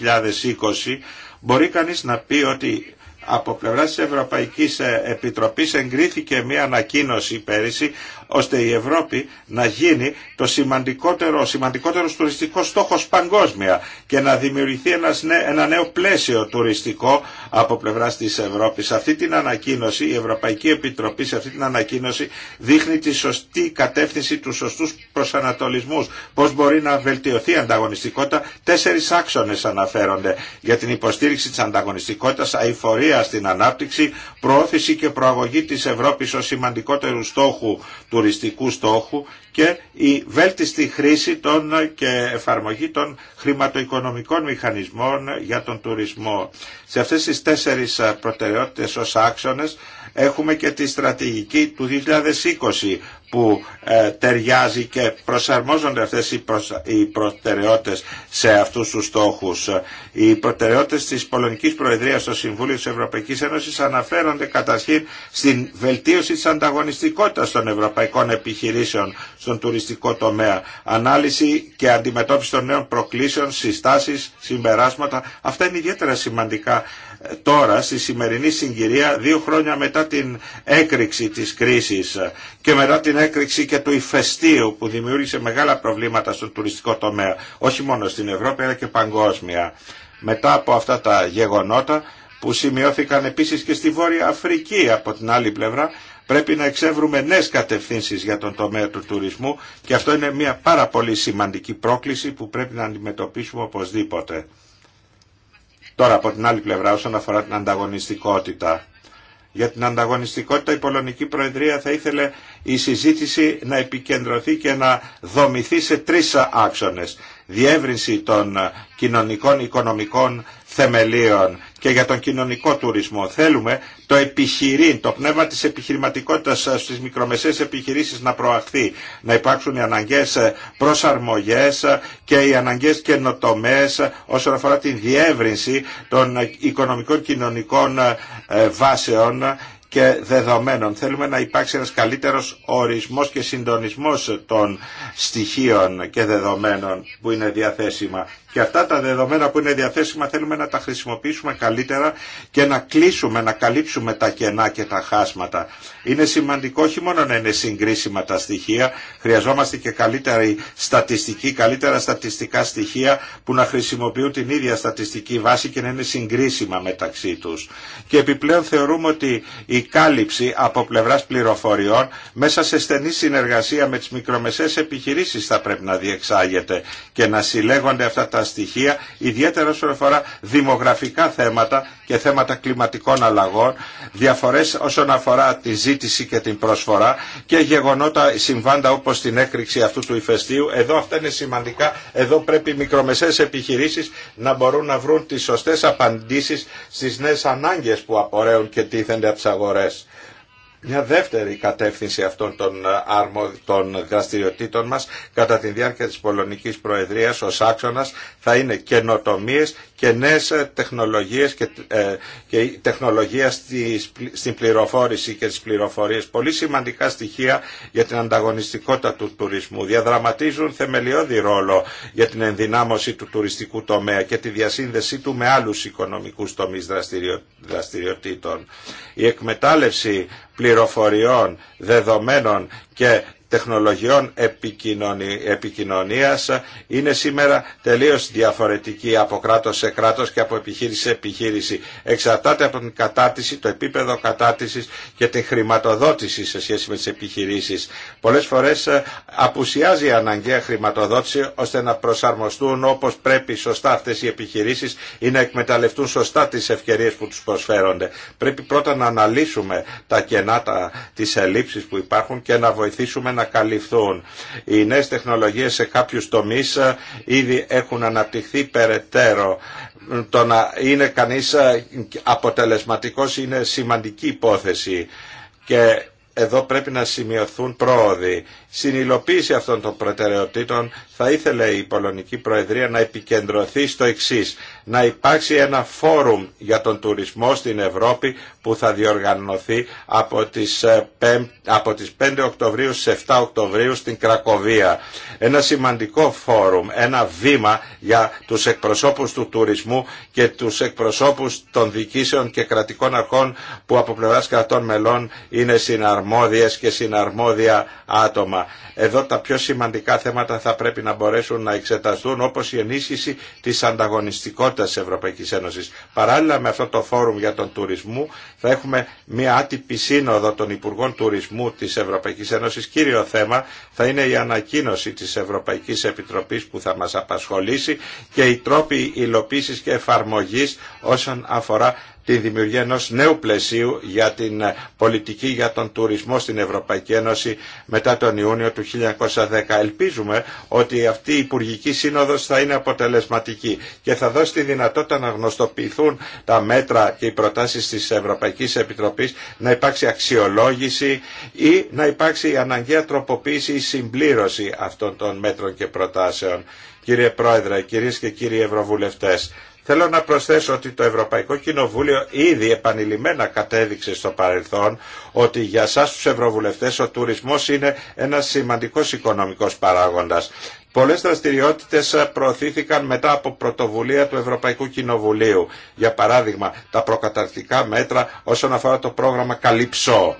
μπορεί κανείς να πει ότι από πλευρά της Ευρωπαϊκής Επιτροπής εγκρίθηκε μια ανακοίνωση πέρυσι ώστε η Ευρώπη να γίνει το σημαντικότερο, τουριστικό σημαντικότερος τουριστικός στόχος παγκόσμια και να δημιουργηθεί ένας, ένα νέο πλαίσιο τουριστικό από πλευράς της Ευρώπης. Σε αυτή την ανακοίνωση, η Ευρωπαϊκή Επιτροπή σε αυτή την ανακοίνωση δείχνει τη σωστή κατεύθυνση, του σωστού προσανατολισμού. πώς μπορεί να βελτιωθεί η ανταγωνιστικότητα. Τέσσερις άξονες αναφέρονται για την υποστήριξη της ανταγωνιστικότητας, αηφορία στην ανάπτυξη, προώθηση και προαγωγή της Ευρώπης ω σημαντικότερου στόχου του τουριστικού στόχου και η βέλτιστη χρήση των και εφαρμογή των χρηματοοικονομικών μηχανισμών για τον τουρισμό. Σε αυτές τις τέσσερις προτεραιότητες ως άξονες έχουμε και τη στρατηγική του 2020 που ε, ταιριάζει και προσαρμόζονται αυτές οι προτεραιότητες σε αυτούς τους στόχους. Οι προτεραιότητες της Πολωνικής Προεδρίας στο Συμβούλιο της Ευρωπαϊκής Ένωσης αναφέρονται καταρχήν στην βελτίωση της ανταγωνιστικότητας των ευρωπαϊκών επιχειρήσεων στον τουριστικό τομέα. Ανάλυση και αντιμετώπιση των νέων προκλήσεων, συστάσεις, συμπεράσματα. Αυτά είναι ιδιαίτερα σημαντικά τώρα στη σημερινή συγκυρία δύο χρόνια μετά την έκρηξη της κρίσης και μετά την έκρηξη και του ηφαιστείου που δημιούργησε μεγάλα προβλήματα στον τουριστικό τομέα όχι μόνο στην Ευρώπη αλλά και παγκόσμια. Μετά από αυτά τα γεγονότα που σημειώθηκαν επίσης και στη Βόρεια Αφρική από την άλλη πλευρά πρέπει να εξεύρουμε νέες κατευθύνσεις για τον τομέα του τουρισμού και αυτό είναι μια πάρα πολύ σημαντική πρόκληση που πρέπει να αντιμετωπίσουμε οπωσδήποτε. Τώρα από την άλλη πλευρά όσον αφορά την ανταγωνιστικότητα. Για την ανταγωνιστικότητα η Πολωνική Προεδρία θα ήθελε η συζήτηση να επικεντρωθεί και να δομηθεί σε τρεις άξονες. Διεύρυνση των κοινωνικών οικονομικών θεμελίων και για τον κοινωνικό τουρισμό. Θέλουμε το επιχειρήν, το πνεύμα της επιχειρηματικότητας στις μικρομεσαίες επιχειρήσεις να προαχθεί, να υπάρξουν οι αναγκαίε προσαρμογές και οι αναγκαίε καινοτομές όσον αφορά την διεύρυνση των οικονομικών κοινωνικών ε, βάσεων και δεδομένων. Θέλουμε να υπάρξει ένας καλύτερος ορισμός και συντονισμός των στοιχείων και δεδομένων που είναι διαθέσιμα. Και αυτά τα δεδομένα που είναι διαθέσιμα θέλουμε να τα χρησιμοποιήσουμε καλύτερα και να κλείσουμε, να καλύψουμε τα κενά και τα χάσματα. Είναι σημαντικό όχι μόνο να είναι συγκρίσιμα τα στοιχεία, χρειαζόμαστε και καλύτερη στατιστική, καλύτερα στατιστικά στοιχεία που να χρησιμοποιούν την ίδια στατιστική βάση και να είναι συγκρίσιμα μεταξύ τους. Και επιπλέον θεωρούμε ότι η η κάλυψη από πλευράς πληροφοριών μέσα σε στενή συνεργασία με τις μικρομεσαίες επιχειρήσεις θα πρέπει να διεξάγεται και να συλλέγονται αυτά τα στοιχεία ιδιαίτερα όσον αφορά δημογραφικά θέματα και θέματα κλιματικών αλλαγών, διαφορές όσον αφορά τη ζήτηση και την προσφορά και γεγονότα συμβάντα όπως την έκρηξη αυτού του ηφαιστείου. Εδώ αυτά είναι σημαντικά, εδώ πρέπει οι μικρομεσαίες επιχειρήσεις να μπορούν να βρουν τις σωστές απαντήσεις στις νέες ανάγκες που απορρέουν και τίθενται από μια δεύτερη κατεύθυνση αυτών των, αρμο... των δραστηριοτήτων μας κατά τη διάρκεια της Πολωνικής Προεδρίας ο Σάξονας θα είναι καινοτομίε και νέες ε, τεχνολογίες και, ε, και τεχνολογία στις, στην πληροφόρηση και τις πληροφορίες. Πολύ σημαντικά στοιχεία για την ανταγωνιστικότητα του τουρισμού. Διαδραματίζουν θεμελιώδη ρόλο για την ενδυνάμωση του τουριστικού τομέα και τη διασύνδεσή του με άλλους οικονομικούς τομείς δραστηριο, δραστηριοτήτων. Η εκμετάλλευση πληροφοριών, δεδομένων και τεχνολογιών επικοινωνίας είναι σήμερα τελείως διαφορετική από κράτος σε κράτος και από επιχείρηση σε επιχείρηση. Εξαρτάται από την κατάτηση, το επίπεδο κατάτησης και την χρηματοδότηση σε σχέση με τις επιχειρήσεις. Πολλές φορές ε, απουσιάζει η αναγκαία χρηματοδότηση ώστε να προσαρμοστούν όπως πρέπει σωστά αυτές οι επιχειρήσεις ή να εκμεταλλευτούν σωστά τις ευκαιρίες που τους προσφέρονται. Πρέπει πρώτα να αναλύσουμε τα κενά, τις που υπάρχουν και να βοηθήσουμε να καλυφθούν. Οι νέες τεχνολογίες σε κάποιους τομείς ε, ήδη έχουν αναπτυχθεί περαιτέρω το να είναι κανείς ε, αποτελεσματικός είναι σημαντική υπόθεση και εδώ πρέπει να σημειωθούν πρόοδοι συνειλοποίηση αυτών των προτεραιοτήτων θα ήθελε η Πολωνική Προεδρία να επικεντρωθεί στο εξή. Να υπάρξει ένα φόρουμ για τον τουρισμό στην Ευρώπη που θα διοργανωθεί από τις 5, ε, από τις 5 Οκτωβρίου στις 7 Οκτωβρίου στην Κρακοβία. Ένα σημαντικό φόρουμ, ένα βήμα για τους εκπροσώπους του τουρισμού και τους εκπροσώπους των διοικήσεων και κρατικών αρχών που από πλευράς κρατών μελών είναι συναρμόδιες και συναρμόδια άτομα εδώ τα πιο σημαντικά θέματα θα πρέπει να μπορέσουν να εξεταστούν όπως η ενίσχυση της ανταγωνιστικότητας της Ευρωπαϊκής Ένωσης. Παράλληλα με αυτό το φόρουμ για τον τουρισμό θα έχουμε μια άτυπη σύνοδο των Υπουργών Τουρισμού της Ευρωπαϊκής Ένωσης. Κύριο θέμα θα είναι η ανακοίνωση της Ευρωπαϊκής Επιτροπής που θα μας απασχολήσει και οι τρόποι υλοποίησης και εφαρμογής όσον αφορά τη δημιουργία ενός νέου πλαισίου για την ε, πολιτική για τον τουρισμό στην Ευρωπαϊκή Ένωση μετά τον Ιούνιο του 1910. Ελπίζουμε ότι αυτή η Υπουργική Σύνοδος θα είναι αποτελεσματική και θα δώσει τη δυνατότητα να γνωστοποιηθούν τα μέτρα και οι προτάσεις της Ευρωπαϊκής Επιτροπής να υπάρξει αξιολόγηση ή να υπάρξει η αναγκαία τροποποίηση ή συμπλήρωση αυτών των μέτρων και προτάσεων. Κύριε Πρόεδρε, κυρίες και κύριοι Ευρωβουλευτές, Θέλω να προσθέσω ότι το Ευρωπαϊκό Κοινοβούλιο ήδη επανειλημμένα κατέδειξε στο παρελθόν ότι για σας τους Ευρωβουλευτές ο τουρισμός είναι ένας σημαντικός οικονομικός παράγοντας. Πολλές δραστηριότητες προωθήθηκαν μετά από πρωτοβουλία του Ευρωπαϊκού Κοινοβουλίου. Για παράδειγμα, τα προκαταρκτικά μέτρα όσον αφορά το πρόγραμμα Καλυψό.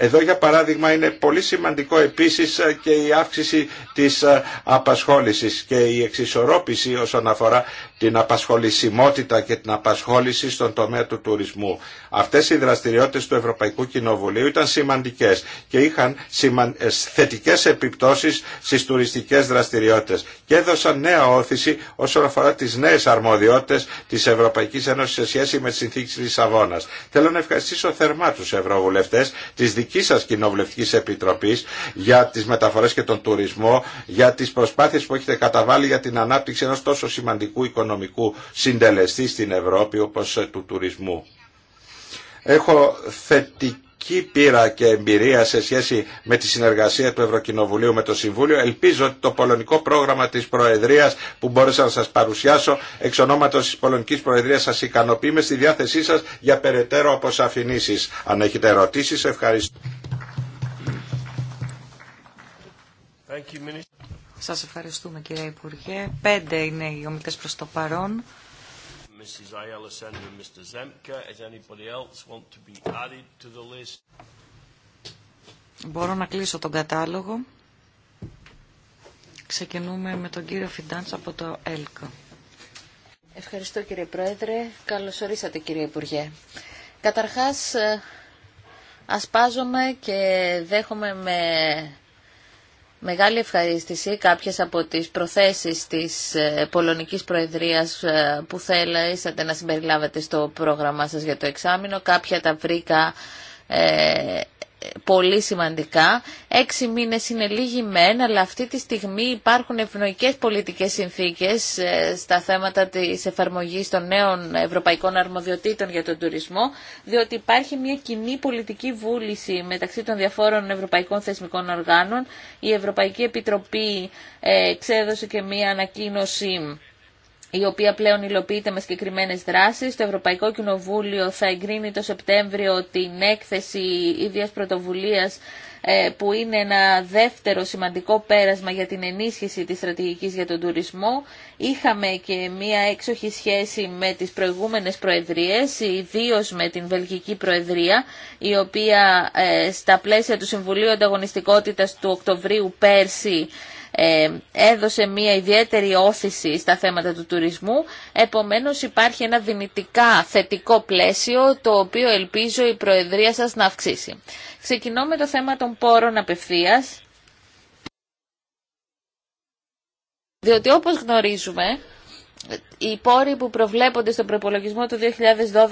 Εδώ για παράδειγμα είναι πολύ σημαντικό επίσης και η αύξηση της απασχόλησης και η εξισορρόπηση όσον αφορά την απασχολησιμότητα και την απασχόληση στον τομέα του τουρισμού. Αυτές οι δραστηριότητες του Ευρωπαϊκού Κοινοβουλίου ήταν σημαντικές και είχαν ε, θετικές επιπτώσεις στις τουριστικές δραστηριότητες και έδωσαν νέα όθηση όσον αφορά τις νέες αρμοδιότητες της Ευρωπαϊκής Ένωσης σε σχέση με τις συνθήκες της Λισαβόνας. Θέλω να ευχαριστήσω θερμά τους Ευρωβουλευτές της δικής σας Κοινοβουλευτικής Επιτροπής για τις μεταφορές και τον τουρισμό, για τις προσπάθειες που έχετε καταβάλει για την ανάπτυξη ενός τόσο σημαντικού οικονομικού οικονομικού συντελεστή στην Ευρώπη όπως του τουρισμού. Έχω θετική πολιτική και εμπειρία σε σχέση με τη συνεργασία του Ευρωκοινοβουλίου με το Συμβούλιο. Ελπίζω ότι το πολωνικό πρόγραμμα της Προεδρίας που μπόρεσα να σας παρουσιάσω εξ ονόματος της Πολωνικής Προεδρίας σας ικανοποιεί. με στη διάθεσή σας για περαιτέρω αποσαφηνήσεις. Αν έχετε ερωτήσεις, ευχαριστώ. Σας ευχαριστούμε κύριε Υπουργέ. Πέντε είναι οι ομιλητές προς το παρόν. Μπορώ να κλείσω τον κατάλογο. Ξεκινούμε με τον κύριο Φιντάντς από το ΕΛΚΟ. Ευχαριστώ κύριε Πρόεδρε. Καλώς ορίσατε κύριε Υπουργέ. Καταρχάς ε, ασπάζομαι και δέχομαι με μεγάλη ευχαρίστηση κάποιες από τις προθέσεις της ε, Πολωνικής Προεδρίας ε, που θέλατε να συμπεριλάβετε στο πρόγραμμά σας για το εξάμεινο. Κάποια τα βρήκα ε, πολύ σημαντικά. Έξι μήνες είναι λίγοι μεν, αλλά αυτή τη στιγμή υπάρχουν ευνοϊκές πολιτικές συνθήκες ε, στα θέματα της εφαρμογής των νέων ευρωπαϊκών αρμοδιοτήτων για τον τουρισμό, διότι υπάρχει μια κοινή πολιτική βούληση μεταξύ των διαφόρων ευρωπαϊκών θεσμικών οργάνων. Η Ευρωπαϊκή Επιτροπή εξέδωσε και μια ανακοίνωση η οποία πλέον υλοποιείται με συγκεκριμένε δράσεις. Το Ευρωπαϊκό Κοινοβούλιο θα εγκρίνει το Σεπτέμβριο την έκθεση ίδιας πρωτοβουλίας ε, που είναι ένα δεύτερο σημαντικό πέρασμα για την ενίσχυση της στρατηγικής για τον τουρισμό. Είχαμε και μία έξοχη σχέση με τις προηγούμενες προεδρίες, ιδίω με την Βελγική Προεδρία, η οποία ε, στα πλαίσια του Συμβουλίου Ανταγωνιστικότητας του Οκτωβρίου πέρσι ε, έδωσε μια ιδιαίτερη όθηση στα θέματα του τουρισμού. Επομένως υπάρχει ένα δυνητικά θετικό πλαίσιο το οποίο ελπίζω η Προεδρία σας να αυξήσει. Ξεκινώ με το θέμα των πόρων απευθείας. Διότι όπως γνωρίζουμε, οι πόροι που προβλέπονται στον προπολογισμό του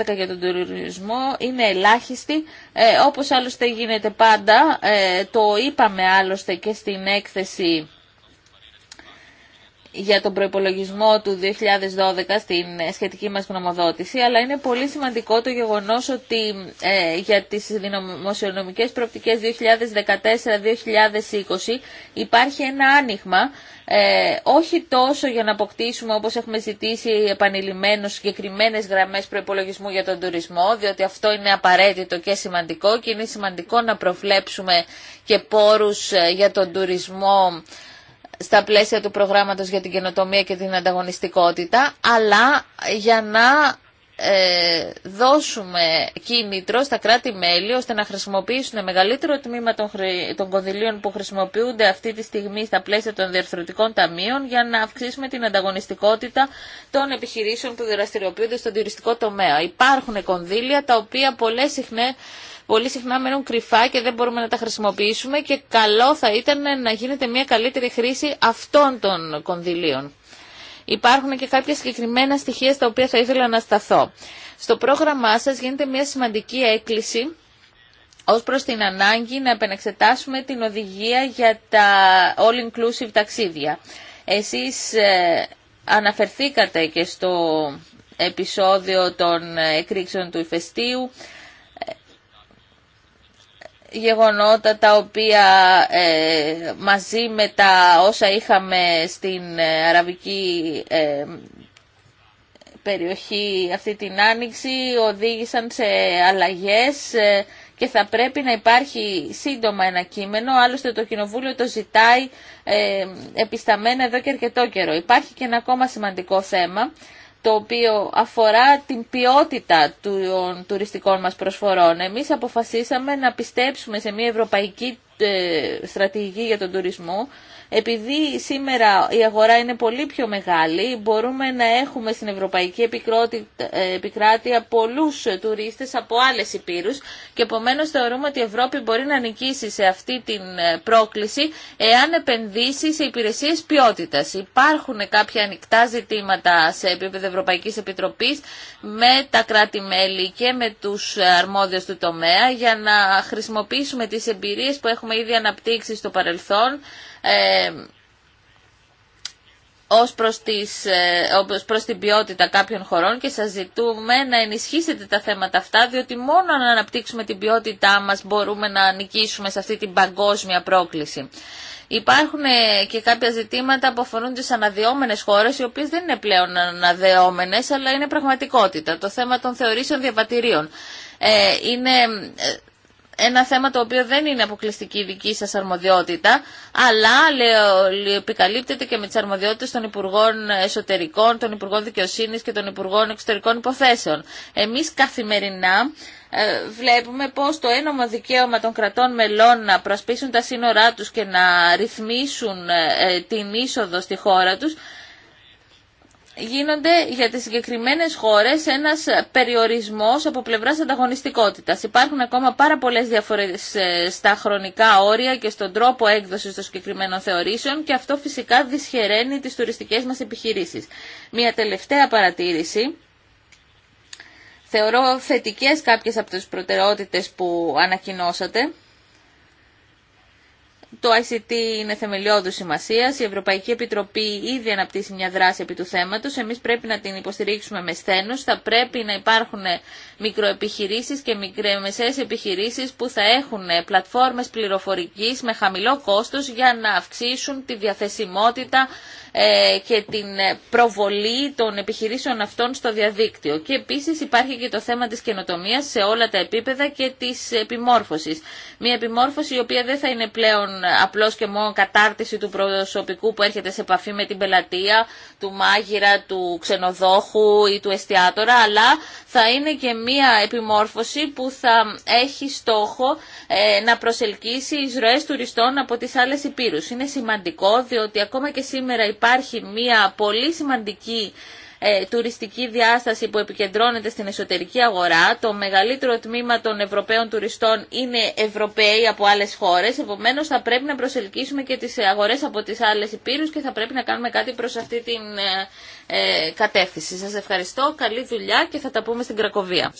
2012 για τον τουρισμό είναι ελάχιστοι, ε, όπως άλλωστε γίνεται πάντα. Ε, το είπαμε άλλωστε και στην έκθεση για τον προϋπολογισμό του 2012 στην ε, σχετική μας γνωμοδότηση, αλλά είναι πολύ σημαντικό το γεγονός ότι ε, για τις δημοσιονομικές προοπτικές 2014-2020 υπάρχει ένα άνοιγμα, ε, όχι τόσο για να αποκτήσουμε όπως έχουμε ζητήσει επανειλημμένως συγκεκριμένε γραμμές προϋπολογισμού για τον τουρισμό, διότι αυτό είναι απαραίτητο και σημαντικό και είναι σημαντικό να προβλέψουμε και πόρους για τον τουρισμό στα πλαίσια του προγράμματος για την καινοτομία και την ανταγωνιστικότητα, αλλά για να ε, δώσουμε κίνητρο στα κράτη-μέλη ώστε να χρησιμοποιήσουν μεγαλύτερο τμήμα των, χρη... κονδυλίων που χρησιμοποιούνται αυτή τη στιγμή στα πλαίσια των διαρθρωτικών ταμείων για να αυξήσουμε την ανταγωνιστικότητα των επιχειρήσεων που δραστηριοποιούνται στον τουριστικό τομέα. Υπάρχουν κονδύλια τα οποία πολλές συχνές πολύ συχνά μένουν κρυφά και δεν μπορούμε να τα χρησιμοποιήσουμε και καλό θα ήταν να γίνεται μια καλύτερη χρήση αυτών των κονδυλίων. Υπάρχουν και κάποια συγκεκριμένα στοιχεία στα οποία θα ήθελα να σταθώ. Στο πρόγραμμά σας γίνεται μια σημαντική έκκληση ως προς την ανάγκη να επενεξετάσουμε την οδηγία για τα all-inclusive ταξίδια. Εσείς ε, αναφερθήκατε και στο επεισόδιο των εκρήξεων του ηφαιστείου γεγονότα τα οποία ε, μαζί με τα όσα είχαμε στην ε, αραβική ε, περιοχή αυτή την άνοιξη οδήγησαν σε αλλαγές και θα πρέπει να υπάρχει σύντομα ένα κείμενο, άλλωστε το Κοινοβούλιο το ζητάει ε, επισταμένα εδώ και αρκετό καιρό. Υπάρχει και ένα ακόμα σημαντικό θέμα το οποίο αφορά την ποιότητα των τουριστικών μας προσφορών. Εμείς αποφασίσαμε να πιστέψουμε σε μια ευρωπαϊκή ε, στρατηγική για τον τουρισμό επειδή σήμερα η αγορά είναι πολύ πιο μεγάλη, μπορούμε να έχουμε στην Ευρωπαϊκή ε, Επικράτεια πολλούς τουρίστες από άλλες υπήρους και επομένως θεωρούμε ότι η Ευρώπη μπορεί να νικήσει σε αυτή την ε, πρόκληση εάν επενδύσει σε υπηρεσίες ποιότητας. Υπάρχουν κάποια ανοιχτά ζητήματα σε επίπεδο Ευρωπαϊκής Επιτροπής με τα κράτη-μέλη και με τους αρμόδιους του τομέα για να χρησιμοποιήσουμε τις εμπειρίες που έχουμε ήδη αναπτύξει στο παρελθόν ε, ως προς, τις, ε, ως προς την ποιότητα κάποιων χωρών και σας ζητούμε να ενισχύσετε τα θέματα αυτά διότι μόνο αν αναπτύξουμε την ποιότητά μας μπορούμε να νικήσουμε σε αυτή την παγκόσμια πρόκληση. Υπάρχουν ε, και κάποια ζητήματα που αφορούν τις αναδιόμενες χώρες οι οποίες δεν είναι πλέον αναδεόμενες αλλά είναι πραγματικότητα. Το θέμα των θεωρήσεων διαβατηρίων. Ε, είναι ένα θέμα το οποίο δεν είναι αποκλειστική δική σας αρμοδιότητα, αλλά επικαλύπτεται και με τις αρμοδιότητες των Υπουργών Εσωτερικών, των Υπουργών Δικαιοσύνης και των Υπουργών Εξωτερικών Υποθέσεων. Εμείς καθημερινά ε, βλέπουμε πως το ένομο δικαίωμα των κρατών μελών να προσπίσουν τα σύνορά τους και να ρυθμίσουν ε, ε, την είσοδο στη χώρα τους γίνονται για τις συγκεκριμένες χώρες ένας περιορισμός από πλευράς ανταγωνιστικότητας. Υπάρχουν ακόμα πάρα πολλές διαφορές ε, στα χρονικά όρια και στον τρόπο έκδοσης των συγκεκριμένων θεωρήσεων και αυτό φυσικά δυσχεραίνει τις τουριστικές μας επιχειρήσεις. Μια τελευταία παρατήρηση. Θεωρώ θετικές κάποιες από τις προτεραιότητες που ανακοινώσατε. Το ICT είναι θεμελιώδου σημασία. Η Ευρωπαϊκή Επιτροπή ήδη αναπτύσσει μια δράση επί του θέματο. Εμεί πρέπει να την υποστηρίξουμε με Σθένου. Θα πρέπει να υπάρχουν μικροεπιχειρήσει και μεσέ επιχειρήσει που θα έχουν πλατφόρμε πληροφορική με χαμηλό κόστο για να αυξήσουν τη διαθεσιμότητα ε, και την ε, προβολή των επιχειρήσεων αυτών στο διαδίκτυο. Και επίσης υπάρχει και το θέμα της καινοτομίας σε όλα τα επίπεδα και της επιμόρφωσης. Μια επιμόρφωση η οποία δεν θα είναι πλέον απλώς και μόνο κατάρτιση του προσωπικού που έρχεται σε επαφή με την πελατεία, του μάγειρα, του ξενοδόχου ή του εστιατόρα, αλλά θα είναι και μια επιμόρφωση που θα έχει στόχο ε, να προσελκύσει ροές τουριστών από τις άλλες υπήρους. Είναι σημαντικό διότι ακόμα και σήμερα υπάρχει υπάρχει μια πολύ σημαντική ε, τουριστική διάσταση που επικεντρώνεται στην εσωτερική αγορά. Το μεγαλύτερο τμήμα των Ευρωπαίων τουριστών είναι Ευρωπαίοι από άλλες χώρες, επομένως θα πρέπει να προσελκύσουμε και τις αγορές από τις άλλες υπήρους και θα πρέπει να κάνουμε κάτι προς αυτή την ε, ε, κατεύθυνση. Σας ευχαριστώ, καλή δουλειά και θα τα πούμε στην Κρακοβία.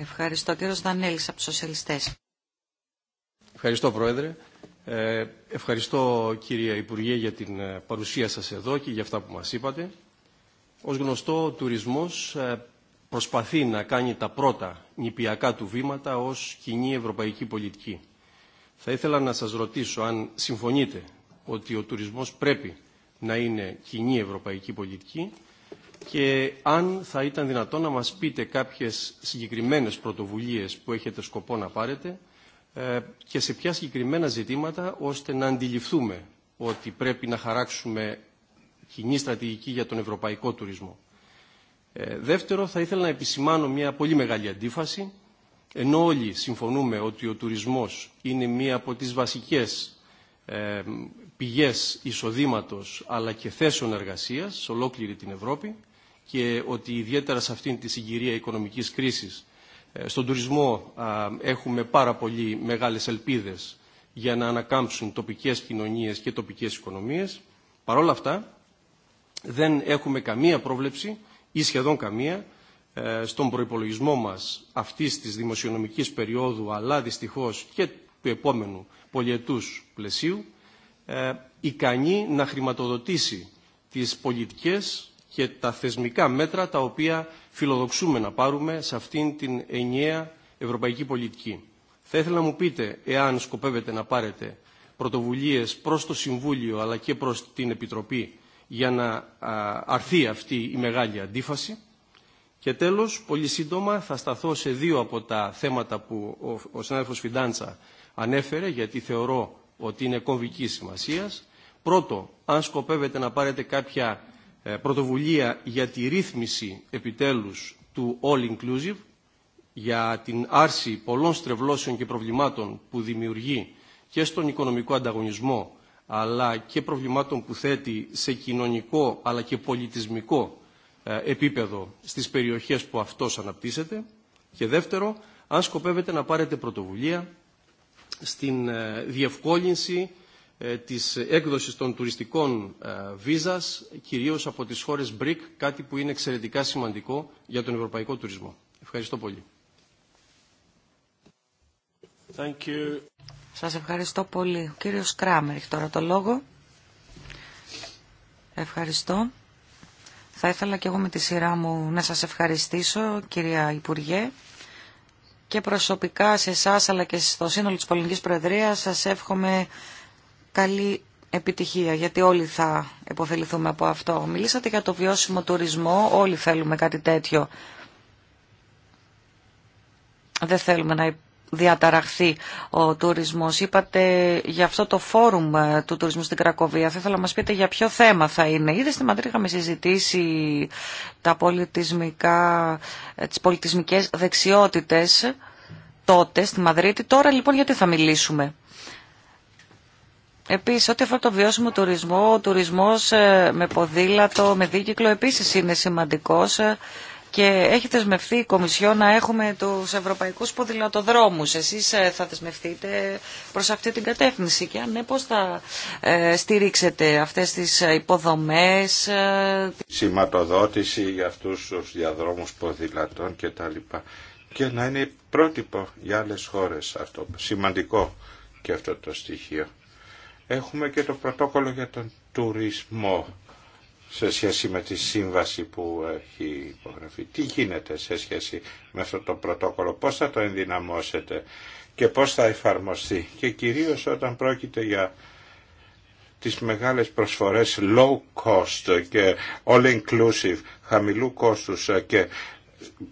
Ευχαριστώ κύριο Δανέλης από τους Σοσιαλιστές. Ευχαριστώ Πρόεδρε. Ε, ευχαριστώ κύριε Υπουργέ για την ε, παρουσία σας εδώ και για αυτά που μας είπατε. Ως γνωστό, ο τουρισμός ε, προσπαθεί να κάνει τα πρώτα νηπιακά του βήματα ως κοινή ευρωπαϊκή πολιτική. Θα ήθελα να σας ρωτήσω αν συμφωνείτε ότι ο τουρισμός πρέπει να είναι κοινή ευρωπαϊκή πολιτική και αν θα ήταν δυνατόν να μας πείτε κάποιες συγκεκριμένες πρωτοβουλίες που έχετε σκοπό να πάρετε ε, και σε ποια συγκεκριμένα ζητήματα ώστε να αντιληφθούμε ότι πρέπει να χαράξουμε κοινή στρατηγική για τον ευρωπαϊκό τουρισμό. Ε, δεύτερο, θα ήθελα να επισημάνω μια πολύ μεγάλη αντίφαση. Ενώ όλοι συμφωνούμε ότι ο τουρισμός είναι μία από τις βασικές ε, πηγές εισοδήματος αλλά και θέσεων εργασίας σε ολόκληρη την Ευρώπη και ότι ιδιαίτερα σε αυτήν τη συγκυρία οικονομικής κρίσης ε, στον τουρισμό έχουμε πάρα πολύ μεγάλες ελπίδες για να ανακάμψουν τοπικές κοινωνίες και τοπικές οικονομίες. Παρ' όλα αυτά δεν έχουμε καμία πρόβλεψη ή σχεδόν καμία ε, στον προϋπολογισμό μας αυτής της δημοσιονομικής περίοδου αλλά δυστυχώς και του επόμενου πολιετούς πλαισίου ε, ικανή να χρηματοδοτήσει τις πολιτικές και τα θεσμικά μέτρα τα οποία φιλοδοξούμε να πάρουμε σε αυτήν την ενιαία ευρωπαϊκή πολιτική. Θα ήθελα να μου πείτε εάν σκοπεύετε να πάρετε πρωτοβουλίες προς το Συμβούλιο αλλά και προς την Επιτροπή για να αρθεί αυτή η μεγάλη αντίφαση. Και τέλος, πολύ σύντομα, θα σταθώ σε δύο από τα θέματα που ο συνάδελφος Φιντάντσα ανέφερε, γιατί θεωρώ ότι είναι κομβική σημασίας. Πρώτο, αν σκοπεύετε να πάρετε κάποια ε, πρωτοβουλία για τη ρύθμιση επιτέλους του All Inclusive, για την άρση πολλών στρεβλώσεων και προβλημάτων που δημιουργεί και στον οικονομικό ανταγωνισμό, αλλά και προβλημάτων που θέτει σε κοινωνικό αλλά και πολιτισμικό ε, επίπεδο στις περιοχές που αυτός αναπτύσσεται. Και δεύτερο, αν σκοπεύετε να πάρετε πρωτοβουλία στην ε, διευκόλυνση ε, της έκδοσης των τουριστικών ε, βίζας, κυρίως από τις χώρες BRIC, κάτι που είναι εξαιρετικά σημαντικό για τον ευρωπαϊκό τουρισμό. Ευχαριστώ πολύ. Thank you. Σας ευχαριστώ πολύ. Ο κύριος Κράμερ έχει τώρα το λόγο. Ευχαριστώ. Θα ήθελα και εγώ με τη σειρά μου να σας ευχαριστήσω, κυρία Υπουργέ. Και προσωπικά σε εσά αλλά και στο σύνολο της Πολωνικής Προεδρίας σας εύχομαι καλή επιτυχία, γιατί όλοι θα επωφεληθούμε από αυτό. Μιλήσατε για το βιώσιμο τουρισμό, όλοι θέλουμε κάτι τέτοιο. Δεν θέλουμε να διαταραχθεί ο τουρισμός. Είπατε για αυτό το φόρουμ ε, του τουρισμού στην Κρακοβία. Θα ήθελα να μας πείτε για ποιο θέμα θα είναι. Ήδη στη Μαντρή είχαμε συζητήσει τα πολιτισμικά, ε, τις πολιτισμικές δεξιότητες τότε στη Μαδρίτη. Τώρα λοιπόν γιατί θα μιλήσουμε. Επίση, ό,τι αφορά το βιώσιμο τουρισμό, ο τουρισμός ε, με ποδήλατο, με δίκυκλο, επίσης είναι σημαντικός ε, και έχει δεσμευτεί η Κομισιό να έχουμε του ευρωπαϊκούς ποδηλατοδρόμους. Εσείς ε, θα δεσμευτείτε προ αυτή την κατεύθυνση και αν ναι, πώ θα στηρίξετε αυτές τις υποδομές. Σηματοδότηση για αυτούς τους διαδρόμου ποδηλατών κτλ. Και να είναι πρότυπο για άλλε χώρε αυτό. Σημαντικό και αυτό το στοιχείο έχουμε και το πρωτόκολλο για τον τουρισμό σε σχέση με τη σύμβαση που έχει υπογραφεί. Τι γίνεται σε σχέση με αυτό το πρωτόκολλο, πώς θα το ενδυναμώσετε και πώς θα εφαρμοστεί. Και κυρίως όταν πρόκειται για τις μεγάλες προσφορές low cost και all inclusive, χαμηλού κόστους και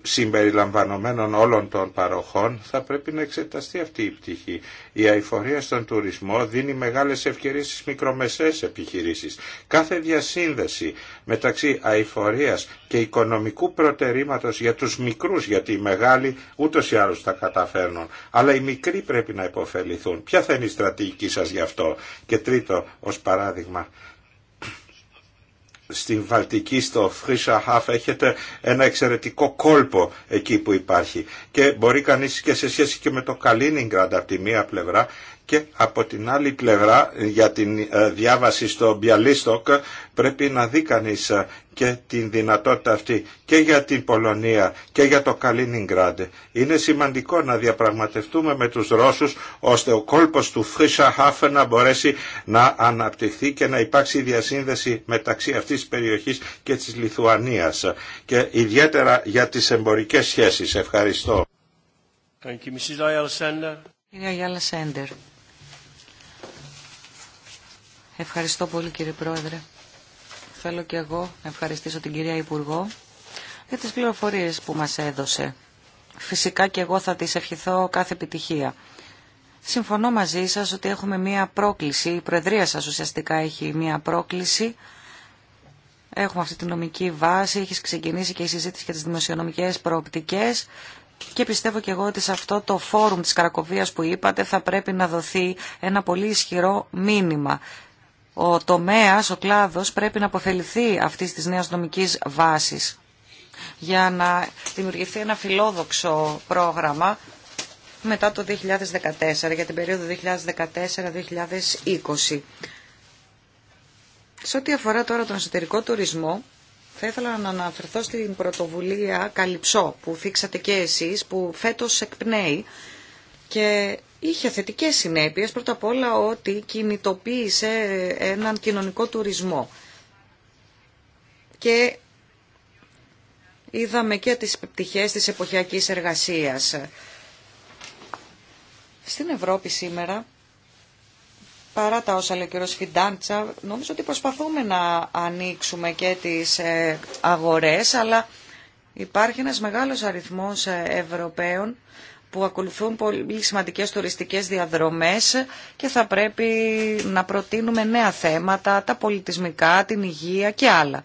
συμπεριλαμβανομένων όλων των παροχών θα πρέπει να εξεταστεί αυτή η πτυχή. Η αηφορία στον τουρισμό δίνει μεγάλες ευκαιρίες στις μικρομεσαίες επιχειρήσεις. Κάθε διασύνδεση μεταξύ αηφορίας και οικονομικού προτερήματος για τους μικρούς, γιατί οι μεγάλοι ούτως ή άλλως τα καταφέρνουν. Αλλά οι μικροί πρέπει να υποφεληθούν. Ποια θα είναι η στρατηγική σας γι' αυτό. Και τρίτο, ως παράδειγμα, στην Βαλτική, στο Φρίσα Χαφ, έχετε ένα εξαιρετικό κόλπο εκεί που υπάρχει. Και μπορεί κανείς και σε σχέση και με το Καλίνιγκραντ από τη μία πλευρά και από την άλλη πλευρά για την ε, διάβαση στο Μπιαλίστοκ πρέπει να δει κανεί ε, και την δυνατότητα αυτή και για την Πολωνία και για το Καλίνιγκραντ. Είναι σημαντικό να διαπραγματευτούμε με τους Ρώσους ώστε ο κόλπος του Φρίσα Χάφε να μπορέσει να αναπτυχθεί και να υπάρξει διασύνδεση μεταξύ αυτής της περιοχής και της Λιθουανίας και ιδιαίτερα για τις εμπορικές σχέσεις. Ευχαριστώ. Ευχαριστώ πολύ κύριε Πρόεδρε. Θέλω και εγώ να ευχαριστήσω την κυρία Υπουργό για τις πληροφορίες που μας έδωσε. Φυσικά και εγώ θα της ευχηθώ κάθε επιτυχία. Συμφωνώ μαζί σας ότι έχουμε μία πρόκληση, η Προεδρία σας ουσιαστικά έχει μία πρόκληση. Έχουμε αυτή τη νομική βάση, έχει ξεκινήσει και η συζήτηση για τις δημοσιονομικές προοπτικές και πιστεύω και εγώ ότι σε αυτό το φόρουμ της Καρακοβίας που είπατε θα πρέπει να δοθεί ένα πολύ ισχυρό μήνυμα ο τομέας, ο κλάδος πρέπει να αποθεληθεί αυτής της νέας νομικής βάσης για να δημιουργηθεί ένα φιλόδοξο πρόγραμμα μετά το 2014, για την περίοδο 2014-2020. Σε ό,τι αφορά τώρα τον εσωτερικό τουρισμό, θα ήθελα να αναφερθώ στην πρωτοβουλία Καλυψό που φίξατε και εσείς, που φέτος εκπνέει και είχε θετικές συνέπειες, πρώτα απ' όλα ότι κινητοποίησε έναν κοινωνικό τουρισμό. Και είδαμε και τις πτυχές της εποχιακής εργασίας. Στην Ευρώπη σήμερα, παρά τα όσα λέει ο Φιντάντσα, νομίζω ότι προσπαθούμε να ανοίξουμε και τις ε, αγορές, αλλά υπάρχει ένας μεγάλος αριθμός ε, Ευρωπαίων που ακολουθούν πολύ σημαντικές τουριστικές διαδρομές και θα πρέπει να προτείνουμε νέα θέματα, τα πολιτισμικά, την υγεία και άλλα.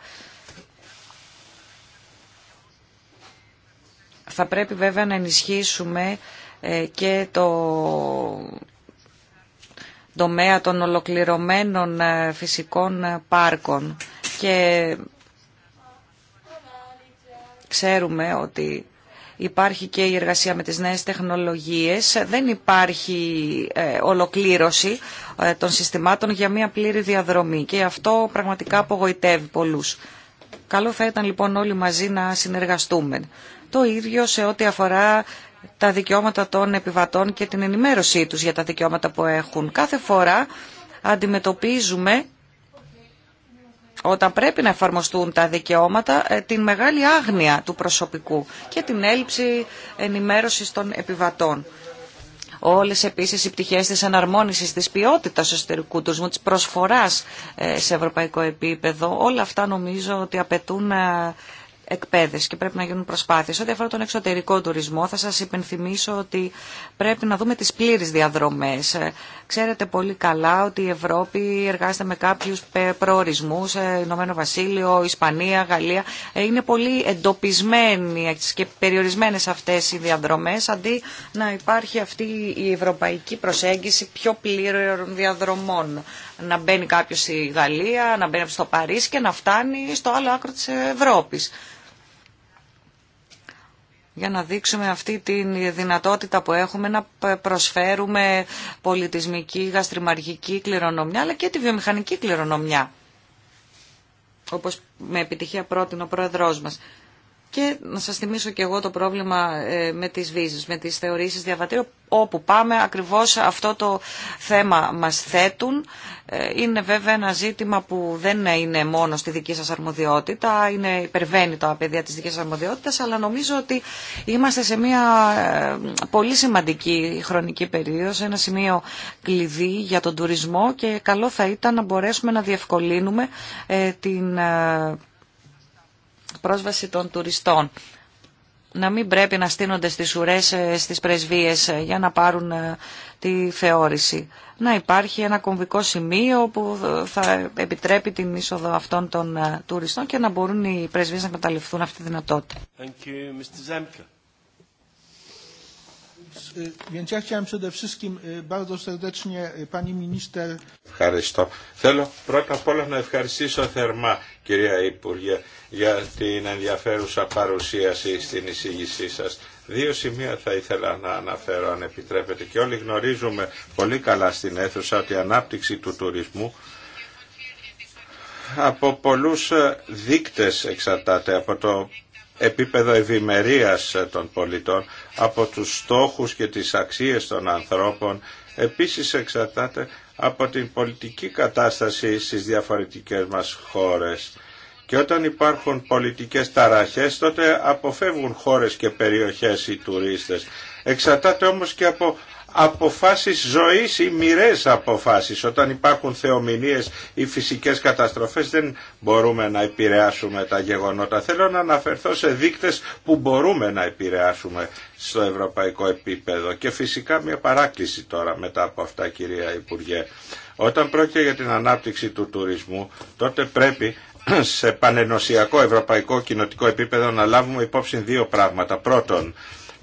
Θα πρέπει βέβαια να ενισχύσουμε ε, και το τομέα των ολοκληρωμένων ε, φυσικών πάρκων και ξέρουμε ότι Υπάρχει και η εργασία με τις νέες τεχνολογίες. Δεν υπάρχει ε, ολοκλήρωση ε, των συστημάτων για μια πλήρη διαδρομή και αυτό πραγματικά απογοητεύει πολλούς. Καλό θα ήταν λοιπόν όλοι μαζί να συνεργαστούμε. Το ίδιο σε ό,τι αφορά τα δικαιώματα των επιβατών και την ενημέρωσή τους για τα δικαιώματα που έχουν. Κάθε φορά αντιμετωπίζουμε όταν πρέπει να εφαρμοστούν τα δικαιώματα, ε, την μεγάλη άγνοια του προσωπικού και την έλλειψη ενημέρωσης των επιβατών. Όλες επίσης οι πτυχές της αναρμόνισης της ποιότητας του εσωτερικού τουρισμού, της προσφοράς ε, σε ευρωπαϊκό επίπεδο, όλα αυτά νομίζω ότι απαιτούν ε, εκπαίδευση και πρέπει να γίνουν προσπάθειες. Ό,τι αφορά τον εξωτερικό τουρισμό θα σας υπενθυμίσω ότι πρέπει να δούμε τις πλήρεις διαδρομές. Ξέρετε πολύ καλά ότι η Ευρώπη εργάζεται με κάποιους προορισμούς, ε, Ηνωμένο Βασίλειο, Ισπανία, Γαλλία. Ε, είναι πολύ εντοπισμένοι και περιορισμένες αυτές οι διαδρομές αντί να υπάρχει αυτή η ευρωπαϊκή προσέγγιση πιο πλήρων διαδρομών. Να μπαίνει κάποιο στη Γαλλία, να μπαίνει στο Παρίσι και να φτάνει στο άλλο άκρο της Ευρώπης για να δείξουμε αυτή τη δυνατότητα που έχουμε να προσφέρουμε πολιτισμική, γαστριμαργική κληρονομιά, αλλά και τη βιομηχανική κληρονομιά, όπως με επιτυχία πρότεινε ο πρόεδρός μας. Και να σας θυμίσω και εγώ το πρόβλημα ε, με τις βίζες, με τις θεωρήσεις διαβατήριο, όπου πάμε ακριβώς αυτό το θέμα μας θέτουν. Ε, είναι βέβαια ένα ζήτημα που δεν είναι μόνο στη δική σας αρμοδιότητα, είναι υπερβαίνει το απαιδεία της δικής σας αρμοδιότητας, αλλά νομίζω ότι είμαστε σε μια ε, πολύ σημαντική χρονική περίοδο, ένα σημείο κλειδί για τον τουρισμό και καλό θα ήταν να μπορέσουμε να διευκολύνουμε την πρόσβαση των τουριστών. Να μην πρέπει να στείνονται στις ουρές, ε, στις πρεσβείες ε, για να πάρουν ε, τη θεώρηση. Να υπάρχει ένα κομβικό σημείο που θα επιτρέπει την είσοδο αυτών των τουριστών και να μπορούν οι πρεσβείες να καταληφθούν αυτή τη δυνατότητα. Ευχαριστώ. Θέλω πρώτα απ' όλα να ευχαριστήσω θερμά κυρία Υπουργέ για την ενδιαφέρουσα παρουσίαση στην εισήγησή σας. Δύο σημεία θα ήθελα να αναφέρω αν επιτρέπετε και όλοι γνωρίζουμε πολύ καλά στην αίθουσα ότι η ανάπτυξη του τουρισμού από πολλούς ε, δείκτες εξαρτάται από το επίπεδο ευημερίας των πολιτών, από τους στόχους και τις αξίες των ανθρώπων, επίσης εξαρτάται από την πολιτική κατάσταση στις διαφορετικές μας χώρες. Και όταν υπάρχουν πολιτικές ταραχές, τότε αποφεύγουν χώρες και περιοχές οι τουρίστες. Εξαρτάται όμως και από αποφάσεις ζωής ή μοιρές αποφάσεις. Όταν υπάρχουν θεομηνίες ή φυσικές καταστροφές δεν μπορούμε να επηρεάσουμε τα γεγονότα. Θέλω να αναφερθώ σε δείκτες που μπορούμε να επηρεάσουμε στο ευρωπαϊκό επίπεδο. Και φυσικά μια παράκληση τώρα μετά από αυτά κυρία Υπουργέ. Όταν πρόκειται για την ανάπτυξη του τουρισμού, τότε πρέπει σε πανενοσιακό ευρωπαϊκό κοινοτικό επίπεδο να λάβουμε υπόψη δύο πράγματα. Πρώτον,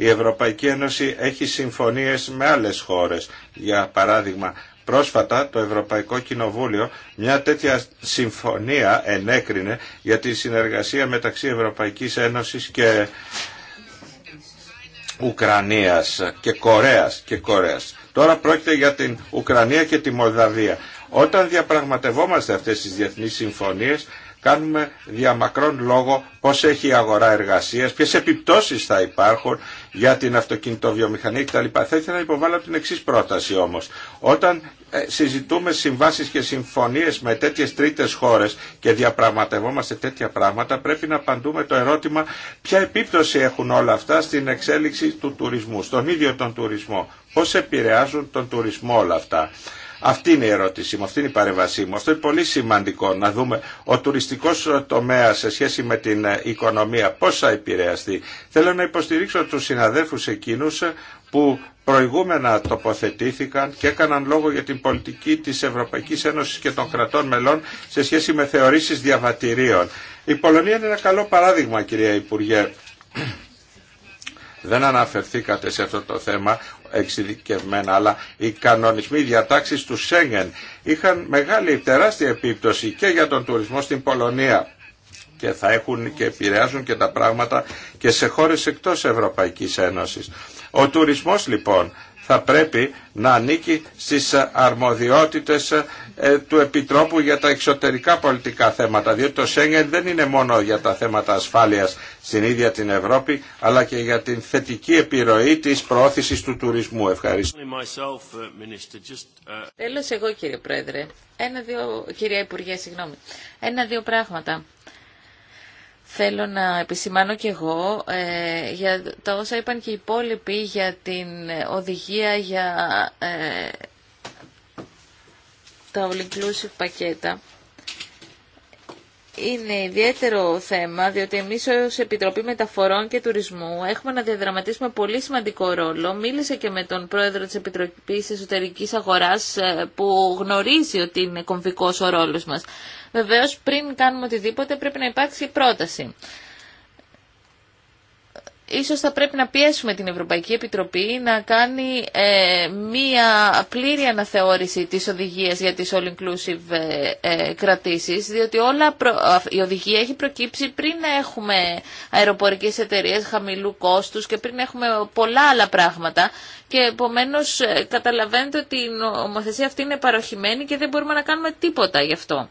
η Ευρωπαϊκή Ένωση έχει συμφωνίες με άλλες χώρες. Για παράδειγμα, Πρόσφατα το Ευρωπαϊκό Κοινοβούλιο μια τέτοια συμφωνία ενέκρινε για τη συνεργασία μεταξύ Ευρωπαϊκής Ένωσης και Ουκρανίας και Κορέας και Κορέας. Τώρα πρόκειται για την Ουκρανία και τη Μολδαβία. Όταν διαπραγματευόμαστε αυτές τις διεθνείς συμφωνίες κάνουμε διαμακρόν λόγο πώς έχει η αγορά εργασίας, ποιες επιπτώσεις θα υπάρχουν για την αυτοκινητοβιομηχανία κτλ. Θα ήθελα να υποβάλω την εξής πρόταση όμως. Όταν ε, συζητούμε συμβάσεις και συμφωνίες με τέτοιες τρίτες χώρες και διαπραγματευόμαστε τέτοια πράγματα, πρέπει να απαντούμε το ερώτημα ποια επίπτωση έχουν όλα αυτά στην εξέλιξη του τουρισμού, στον ίδιο τον τουρισμό. Πώς επηρεάζουν τον τουρισμό όλα αυτά. Αυτή είναι η ερώτησή μου, αυτή είναι η παρεμβασή μου. Αυτό είναι πολύ σημαντικό να δούμε ο τουριστικός τομέας σε σχέση με την οικονομία πώς θα επηρεαστεί. Θέλω να υποστηρίξω τους συναδέλφους εκείνους που προηγούμενα τοποθετήθηκαν και έκαναν λόγο για την πολιτική της Ευρωπαϊκής Ένωσης και των κρατών μελών σε σχέση με θεωρήσεις διαβατηρίων. Η Πολωνία είναι ένα καλό παράδειγμα κυρία Υπουργέ. Δεν αναφερθήκατε σε αυτό το θέμα εξειδικευμένα, αλλά οι κανονισμοί διατάξεις του Σέγγεν είχαν μεγάλη τεράστια επίπτωση και για τον τουρισμό στην Πολωνία και θα έχουν και επηρεάζουν και τα πράγματα και σε χώρες εκτός Ευρωπαϊκής Ένωσης. Ο τουρισμός λοιπόν θα πρέπει να ανήκει στις αρμοδιότητες ε, του Επιτρόπου για τα εξωτερικά πολιτικά θέματα, διότι το Σέγγεν δεν είναι μόνο για τα θέματα ασφάλειας στην ίδια την Ευρώπη, αλλά και για την θετική επιρροή της προώθησης του τουρισμού. Ευχαριστώ. Uh, uh, Τέλος εγώ κύριε Πρόεδρε, ένα, δύο, κυρία Υπουργέ, συγγνώμη, ένα-δύο πράγματα. Θέλω να επισημάνω και εγώ ε, για τα όσα είπαν και οι υπόλοιποι για την οδηγία για ε, τα all inclusive πακέτα είναι ιδιαίτερο θέμα, διότι εμείς ως Επιτροπή Μεταφορών και Τουρισμού έχουμε να διαδραματίσουμε πολύ σημαντικό ρόλο. Μίλησε και με τον πρόεδρο της Επιτροπής Εσωτερικής Αγοράς ε, που γνωρίζει ότι είναι κομβικός ο ρόλος μας. Βεβαίως πριν κάνουμε οτιδήποτε πρέπει να υπάρξει πρόταση. Ίσως θα πρέπει να πιέσουμε την Ευρωπαϊκή Επιτροπή να κάνει ε, μία πλήρη αναθεώρηση της οδηγίας για τις all-inclusive ε, ε κρατήσεις, διότι όλα η οδηγία έχει προκύψει πριν να έχουμε αεροπορικές εταιρείες χαμηλού κόστους και πριν έχουμε πολλά άλλα πράγματα και επομένω ε, καταλαβαίνετε ότι η νομοθεσία αυτή είναι παροχημένη και δεν μπορούμε να κάνουμε τίποτα γι' αυτό.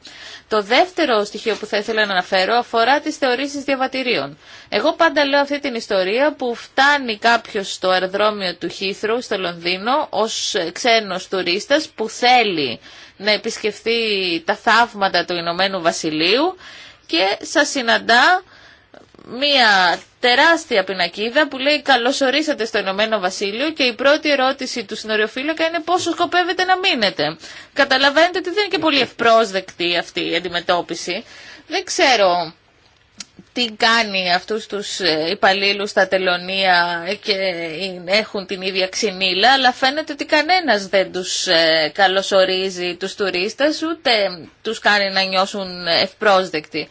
Το δεύτερο στοιχείο που θα ήθελα να αναφέρω αφορά τι θεωρήσει διαβατηρίων. Εγώ πάντα λέω αυτή την ιστορία που φτάνει κάποιο στο αεροδρόμιο του Χήθρου στο Λονδίνο ω ξένος τουρίστα που θέλει να επισκεφθεί τα θαύματα του Ηνωμένου Βασιλείου και σας συναντά μία τεράστια πινακίδα που λέει «Καλώς ορίσατε στο Ηνωμένο Βασίλειο» και η πρώτη ερώτηση του συνοριοφύλακα είναι «Πόσο σκοπεύετε να μείνετε». Καταλαβαίνετε ότι δεν είναι και πολύ ευπρόσδεκτη αυτή η αντιμετώπιση. Δεν ξέρω τι κάνει αυτούς τους ε, υπαλλήλους στα τελωνία και έχουν την ίδια ξυνήλα, αλλά φαίνεται ότι κανένας δεν τους ε, καλωσορίζει τους τουρίστες, ούτε τους κάνει να νιώσουν ευπρόσδεκτοι.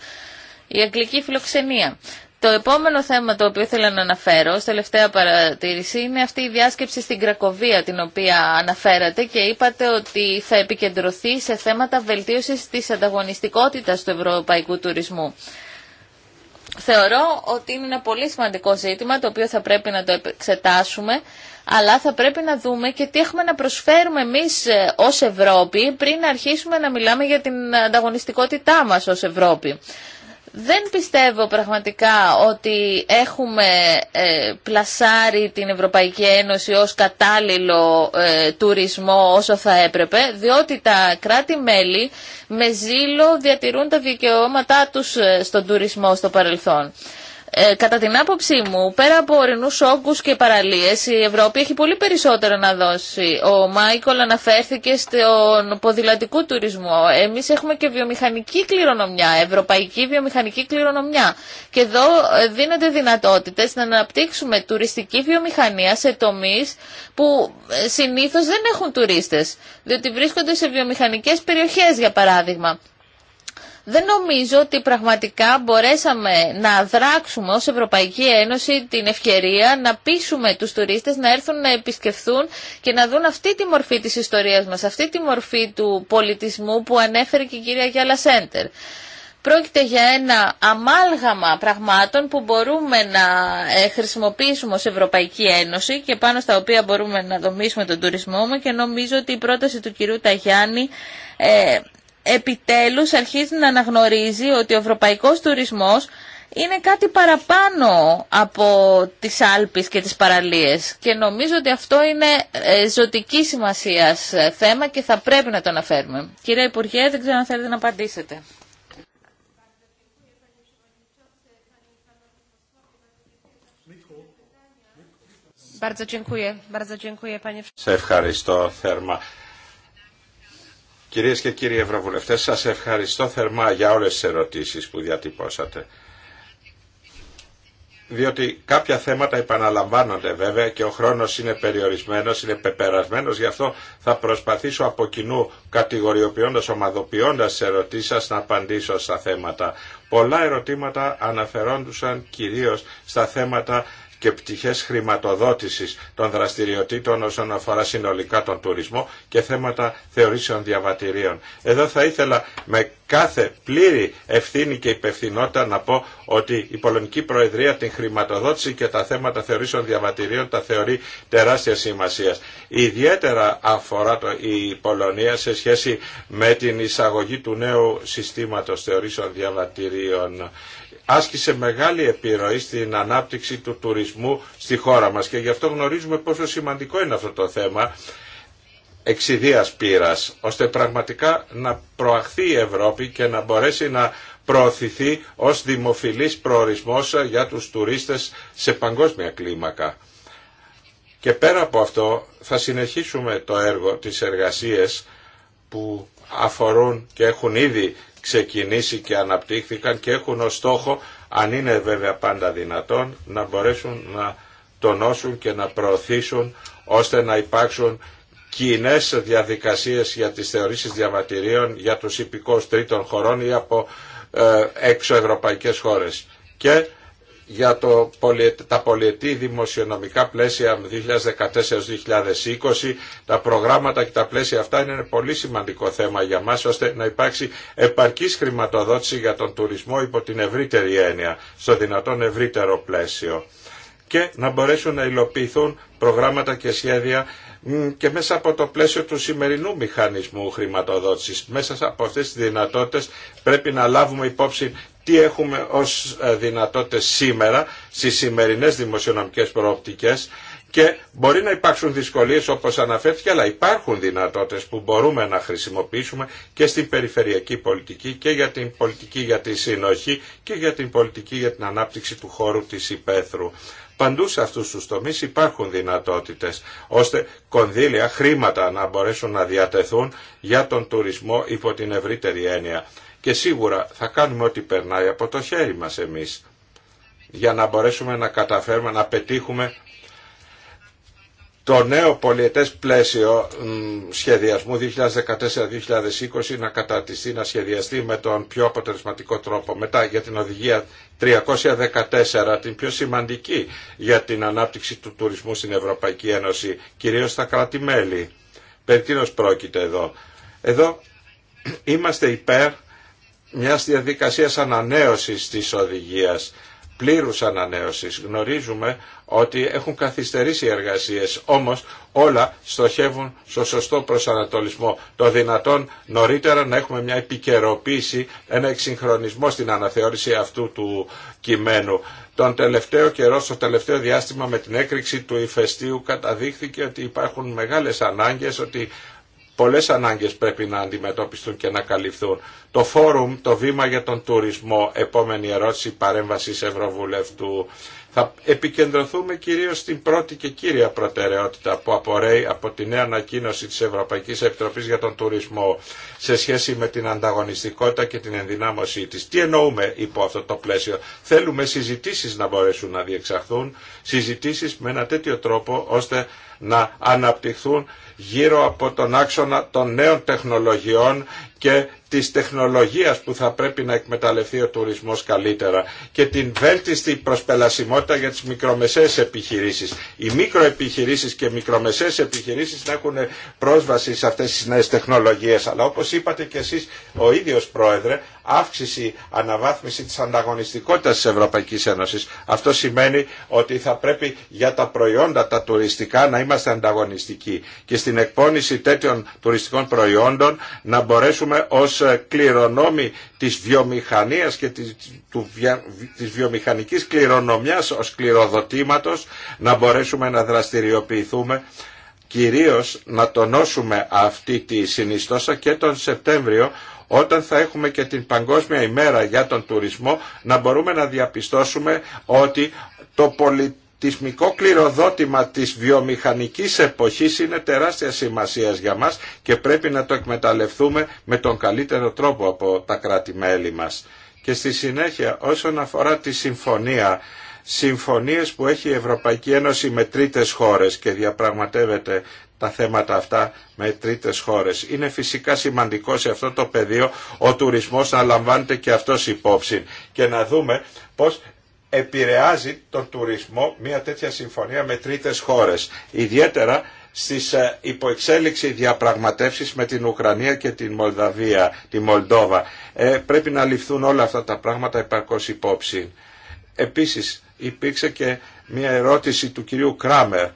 Η αγγλική φιλοξενία. Το επόμενο θέμα το οποίο ήθελα να αναφέρω, ως τελευταία παρατήρηση, είναι αυτή η διάσκεψη στην Κρακοβία, την οποία αναφέρατε και είπατε ότι θα επικεντρωθεί σε θέματα βελτίωσης της ανταγωνιστικότητας του ευρωπαϊκού τουρισμού. Θεωρώ ότι είναι ένα πολύ σημαντικό ζήτημα το οποίο θα πρέπει να το εξετάσουμε, αλλά θα πρέπει να δούμε και τι έχουμε να προσφέρουμε εμείς ε, ως Ευρώπη πριν να αρχίσουμε να μιλάμε για την ανταγωνιστικότητά μας ως Ευρώπη. Δεν πιστεύω πραγματικά ότι έχουμε ε, πλασάρει την Ευρωπαϊκή Ένωση ως κατάλληλο ε, τουρισμό όσο θα έπρεπε, διότι τα κράτη-μέλη με ζήλο διατηρούν τα δικαιώματά τους ε, στον τουρισμό στο παρελθόν. Ε, κατά την άποψή μου, πέρα από ορεινού όγκου και παραλίε, η Ευρώπη έχει πολύ περισσότερο να δώσει. Ο Μάικολ αναφέρθηκε στον ποδηλατικό τουρισμό. Εμεί έχουμε και βιομηχανική κληρονομιά, ευρωπαϊκή βιομηχανική κληρονομιά. Και εδώ ε, δίνονται δυνατότητε να αναπτύξουμε τουριστική βιομηχανία σε τομεί που ε, συνήθω δεν έχουν τουρίστε. Διότι βρίσκονται σε βιομηχανικέ περιοχέ, για παράδειγμα δεν νομίζω ότι πραγματικά μπορέσαμε να δράξουμε ως Ευρωπαϊκή Ένωση την ευκαιρία να πείσουμε τους τουρίστες να έρθουν να επισκεφθούν και να δουν αυτή τη μορφή της ιστορίας μας, αυτή τη μορφή του πολιτισμού που ανέφερε και η κυρία Γιάλα Σέντερ. Πρόκειται για ένα αμάλγαμα πραγμάτων που μπορούμε να ε, χρησιμοποιήσουμε ως Ευρωπαϊκή Ένωση και πάνω στα οποία μπορούμε να δομήσουμε τον τουρισμό μου και νομίζω ότι η πρόταση του κυρίου Ταγιάννη ε, επιτέλους αρχίζει να αναγνωρίζει ότι ο ευρωπαϊκός τουρισμός είναι κάτι παραπάνω από τις Άλπεις και τις παραλίες και νομίζω ότι αυτό είναι ε, ζωτική σημασία ε, θέμα και θα πρέπει να το αναφέρουμε. Κύριε Υπουργέ, δεν ξέρω αν θέλετε να απαντήσετε. Σε ευχαριστώ θερμά. Κυρίες και κύριοι Ευρωβουλευτές, σας ευχαριστώ θερμά για όλες τις ερωτήσεις που διατυπώσατε. Διότι κάποια θέματα επαναλαμβάνονται βέβαια και ο χρόνος είναι περιορισμένος, είναι πεπερασμένος, γι' αυτό θα προσπαθήσω από κοινού κατηγοριοποιώντας, ομαδοποιώντας τις ερωτήσεις σας να απαντήσω στα θέματα. Πολλά ερωτήματα αναφερόντουσαν κυρίως στα θέματα και πτυχές χρηματοδότησης των δραστηριοτήτων όσον αφορά συνολικά τον τουρισμό και θέματα θεωρήσεων διαβατηρίων. Εδώ θα ήθελα με κάθε πλήρη ευθύνη και υπευθυνότητα να πω ότι η Πολωνική Προεδρία την χρηματοδότηση και τα θέματα θεωρήσεων διαβατηρίων τα θεωρεί τεράστια σημασία. Ιδιαίτερα αφορά το, η Πολωνία σε σχέση με την εισαγωγή του νέου συστήματος θεωρήσεων διαβατηρίων άσκησε μεγάλη επιρροή στην ανάπτυξη του τουρισμού στη χώρα μας και γι' αυτό γνωρίζουμε πόσο σημαντικό είναι αυτό το θέμα εξιδίας πύρας, ώστε πραγματικά να προαχθεί η Ευρώπη και να μπορέσει να προωθηθεί ως δημοφιλής προορισμός για τους τουρίστες σε παγκόσμια κλίμακα. Και πέρα από αυτό θα συνεχίσουμε το έργο, τις εργασίες που αφορούν και έχουν ήδη ξεκινήσει και αναπτύχθηκαν και έχουν ως στόχο, αν είναι βέβαια πάντα δυνατόν, να μπορέσουν να τονώσουν και να προωθήσουν ώστε να υπάρξουν κοινέ διαδικασίες για τις θεωρήσεις διαβατηρίων για τους υπηκόους τρίτων χωρών ή από ε, έξω ευρωπαϊκές χώρες. Και για το, τα πολιετή δημοσιονομικά πλαίσια 2014-2020. Τα προγράμματα και τα πλαίσια αυτά είναι ένα πολύ σημαντικό θέμα για μας, ώστε να υπάρξει επαρκής χρηματοδότηση για τον τουρισμό υπό την ευρύτερη έννοια, στο δυνατόν ευρύτερο πλαίσιο και να μπορέσουν να υλοποιηθούν προγράμματα και σχέδια και μέσα από το πλαίσιο του σημερινού μηχανισμού χρηματοδότησης. Μέσα από αυτές τις δυνατότητες πρέπει να λάβουμε υπόψη τι έχουμε ως ε, δυνατότητες σήμερα στις σημερινές δημοσιονομικές προοπτικές και μπορεί να υπάρξουν δυσκολίες όπως αναφέρθηκε αλλά υπάρχουν δυνατότητες που μπορούμε να χρησιμοποιήσουμε και στην περιφερειακή πολιτική και για την πολιτική για τη συνοχή και για την πολιτική για την ανάπτυξη του χώρου της υπαίθρου. Παντού σε αυτούς τους τομείς υπάρχουν δυνατότητες ώστε κονδύλια, χρήματα να μπορέσουν να διατεθούν για τον τουρισμό υπό την ευρύτερη έννοια και σίγουρα θα κάνουμε ό,τι περνάει από το χέρι μας εμείς για να μπορέσουμε να καταφέρουμε να πετύχουμε το νέο πολιετές πλαίσιο σχεδιασμού 2014-2020 να κατατιστεί, να σχεδιαστεί με τον πιο αποτελεσματικό τρόπο. Μετά για την οδηγία 314, την πιο σημαντική για την ανάπτυξη του τουρισμού στην Ευρωπαϊκή Ένωση, κυρίως στα κράτη-μέλη. Περί πρόκειται εδώ. Εδώ είμαστε υπέρ μιας διαδικασίας ανανέωσης της οδηγίας, πλήρους ανανέωσης. Γνωρίζουμε ότι έχουν καθυστερήσει οι εργασίες, όμως όλα στοχεύουν στο σωστό προσανατολισμό. Το δυνατόν νωρίτερα να έχουμε μια επικαιροποίηση, ένα εξυγχρονισμό στην αναθεώρηση αυτού του κειμένου. Τον τελευταίο καιρό, στο τελευταίο διάστημα με την έκρηξη του ηφαιστείου καταδείχθηκε ότι υπάρχουν μεγάλες ανάγκες, ότι Πολλές ανάγκες πρέπει να αντιμετωπιστούν και να καλυφθούν. Το φόρουμ, το βήμα για τον τουρισμό, επόμενη ερώτηση παρέμβασης Ευρωβουλευτού. Θα επικεντρωθούμε κυρίως στην πρώτη και κύρια προτεραιότητα που απορρέει από τη νέα ανακοίνωση της Ευρωπαϊκής Επιτροπής για τον τουρισμό σε σχέση με την ανταγωνιστικότητα και την ενδυνάμωσή της. Τι εννοούμε υπό αυτό το πλαίσιο. Θέλουμε συζητήσεις να μπορέσουν να διεξαχθούν, συζητήσεις με ένα τέτοιο τρόπο ώστε να αναπτυχθούν γύρω από τον άξονα των νέων τεχνολογιών και της τεχνολογίας που θα πρέπει να εκμεταλλευτεί ο τουρισμός καλύτερα και την βέλτιστη προσπελασιμότητα για τις μικρομεσαίες επιχειρήσεις. Οι μικροεπιχειρήσεις και μικρομεσαίες επιχειρήσεις να έχουν πρόσβαση σε αυτές τις νέες τεχνολογίες. Αλλά όπως είπατε και εσείς ο ίδιος Πρόεδρε, αύξηση, αναβάθμιση της ανταγωνιστικότητας της Ευρωπαϊκής Ένωσης. Αυτό σημαίνει ότι θα πρέπει για τα προϊόντα τα τουριστικά να είμαστε ανταγωνιστικοί και στην εκπόνηση τέτοιων τουριστικών προϊόντων να μπορέσουμε Ω ως ε, κληρονόμοι της βιομηχανίας και της, του, της βιομηχανικής κληρονομιάς ως κληροδοτήματος να μπορέσουμε να δραστηριοποιηθούμε κυρίως να τονώσουμε αυτή τη συνιστόσα και τον Σεπτέμβριο όταν θα έχουμε και την Παγκόσμια ημέρα για τον τουρισμό να μπορούμε να διαπιστώσουμε ότι το πολιτικό πολιτισμικό κληροδότημα της βιομηχανικής εποχής είναι τεράστια σημασία για μας και πρέπει να το εκμεταλλευτούμε με τον καλύτερο τρόπο από τα κράτη-μέλη μας. Και στη συνέχεια όσον αφορά τη συμφωνία, συμφωνίες που έχει η Ευρωπαϊκή Ένωση με τρίτες χώρες και διαπραγματεύεται τα θέματα αυτά με τρίτες χώρες. Είναι φυσικά σημαντικό σε αυτό το πεδίο ο τουρισμός να λαμβάνεται και αυτός υπόψη και να δούμε πώς επηρεάζει τον τουρισμό μια τέτοια συμφωνία με τρίτες χώρες. Ιδιαίτερα στις ε, υποεξέλιξη διαπραγματεύσεις με την Ουκρανία και την Μολδαβία, τη Μολδόβα. Ε, πρέπει να ληφθούν όλα αυτά τα πράγματα υπαρκώς υπόψη. Επίσης υπήρξε και μια ερώτηση του κυρίου Κράμερ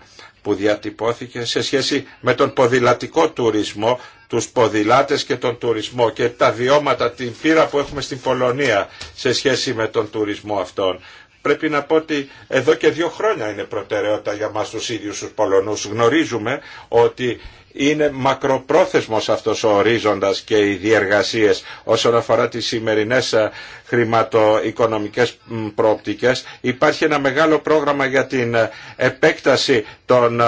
που διατυπώθηκε σε σχέση με τον ποδηλατικό τουρισμό, τους ποδηλάτες και τον τουρισμό και τα βιώματα, την πείρα που έχουμε στην Πολωνία σε σχέση με τον τουρισμό αυτόν. Πρέπει να πω ότι εδώ και δύο χρόνια είναι προτεραιότητα για μας τους ίδιους τους Πολωνούς. Γνωρίζουμε ότι είναι μακροπρόθεσμος αυτός ο ορίζοντας και οι διεργασίες όσον αφορά τις σημερινές ε, χρηματοοικονομικές προοπτικές. Υπάρχει ένα μεγάλο πρόγραμμα για την ε, επέκταση των ε,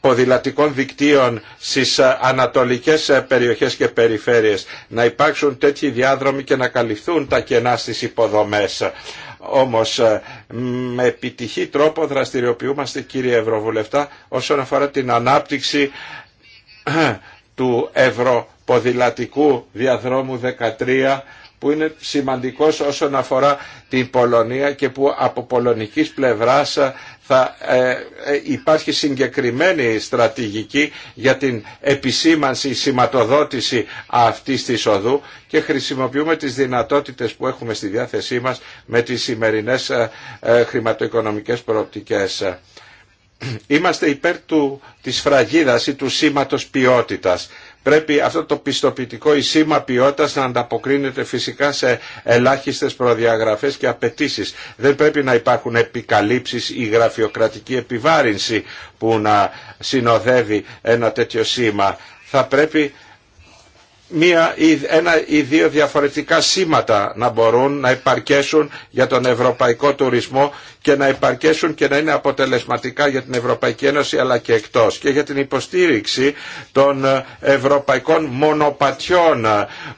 ποδηλατικών δικτύων στις ανατολικές περιοχές και περιφέρειες. Να υπάρξουν τέτοιοι διάδρομοι και να καλυφθούν τα κενά στις υποδομές. Όμως ε, με επιτυχή τρόπο δραστηριοποιούμαστε κύριε Ευρωβουλευτά όσον αφορά την ανάπτυξη ε, του Ευρωποδηλατικού διαδρόμου 13 που είναι σημαντικός όσον αφορά την Πολωνία και που από πολωνικής πλευράς ε, θα ε, ε, υπάρχει συγκεκριμένη στρατηγική για την επισήμανση, σηματοδότηση αυτής της οδού και χρησιμοποιούμε τις δυνατότητες που έχουμε στη διάθεσή μας με τις σημερινές ε, χρηματοοικονομικές προοπτικές. Είμαστε υπέρ του, της φραγίδας ή του σήματος ποιότητας. Πρέπει αυτό το πιστοποιητικό, η σήμα ποιότητας να ανταποκρίνεται φυσικά σε ελάχιστες προδιαγραφές και απαιτήσει. Δεν πρέπει να υπάρχουν επικαλύψεις ή γραφειοκρατική επιβάρυνση που να συνοδεύει ένα τέτοιο σήμα. Θα πρέπει μία ένα ή δύο διαφορετικά σήματα να μπορούν να υπαρκέσουν για τον ευρωπαϊκό τουρισμό και να υπαρκέσουν και να είναι αποτελεσματικά για την Ευρωπαϊκή Ένωση αλλά και εκτός και για την υποστήριξη των ευρωπαϊκών μονοπατιών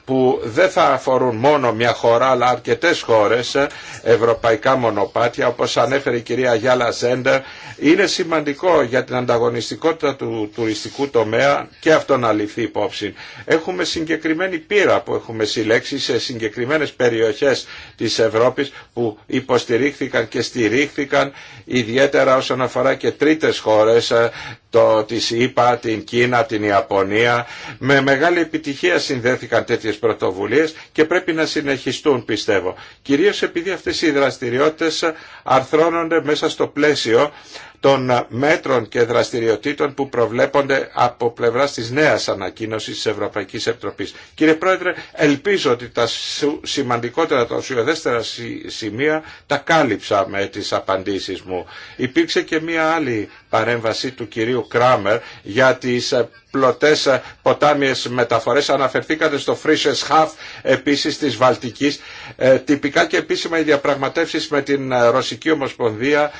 που δεν θα αφορούν μόνο μια χώρα αλλά αρκετές χώρες ευρωπαϊκά μονοπάτια όπως ανέφερε η κυρία Γιάλα Σέντερ είναι σημαντικό για την ανταγωνιστικότητα του τουριστικού τομέα και αυτό να ληφθεί υπόψη. Έχουμε συγκεκριμένη πύρα που έχουμε συλλέξει σε συγκεκριμένες περιοχές της Ευρώπης που υποστηρίχθηκαν και στηρίχθηκαν ιδιαίτερα όσον αφορά και τρίτες χώρες ε, το, της ΙΠΑ, την Κίνα, την Ιαπωνία. Με μεγάλη επιτυχία συνδέθηκαν τέτοιες πρωτοβουλίες και πρέπει να συνεχιστούν πιστεύω. Κυρίως επειδή αυτές οι δραστηριότητες ε, αρθρώνονται μέσα στο πλαίσιο των μέτρων και δραστηριοτήτων που προβλέπονται από πλευρά τη νέα ανακοίνωση τη Ευρωπαϊκή Επιτροπή. Κύριε Πρόεδρε, ελπίζω ότι τα σημαντικότερα, τα ουσιοδέστερα σημεία τα κάλυψα με τι απαντήσει μου. Υπήρξε και μία άλλη παρέμβαση του κυρίου Κράμερ για τι. Ε, πλωτές ε, ποτάμιες μεταφορές. Αναφερθήκατε στο Frisches Χαφ επίσης της Βαλτικής. Ε, τυπικά και επίσημα οι διαπραγματεύσεις με την ε, Ρωσική Ομοσπονδία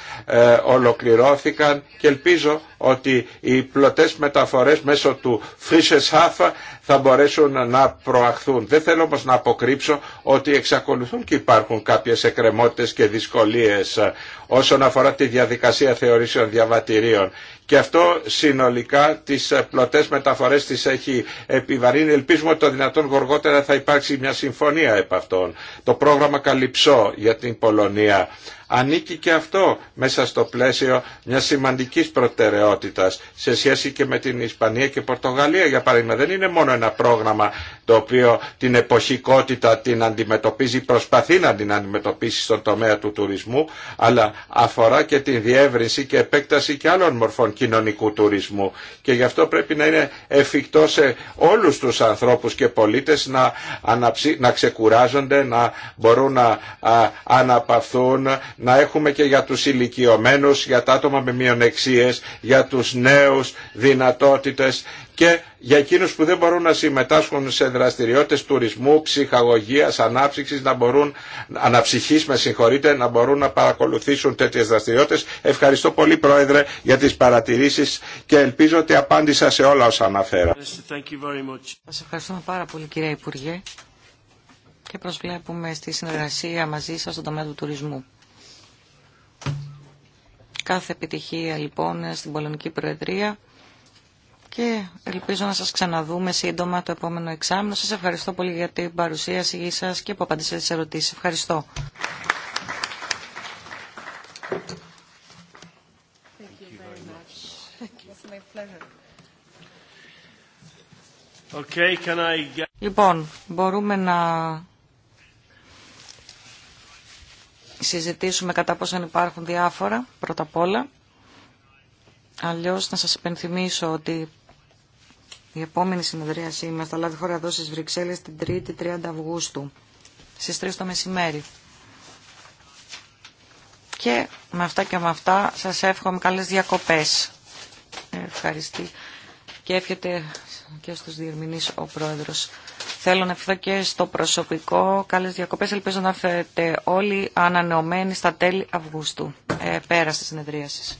ολοκληρώθηκαν και ελπίζω ότι οι πλωτές μεταφορές μέσω του Frisches Χαφ θα μπορέσουν να προαχθούν. Δεν θέλω όμως να αποκρύψω ότι εξακολουθούν και υπάρχουν κάποιες εκκρεμότητες και δυσκολίες όσον αφορά τη διαδικασία θεωρήσεων διαβατηρίων. Και αυτό συνολικά τις ε, πλωτές μεταφορές τις έχει επιβαρύνει. Ελπίζουμε ότι το δυνατόν γοργότερα θα υπάρξει μια συμφωνία επ' αυτών. Το πρόγραμμα Καλυψό για την Πολωνία ανήκει και αυτό μέσα στο πλαίσιο μιας σημαντικής προτεραιότητας σε σχέση και με την Ισπανία και Πορτογαλία για παράδειγμα. Δεν είναι μόνο ένα πρόγραμμα το οποίο την εποχικότητα την αντιμετωπίζει, προσπαθεί να την αντιμετωπίσει στον τομέα του τουρισμού αλλά αφορά και την διεύρυνση και επέκταση και άλλων μορφών κοινωνικού τουρισμού και γι' αυτό πρέπει να είναι εφικτό σε όλους τους ανθρώπους και πολίτες να, να ξεκουράζονται, να μπορούν να αναπαυθούν, να έχουμε και για τους ηλικιωμένους, για τα άτομα με μειονεξίες, για τους νέους δυνατότητες και για εκείνους που δεν μπορούν να συμμετάσχουν σε δραστηριότητες τουρισμού, ψυχαγωγίας, ανάψυξης, να μπορούν, αναψυχής με συγχωρείτε, να μπορούν να παρακολουθήσουν τέτοιες δραστηριότητες. Ευχαριστώ πολύ Πρόεδρε για τις παρατηρήσεις και ελπίζω ότι απάντησα σε όλα όσα αναφέρα. Σας ευχαριστούμε πάρα πολύ κύριε Υπουργέ και προσβλέπουμε στη συνεργασία μαζί σας στον τομέα του τουρισμού. Κάθε επιτυχία λοιπόν στην Πολωνική Προεδρία και ελπίζω να σας ξαναδούμε σύντομα το επόμενο εξάμεινο. Σας ευχαριστώ πολύ για την παρουσίαση σας και που απαντήσατε τις ερωτήσεις. Ευχαριστώ. Okay, can I... Λοιπόν, μπορούμε να συζητήσουμε κατά πόσον υπάρχουν διάφορα, πρώτα απ' όλα. Αλλιώς να σας υπενθυμίσω ότι η επόμενη συνεδρία μας θα λάβει χώρα εδώ στις Βρυξέλλες την 3η 30 Αυγούστου στις 3 το μεσημέρι. Και με αυτά και με αυτά σας εύχομαι καλές διακοπές. Ευχαριστή. Και εύχεται και στους διερμηνείς ο Πρόεδρος. Θέλω να ευχηθώ και στο προσωπικό. Καλές διακοπές. Ελπίζω να έρθετε όλοι ανανεωμένοι στα τέλη Αυγούστου. Ε, πέρα στις